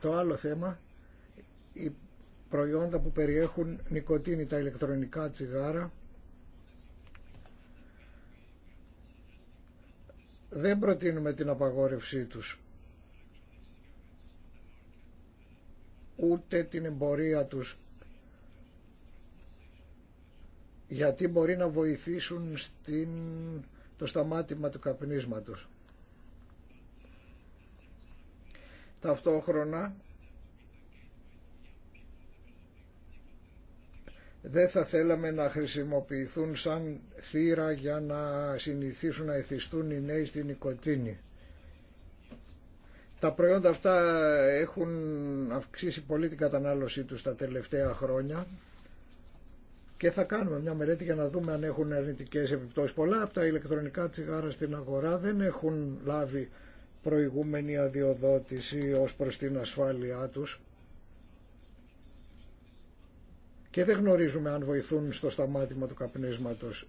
Speaker 5: Το άλλο θέμα, οι προϊόντα που περιέχουν νικοτίνη τα ηλεκτρονικά τσιγάρα, δεν προτείνουμε την απαγόρευσή τους. ούτε την εμπορία τους γιατί μπορεί να βοηθήσουν στην, το σταμάτημα του καπνίσματος. Ταυτόχρονα δεν θα θέλαμε να χρησιμοποιηθούν σαν θύρα για να συνηθίσουν να εθιστούν οι νέοι στην νοικοτήνη. Τα προϊόντα αυτά έχουν αυξήσει πολύ την κατανάλωσή τους τα τελευταία χρόνια και θα κάνουμε μια μελέτη για να δούμε αν έχουν αρνητικές επιπτώσεις. Πολλά από τα ηλεκτρονικά τσιγάρα στην αγορά δεν έχουν λάβει προηγούμενη αδειοδότηση ως προς την ασφάλειά τους και δεν γνωρίζουμε αν βοηθούν στο σταμάτημα του καπνίσματος.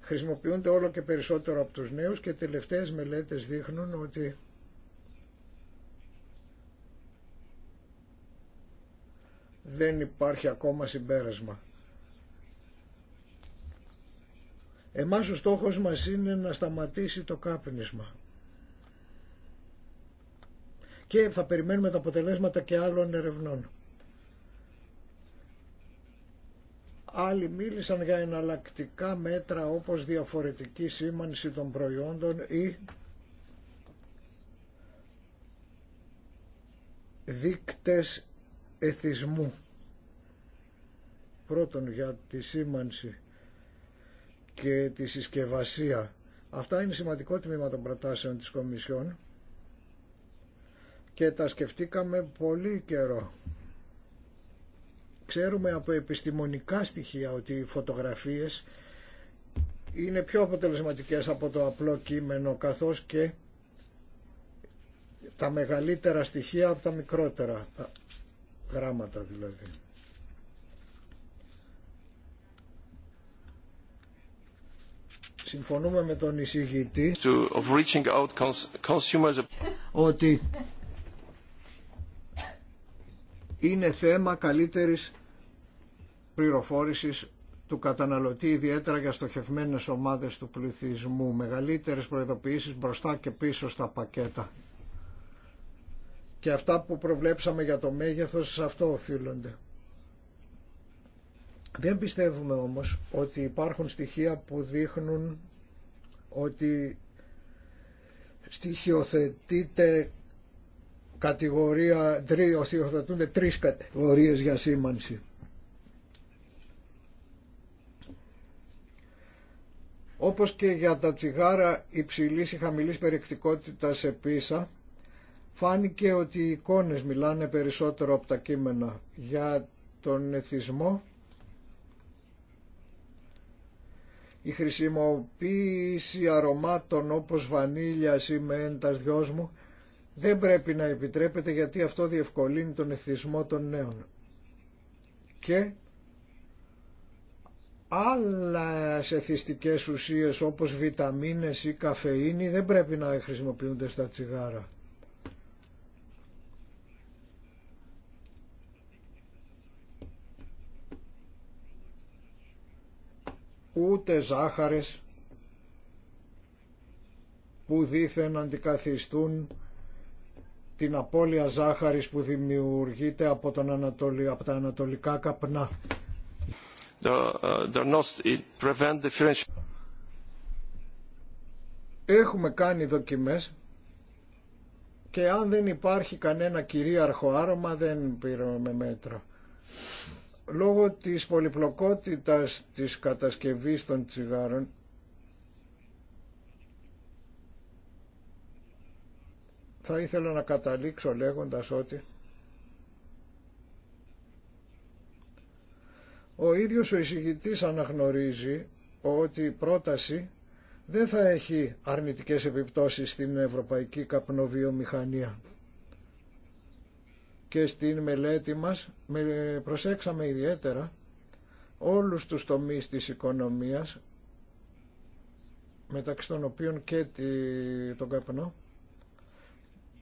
Speaker 5: Χρησιμοποιούνται όλο και περισσότερο από τους νέους και τελευταίες μελέτες δείχνουν ότι δεν υπάρχει ακόμα συμπέρασμα. Εμάς ο στόχος μας είναι να σταματήσει το κάπνισμα. Και θα περιμένουμε τα αποτελέσματα και άλλων ερευνών. Άλλοι μίλησαν για εναλλακτικά μέτρα όπως διαφορετική σήμανση των προϊόντων ή δίκτες εθισμού. Πρώτον για τη σήμανση και τη συσκευασία. Αυτά είναι σημαντικό τμήμα των προτάσεων της Κομισιόν και τα σκεφτήκαμε πολύ καιρό. Ξέρουμε από επιστημονικά στοιχεία ότι οι φωτογραφίες είναι πιο αποτελεσματικές από το απλό κείμενο καθώς και τα μεγαλύτερα στοιχεία από τα μικρότερα γράμματα δηλαδή. Συμφωνούμε με τον εισηγητή ότι είναι θέμα καλύτερης πληροφόρησης του καταναλωτή ιδιαίτερα για στοχευμένες ομάδες του πληθυσμού, μεγαλύτερες προειδοποιήσεις μπροστά και πίσω στα πακέτα και αυτά που προβλέψαμε για το μέγεθος σε αυτό οφείλονται. Δεν πιστεύουμε όμως ότι υπάρχουν στοιχεία που δείχνουν ότι στοιχειοθετείται κατηγορία, στοιχειοθετούνται τρεις κατηγορίες για σήμανση. Όπως και για τα τσιγάρα υψηλής ή χαμηλής περιεκτικότητας σε πίσα, Φάνηκε ότι οι εικόνες μιλάνε περισσότερο από τα κείμενα για τον εθισμό. Η χρησιμοποίηση αρωμάτων όπως βανίλιας ή μέντας δυός μου δεν πρέπει να επιτρέπεται γιατί αυτό διευκολύνει τον εθισμό των νέων. Και άλλες εθιστικές ουσίες όπως βιταμίνες ή καφεΐνη δεν πρέπει να χρησιμοποιούνται στα τσιγάρα. ούτε ζάχαρες που δήθεν αντικαθιστούν την απώλεια ζάχαρης που δημιουργείται από, τον από τα ανατολικά καπνά.
Speaker 3: Uh,
Speaker 5: Έχουμε κάνει δοκιμές και αν δεν υπάρχει κανένα κυρίαρχο άρωμα δεν πήραμε μέτρο. Λόγω της πολυπλοκότητας της κατασκευής των τσιγάρων θα ήθελα να καταλήξω λέγοντας ότι ο ίδιος ο εισηγητής αναγνωρίζει ότι η πρόταση δεν θα έχει αρνητικές επιπτώσεις στην ευρωπαϊκή καπνοβιομηχανία και στην μελέτη μας προσέξαμε ιδιαίτερα όλους τους τομείς της οικονομίας μεταξύ των οποίων και τον καπνό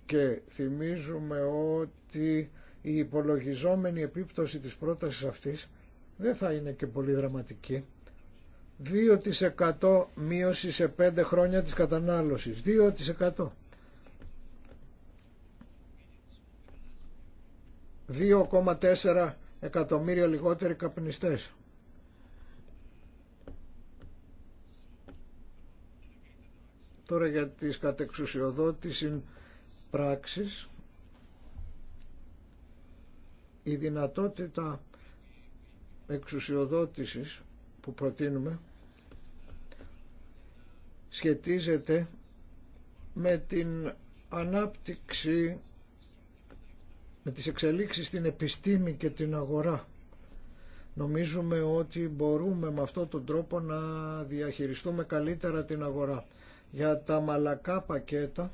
Speaker 5: και θυμίζουμε ότι η υπολογιζόμενη επίπτωση της πρότασης αυτής δεν θα είναι και πολύ δραματική 2% μείωση σε 5 χρόνια της κατανάλωσης 2% 2,4 εκατομμύρια λιγότεροι καπνιστές. Τώρα για τις κατεξουσιοδότηση πράξεις η δυνατότητα εξουσιοδότησης που προτείνουμε σχετίζεται με την ανάπτυξη με τις εξελίξεις στην επιστήμη και την αγορά. Νομίζουμε ότι μπορούμε με αυτόν τον τρόπο να διαχειριστούμε καλύτερα την αγορά. Για τα μαλακά πακέτα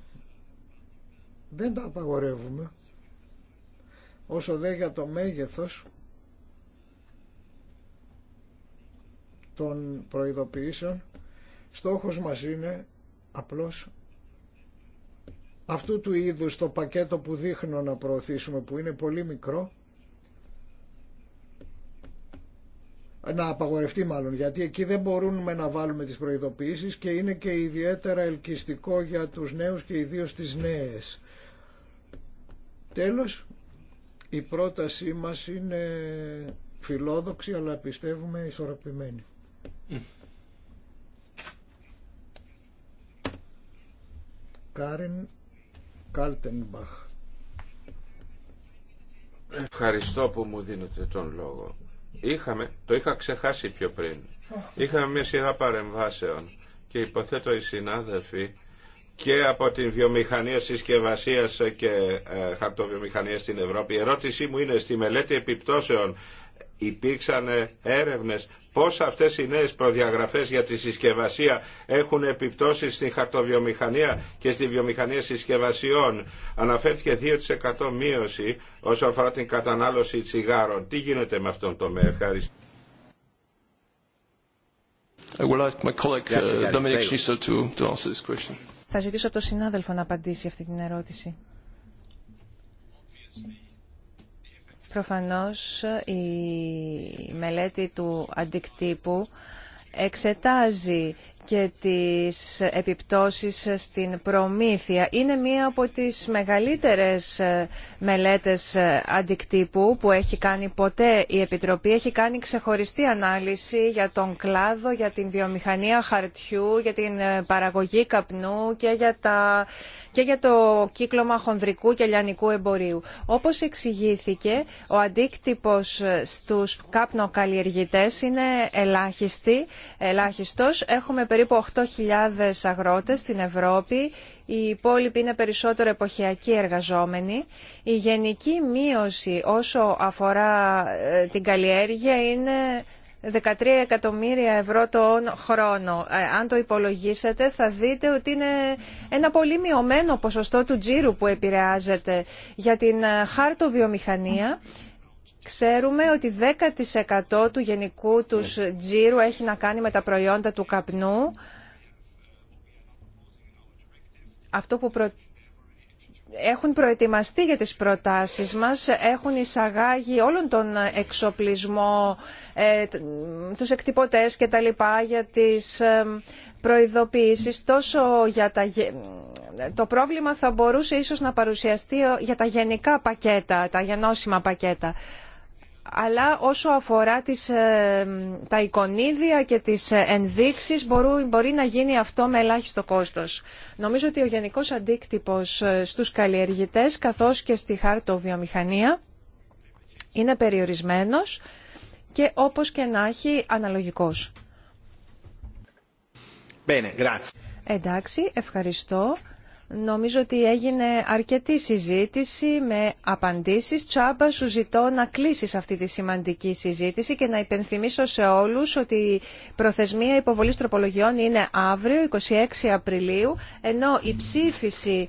Speaker 5: δεν τα απαγορεύουμε. Όσο δε για το μέγεθος των προειδοποιήσεων, στόχος μας είναι απλώς αυτού του είδους το πακέτο που δείχνω να προωθήσουμε που είναι πολύ μικρό να απαγορευτεί μάλλον γιατί εκεί δεν μπορούμε να βάλουμε τις προειδοποιήσεις και είναι και ιδιαίτερα ελκυστικό για τους νέους και ιδίως τις νέες. Τέλος, η πρότασή μας είναι φιλόδοξη αλλά πιστεύουμε ισορροπημένη. Mm. Κάριν Κάλτενμπαχ.
Speaker 4: Ευχαριστώ που μου δίνετε τον λόγο. Είχαμε, το είχα ξεχάσει πιο πριν. Είχαμε μια σειρά παρεμβάσεων και υποθέτω οι συνάδελφοι και από την βιομηχανία συσκευασία και ε, χαρτοβιομηχανία στην Ευρώπη. Η ερώτησή μου είναι στη μελέτη επιπτώσεων υπήρξαν έρευνες πώς αυτές οι νέες προδιαγραφές για τη συσκευασία έχουν επιπτώσει στην χαρτοβιομηχανία και στη βιομηχανία συσκευασιών. Αναφέρθηκε 2% μείωση όσον αφορά την κατανάλωση τσιγάρων. Τι γίνεται με αυτόν τον τομέα. Ευχαριστώ.
Speaker 2: Θα ζητήσω από τον συνάδελφο να απαντήσει αυτή την ερώτηση. Προφανώς η μελέτη του αντικτύπου εξετάζει και τις επιπτώσεις στην προμήθεια. Είναι μία από τις μεγαλύτερες ε, μελέτες ε, αντικτύπου που έχει κάνει ποτέ η Επιτροπή. Έχει κάνει ξεχωριστή ανάλυση για τον κλάδο, για την βιομηχανία χαρτιού, για την ε, παραγωγή καπνού και για, τα... και για το κύκλωμα χονδρικού και λιανικού εμπορίου. Όπως εξηγήθηκε, ο αντίκτυπος στους καπνοκαλλιεργητές είναι ελάχιστη, ελάχιστος. Έχουμε περίπου 8.000 αγρότες στην Ευρώπη. Οι υπόλοιποι είναι περισσότερο εποχιακοί εργαζόμενοι. Η γενική μείωση όσο αφορά ε, την καλλιέργεια είναι 13 εκατομμύρια ευρώ τον χρόνο. Ε, αν το υπολογίσετε θα δείτε ότι είναι ένα πολύ μειωμένο ποσοστό του τζίρου που επηρεάζεται για την χάρτο ε, χάρτοβιομηχανία Ξέρουμε ότι 10% του γενικού τους τζίρου έχει να κάνει με τα προϊόντα του καπνού. Αυτό που έχουν προετοιμαστεί για τις προτάσεις μας, έχουν εισαγάγει όλον τον εξοπλισμό, ε, τους εκτυπωτές και τα λοιπά για τις ε, τόσο για Το πρόβλημα θα μπορούσε ίσως να παρουσιαστεί ε, για τα γενικά πακέτα, τα γενώσιμα πακέτα αλλά όσο αφορά τις, ε, τα εικονίδια και τις ε, ενδείξεις μπορεί να γίνει αυτό με ελάχιστο κόστος. Νομίζω ότι ο γενικός αντίκτυπος ε, στους καλλιεργητές καθώς και στη βιομηχανία, είναι περιορισμένος και όπως και να έχει αναλογικός. Bene, Εντάξει, ευχαριστώ. Νομίζω ότι έγινε αρκετή συζήτηση με απαντήσεις. Τσάμπα, σου ζητώ να κλείσεις αυτή τη σημαντική συζήτηση και να υπενθυμίσω σε όλους ότι η προθεσμία υποβολής τροπολογιών είναι αύριο, 26 Απριλίου, ενώ η ψήφιση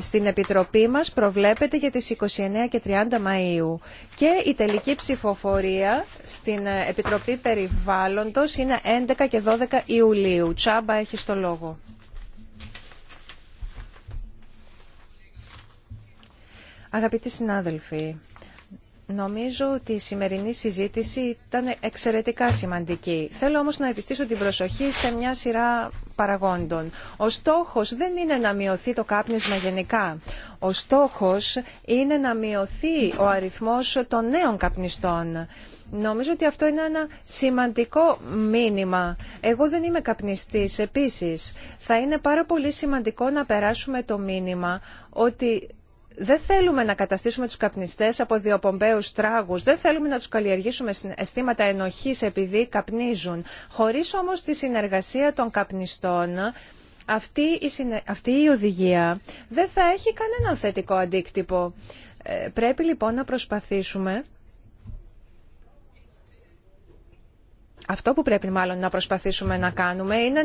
Speaker 2: στην Επιτροπή μας προβλέπεται για τις 29 και 30 Μαΐου. Και η τελική ψηφοφορία στην Επιτροπή Περιβάλλοντος είναι 11 και 12 Ιουλίου. Τσάμπα, έχει το λόγο. Αγαπητοί συνάδελφοι, Νομίζω ότι η σημερινή συζήτηση ήταν εξαιρετικά σημαντική. Θέλω όμως να επιστήσω την προσοχή σε μια σειρά παραγόντων. Ο στόχος δεν είναι να μειωθεί το κάπνισμα γενικά. Ο στόχος είναι να μειωθεί ο αριθμός των νέων καπνιστών. Νομίζω ότι αυτό είναι ένα σημαντικό μήνυμα. Εγώ δεν είμαι καπνιστής επίσης. Θα είναι πάρα πολύ σημαντικό να περάσουμε το μήνυμα ότι δεν θέλουμε να καταστήσουμε τους καπνιστές από διοπομπαίους τράγους, δεν θέλουμε να τους καλλιεργήσουμε αισθήματα ενοχής επειδή καπνίζουν. Χωρίς όμως τη συνεργασία των καπνιστών, αυτή η, αυτή η οδηγία δεν θα έχει κανέναν θετικό αντίκτυπο. Ε, πρέπει λοιπόν να προσπαθήσουμε αυτό που πρέπει μάλλον να προσπαθήσουμε να κάνουμε είναι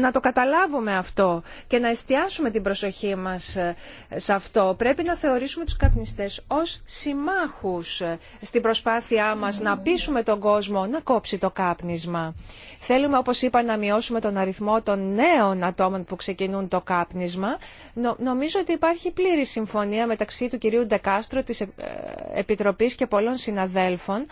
Speaker 2: να, το καταλάβουμε αυτό και να εστιάσουμε την προσοχή μας ε, σε αυτό. Πρέπει να θεωρήσουμε τους καπνιστές ως συμμάχους ε, στην προσπάθειά μας να πείσουμε τον κόσμο να κόψει το κάπνισμα. Θέλουμε, όπως είπα, να μειώσουμε τον αριθμό των νέων ατόμων που ξεκινούν το κάπνισμα. νομίζω ότι υπάρχει πλήρη συμφωνία μεταξύ του κυρίου Ντεκάστρο, της ε, Επιτροπής και πολλών συναδέλφων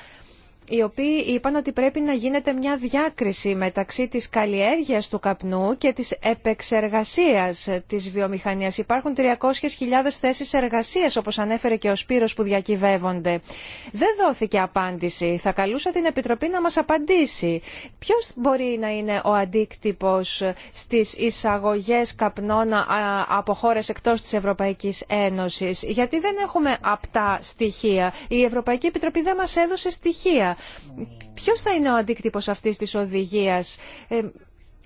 Speaker 2: οι οποίοι είπαν ότι πρέπει να γίνεται μια διάκριση μεταξύ της καλλιέργειας του καπνού και της επεξεργασίας της βιομηχανίας. Υπάρχουν 300.000 θέσεις εργασίας, όπως ανέφερε και ο Σπύρος, που διακυβεύονται. Δεν δόθηκε απάντηση. Θα καλούσα την Επιτροπή να μας απαντήσει. Ποιος μπορεί να είναι ο αντίκτυπος στις εισαγωγές καπνών από χώρες εκτός της Ευρωπαϊκής Ένωσης. Γιατί δεν έχουμε απτά στοιχεία. Η Ευρωπαϊκή Επιτροπή δεν μας έδωσε στοιχεία Ποιος θα είναι ο αντίκτυπος αυτής της οδηγίας ε,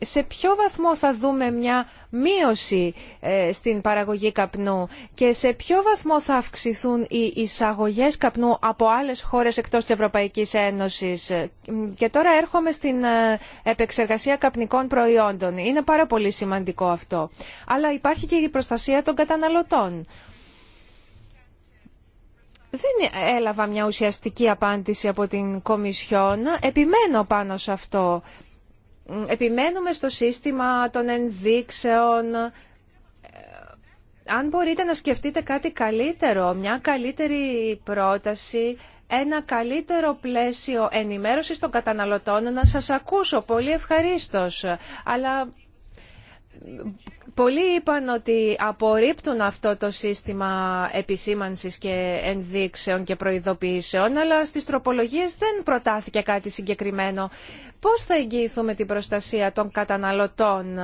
Speaker 2: σε ποιο βαθμό θα δούμε μια μείωση ε, στην παραγωγή καπνού και σε ποιο βαθμό θα αυξηθούν οι εισαγωγές καπνού από άλλες χώρες εκτός της Ευρωπαϊκής Ένωσης. Ε, και τώρα έρχομαι στην επεξεργασία καπνικών προϊόντων. Είναι πάρα πολύ σημαντικό αυτό. Αλλά υπάρχει και η προστασία των καταναλωτών δεν έλαβα μια ουσιαστική απάντηση από την Κομισιόν. Επιμένω πάνω σε αυτό. Επιμένουμε στο σύστημα των ενδείξεων. Αν μπορείτε να σκεφτείτε κάτι καλύτερο, μια καλύτερη πρόταση, ένα καλύτερο πλαίσιο ενημέρωσης των καταναλωτών, να σας ακούσω πολύ ευχαρίστως. Αλλά Πολλοί είπαν ότι απορρίπτουν αυτό το σύστημα επισήμανσης και ενδείξεων και προειδοποιήσεων, αλλά στις τροπολογίες δεν προτάθηκε κάτι συγκεκριμένο. Πώς θα εγγυηθούμε την προστασία των καταναλωτών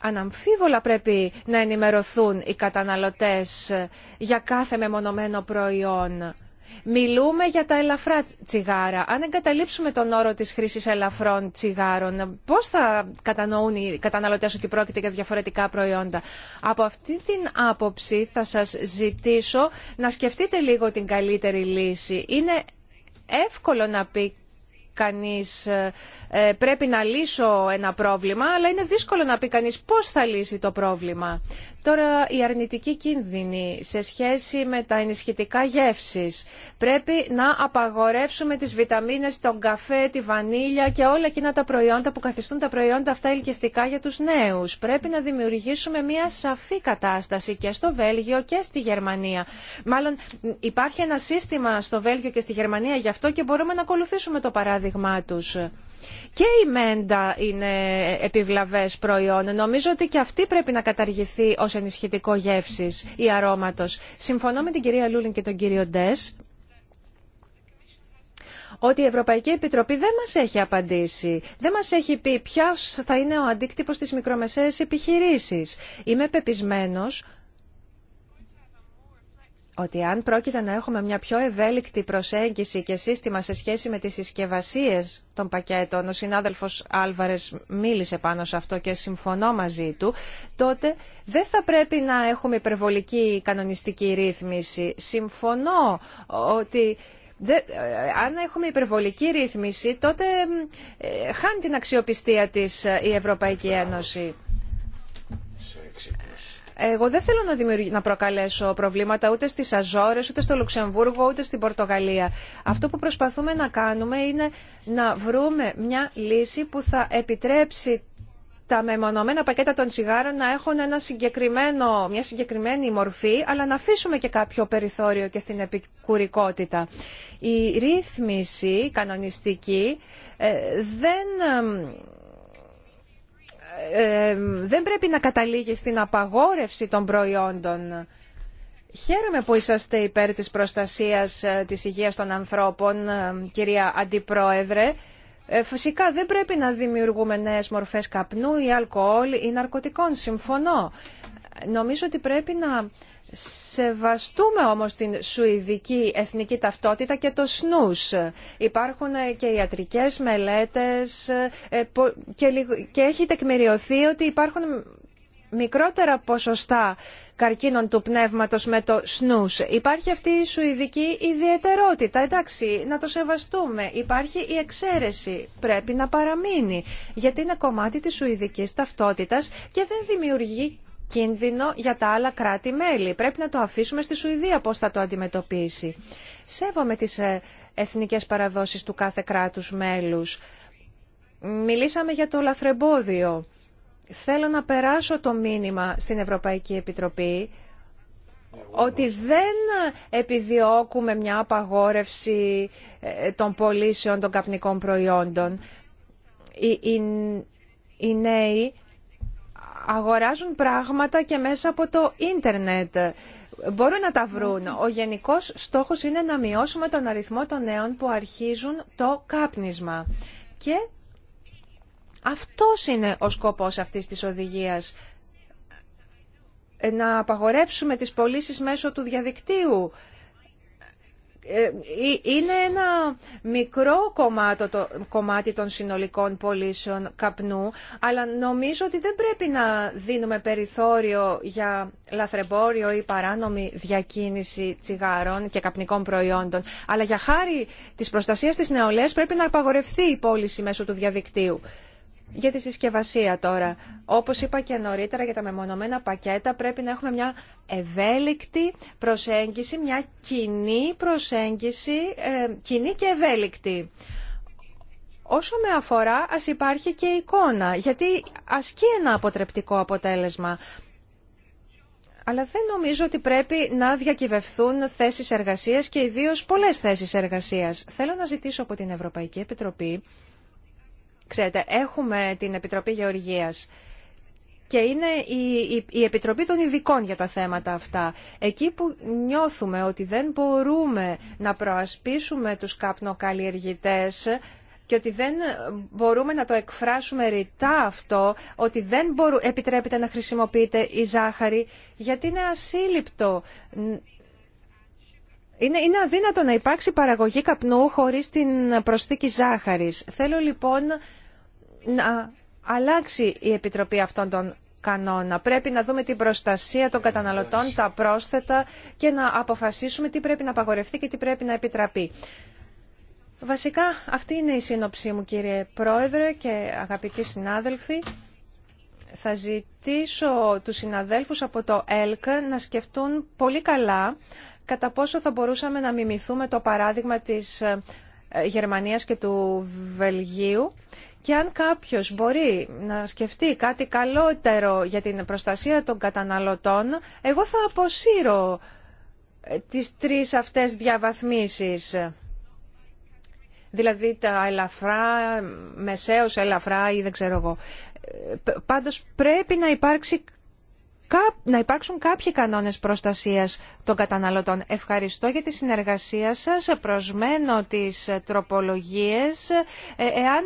Speaker 2: Αναμφίβολα πρέπει να ενημερωθούν οι καταναλωτές για κάθε μεμονωμένο προϊόν. Μιλούμε για τα ελαφρά τσιγάρα. Αν εγκαταλείψουμε τον όρο της χρήσης ελαφρών τσιγάρων, πώς θα κατανοούν οι καταναλωτές ότι πρόκειται για διαφορετικά προϊόντα. Από αυτή την άποψη θα σας ζητήσω να σκεφτείτε λίγο την καλύτερη λύση. Είναι εύκολο να πει κανείς ε, ε, πρέπει να λύσω ένα πρόβλημα, αλλά είναι δύσκολο να πει κανείς πώς θα λύσει το πρόβλημα. Τώρα η αρνητική κίνδυνη σε σχέση με τα ενισχυτικά γεύσεις. Πρέπει να απαγορεύσουμε τις βιταμίνες, τον καφέ, τη βανίλια και όλα εκείνα τα προϊόντα που καθιστούν τα προϊόντα αυτά ελκυστικά για τους νέους. Πρέπει να δημιουργήσουμε μια σαφή κατάσταση και στο Βέλγιο και στη Γερμανία. Μάλλον υπάρχει ένα σύστημα στο Βέλγιο και στη Γερμανία γι' αυτό και μπορούμε να ακολουθήσουμε το παράδειγμα και η μέντα είναι επιβλαβές προϊόν. Νομίζω ότι και αυτή πρέπει να καταργηθεί ως ενισχυτικό γεύσης ή αρώματος. Συμφωνώ με την κυρία Λούλιν και τον κύριο Ντες ότι η Ευρωπαϊκή Επιτροπή δεν μας έχει απαντήσει. Δεν μας έχει πει ποιος θα είναι ο αντίκτυπος της μικρομεσαίες επιχειρήσεις. Είμαι πεπισμένος ότι αν πρόκειται να έχουμε μια πιο ευέλικτη προσέγγιση και σύστημα σε σχέση με τις συσκευασίε των πακέτων, ο συνάδελφος Άλβαρες μίλησε πάνω σε αυτό και συμφωνώ μαζί του, τότε δεν θα πρέπει να έχουμε υπερβολική κανονιστική ρύθμιση. Συμφωνώ ότι ε, αν έχουμε υπερβολική ρύθμιση, τότε ε, χάνει την αξιοπιστία της ε, η Ευρωπαϊκή Ένωση. Εγώ δεν θέλω να, να προκαλέσω προβλήματα ούτε στι Αζόρες, ούτε στο Λουξεμβούργο, ούτε στην Πορτογαλία. Αυτό που προσπαθούμε να κάνουμε είναι να βρούμε μια λύση που θα επιτρέψει τα μεμονωμένα πακέτα των τσιγάρων να έχουν ένα συγκεκριμένο, μια συγκεκριμένη μορφή, αλλά να αφήσουμε και κάποιο περιθώριο και στην επικουρικότητα. Η ρύθμιση κανονιστική ε, δεν ε, δεν πρέπει να καταλήγει στην απαγόρευση των προϊόντων. Χαίρομαι που είσαστε υπέρ της προστασίας ε, της υγείας των ανθρώπων, ε, κυρία Αντιπρόεδρε. Φυσικά δεν πρέπει να δημιουργούμε νέες μορφές καπνού ή αλκοόλ ή ναρκωτικών, συμφωνώ. Νομίζω ότι πρέπει να σεβαστούμε όμως την σουηδική εθνική ταυτότητα και το σνούς. Υπάρχουν ε, και ιατρικές μελέτες ε, και έχει τεκμηριωθεί ότι υπάρχουν μικρότερα ποσοστά καρκίνων του πνεύματος με το σνούς. Υπάρχει αυτή η σουηδική ιδιαιτερότητα, εντάξει, να το σεβαστούμε. Υπάρχει η εξαίρεση, πρέπει να παραμείνει, γιατί είναι κομμάτι της σουηδικής ταυτότητας και δεν δημιουργεί κίνδυνο για τα άλλα κράτη-μέλη. Πρέπει να το αφήσουμε στη Σουηδία πώς θα το αντιμετωπίσει. Σέβομαι τις ε, εθνικές παραδόσεις του κάθε κράτους μέλους. Μιλήσαμε για το λαθρεμπόδιο. Θέλω να περάσω το μήνυμα στην Ευρωπαϊκή Επιτροπή ότι δεν επιδιώκουμε μια απαγόρευση ε, των πωλήσεων των καπνικών προϊόντων. οι νέοι αγοράζουν πράγματα και μέσα από το ίντερνετ. Μπορούν να τα βρουν. Ο γενικός στόχος είναι να μειώσουμε τον αριθμό των νέων που αρχίζουν το κάπνισμα. Και αυτός είναι ο σκοπός αυτής της οδηγίας. Να απαγορεύσουμε τις πωλήσει μέσω του διαδικτύου ε, ε, είναι ένα μικρό κομμάτι, το, κομμάτι των συνολικών πωλήσεων καπνού, αλλά νομίζω ότι δεν πρέπει να δίνουμε περιθώριο για λαθρεμπόριο ή παράνομη διακίνηση τσιγάρων και καπνικών προϊόντων. Αλλά για χάρη της προστασίας της νεολαίας πρέπει να απαγορευτεί η πώληση μέσω του διαδικτύου για τη συσκευασία τώρα. Όπως είπα και νωρίτερα για τα μεμονωμένα πακέτα πρέπει να έχουμε μια ευέλικτη προσέγγιση, μια κοινή προσέγγιση, ε, κοινή και ευέλικτη. Όσο με αφορά ας υπάρχει και εικόνα, γιατί ασκεί ένα αποτρεπτικό αποτέλεσμα. Αλλά δεν νομίζω ότι πρέπει να διακυβευθούν θέσεις εργασίας και ιδίως πολλές θέσεις εργασίας. Θέλω να ζητήσω από την Ευρωπαϊκή Επιτροπή Ξέρετε, έχουμε την Επιτροπή Γεωργίας και είναι η, Επιτροπή των Ειδικών για τα θέματα αυτά. Εκεί που νιώθουμε ότι δεν μπορούμε να προασπίσουμε τους καπνοκαλλιεργητές και ότι δεν μπορούμε να το εκφράσουμε ρητά αυτό, ότι δεν μπορού, επιτρέπεται να χρησιμοποιείται η ζάχαρη, γιατί είναι ασύλληπτο είναι, είναι αδύνατο να υπάρξει παραγωγή καπνού χωρίς την προσθήκη ζάχαρης. Θέλω λοιπόν να αλλάξει η Επιτροπή αυτών των κανόνα. Πρέπει να δούμε την προστασία των καταναλωτών, τα πρόσθετα και να αποφασίσουμε τι πρέπει να απαγορευτεί και τι πρέπει να επιτραπεί. Βασικά αυτή είναι η σύνοψή μου κύριε Πρόεδρε και αγαπητοί συνάδελφοι. Θα ζητήσω τους συναδέλφους από το ΕΛΚ να σκεφτούν πολύ καλά κατά πόσο θα μπορούσαμε να μιμηθούμε το παράδειγμα της ε, Γερμανίας και του Βελγίου και αν κάποιος μπορεί να σκεφτεί κάτι καλότερο για την προστασία των καταναλωτών, εγώ θα αποσύρω ε, τις τρεις αυτές διαβαθμίσεις. Δηλαδή τα ελαφρά, μεσαίως ελαφρά ή δεν ξέρω εγώ. Ε, πάντως πρέπει να υπάρξει να υπάρξουν κάποιοι κανόνες προστασίας των καταναλωτών. Ευχαριστώ για τη συνεργασία σας. Προσμένω τις τροπολογίες. Ε, εάν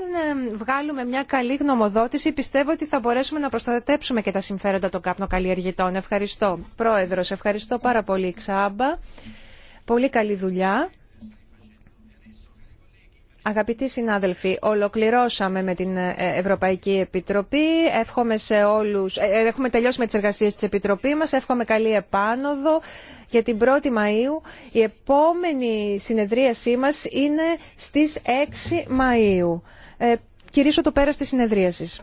Speaker 2: βγάλουμε μια καλή γνωμοδότηση, πιστεύω ότι θα μπορέσουμε να προστατέψουμε και τα συμφέροντα των καπνοκαλλιεργητών. Ευχαριστώ. Πρόεδρος, ευχαριστώ πάρα πολύ, Ξάμπα. Πολύ καλή δουλειά. Αγαπητοί συνάδελφοι, ολοκληρώσαμε με την ε, Ευρωπαϊκή Επιτροπή. Εύχομαι σε όλους... Ε, ε, έχουμε τελειώσει με τις εργασίες της Επιτροπής μας. Εύχομαι καλή επάνωδο για την 1η Μαΐου. Η επόμενη συνεδρίασή μας είναι στις 6 Μαΐου. Ε, κυρίσω το πέρα της συνεδρίασης.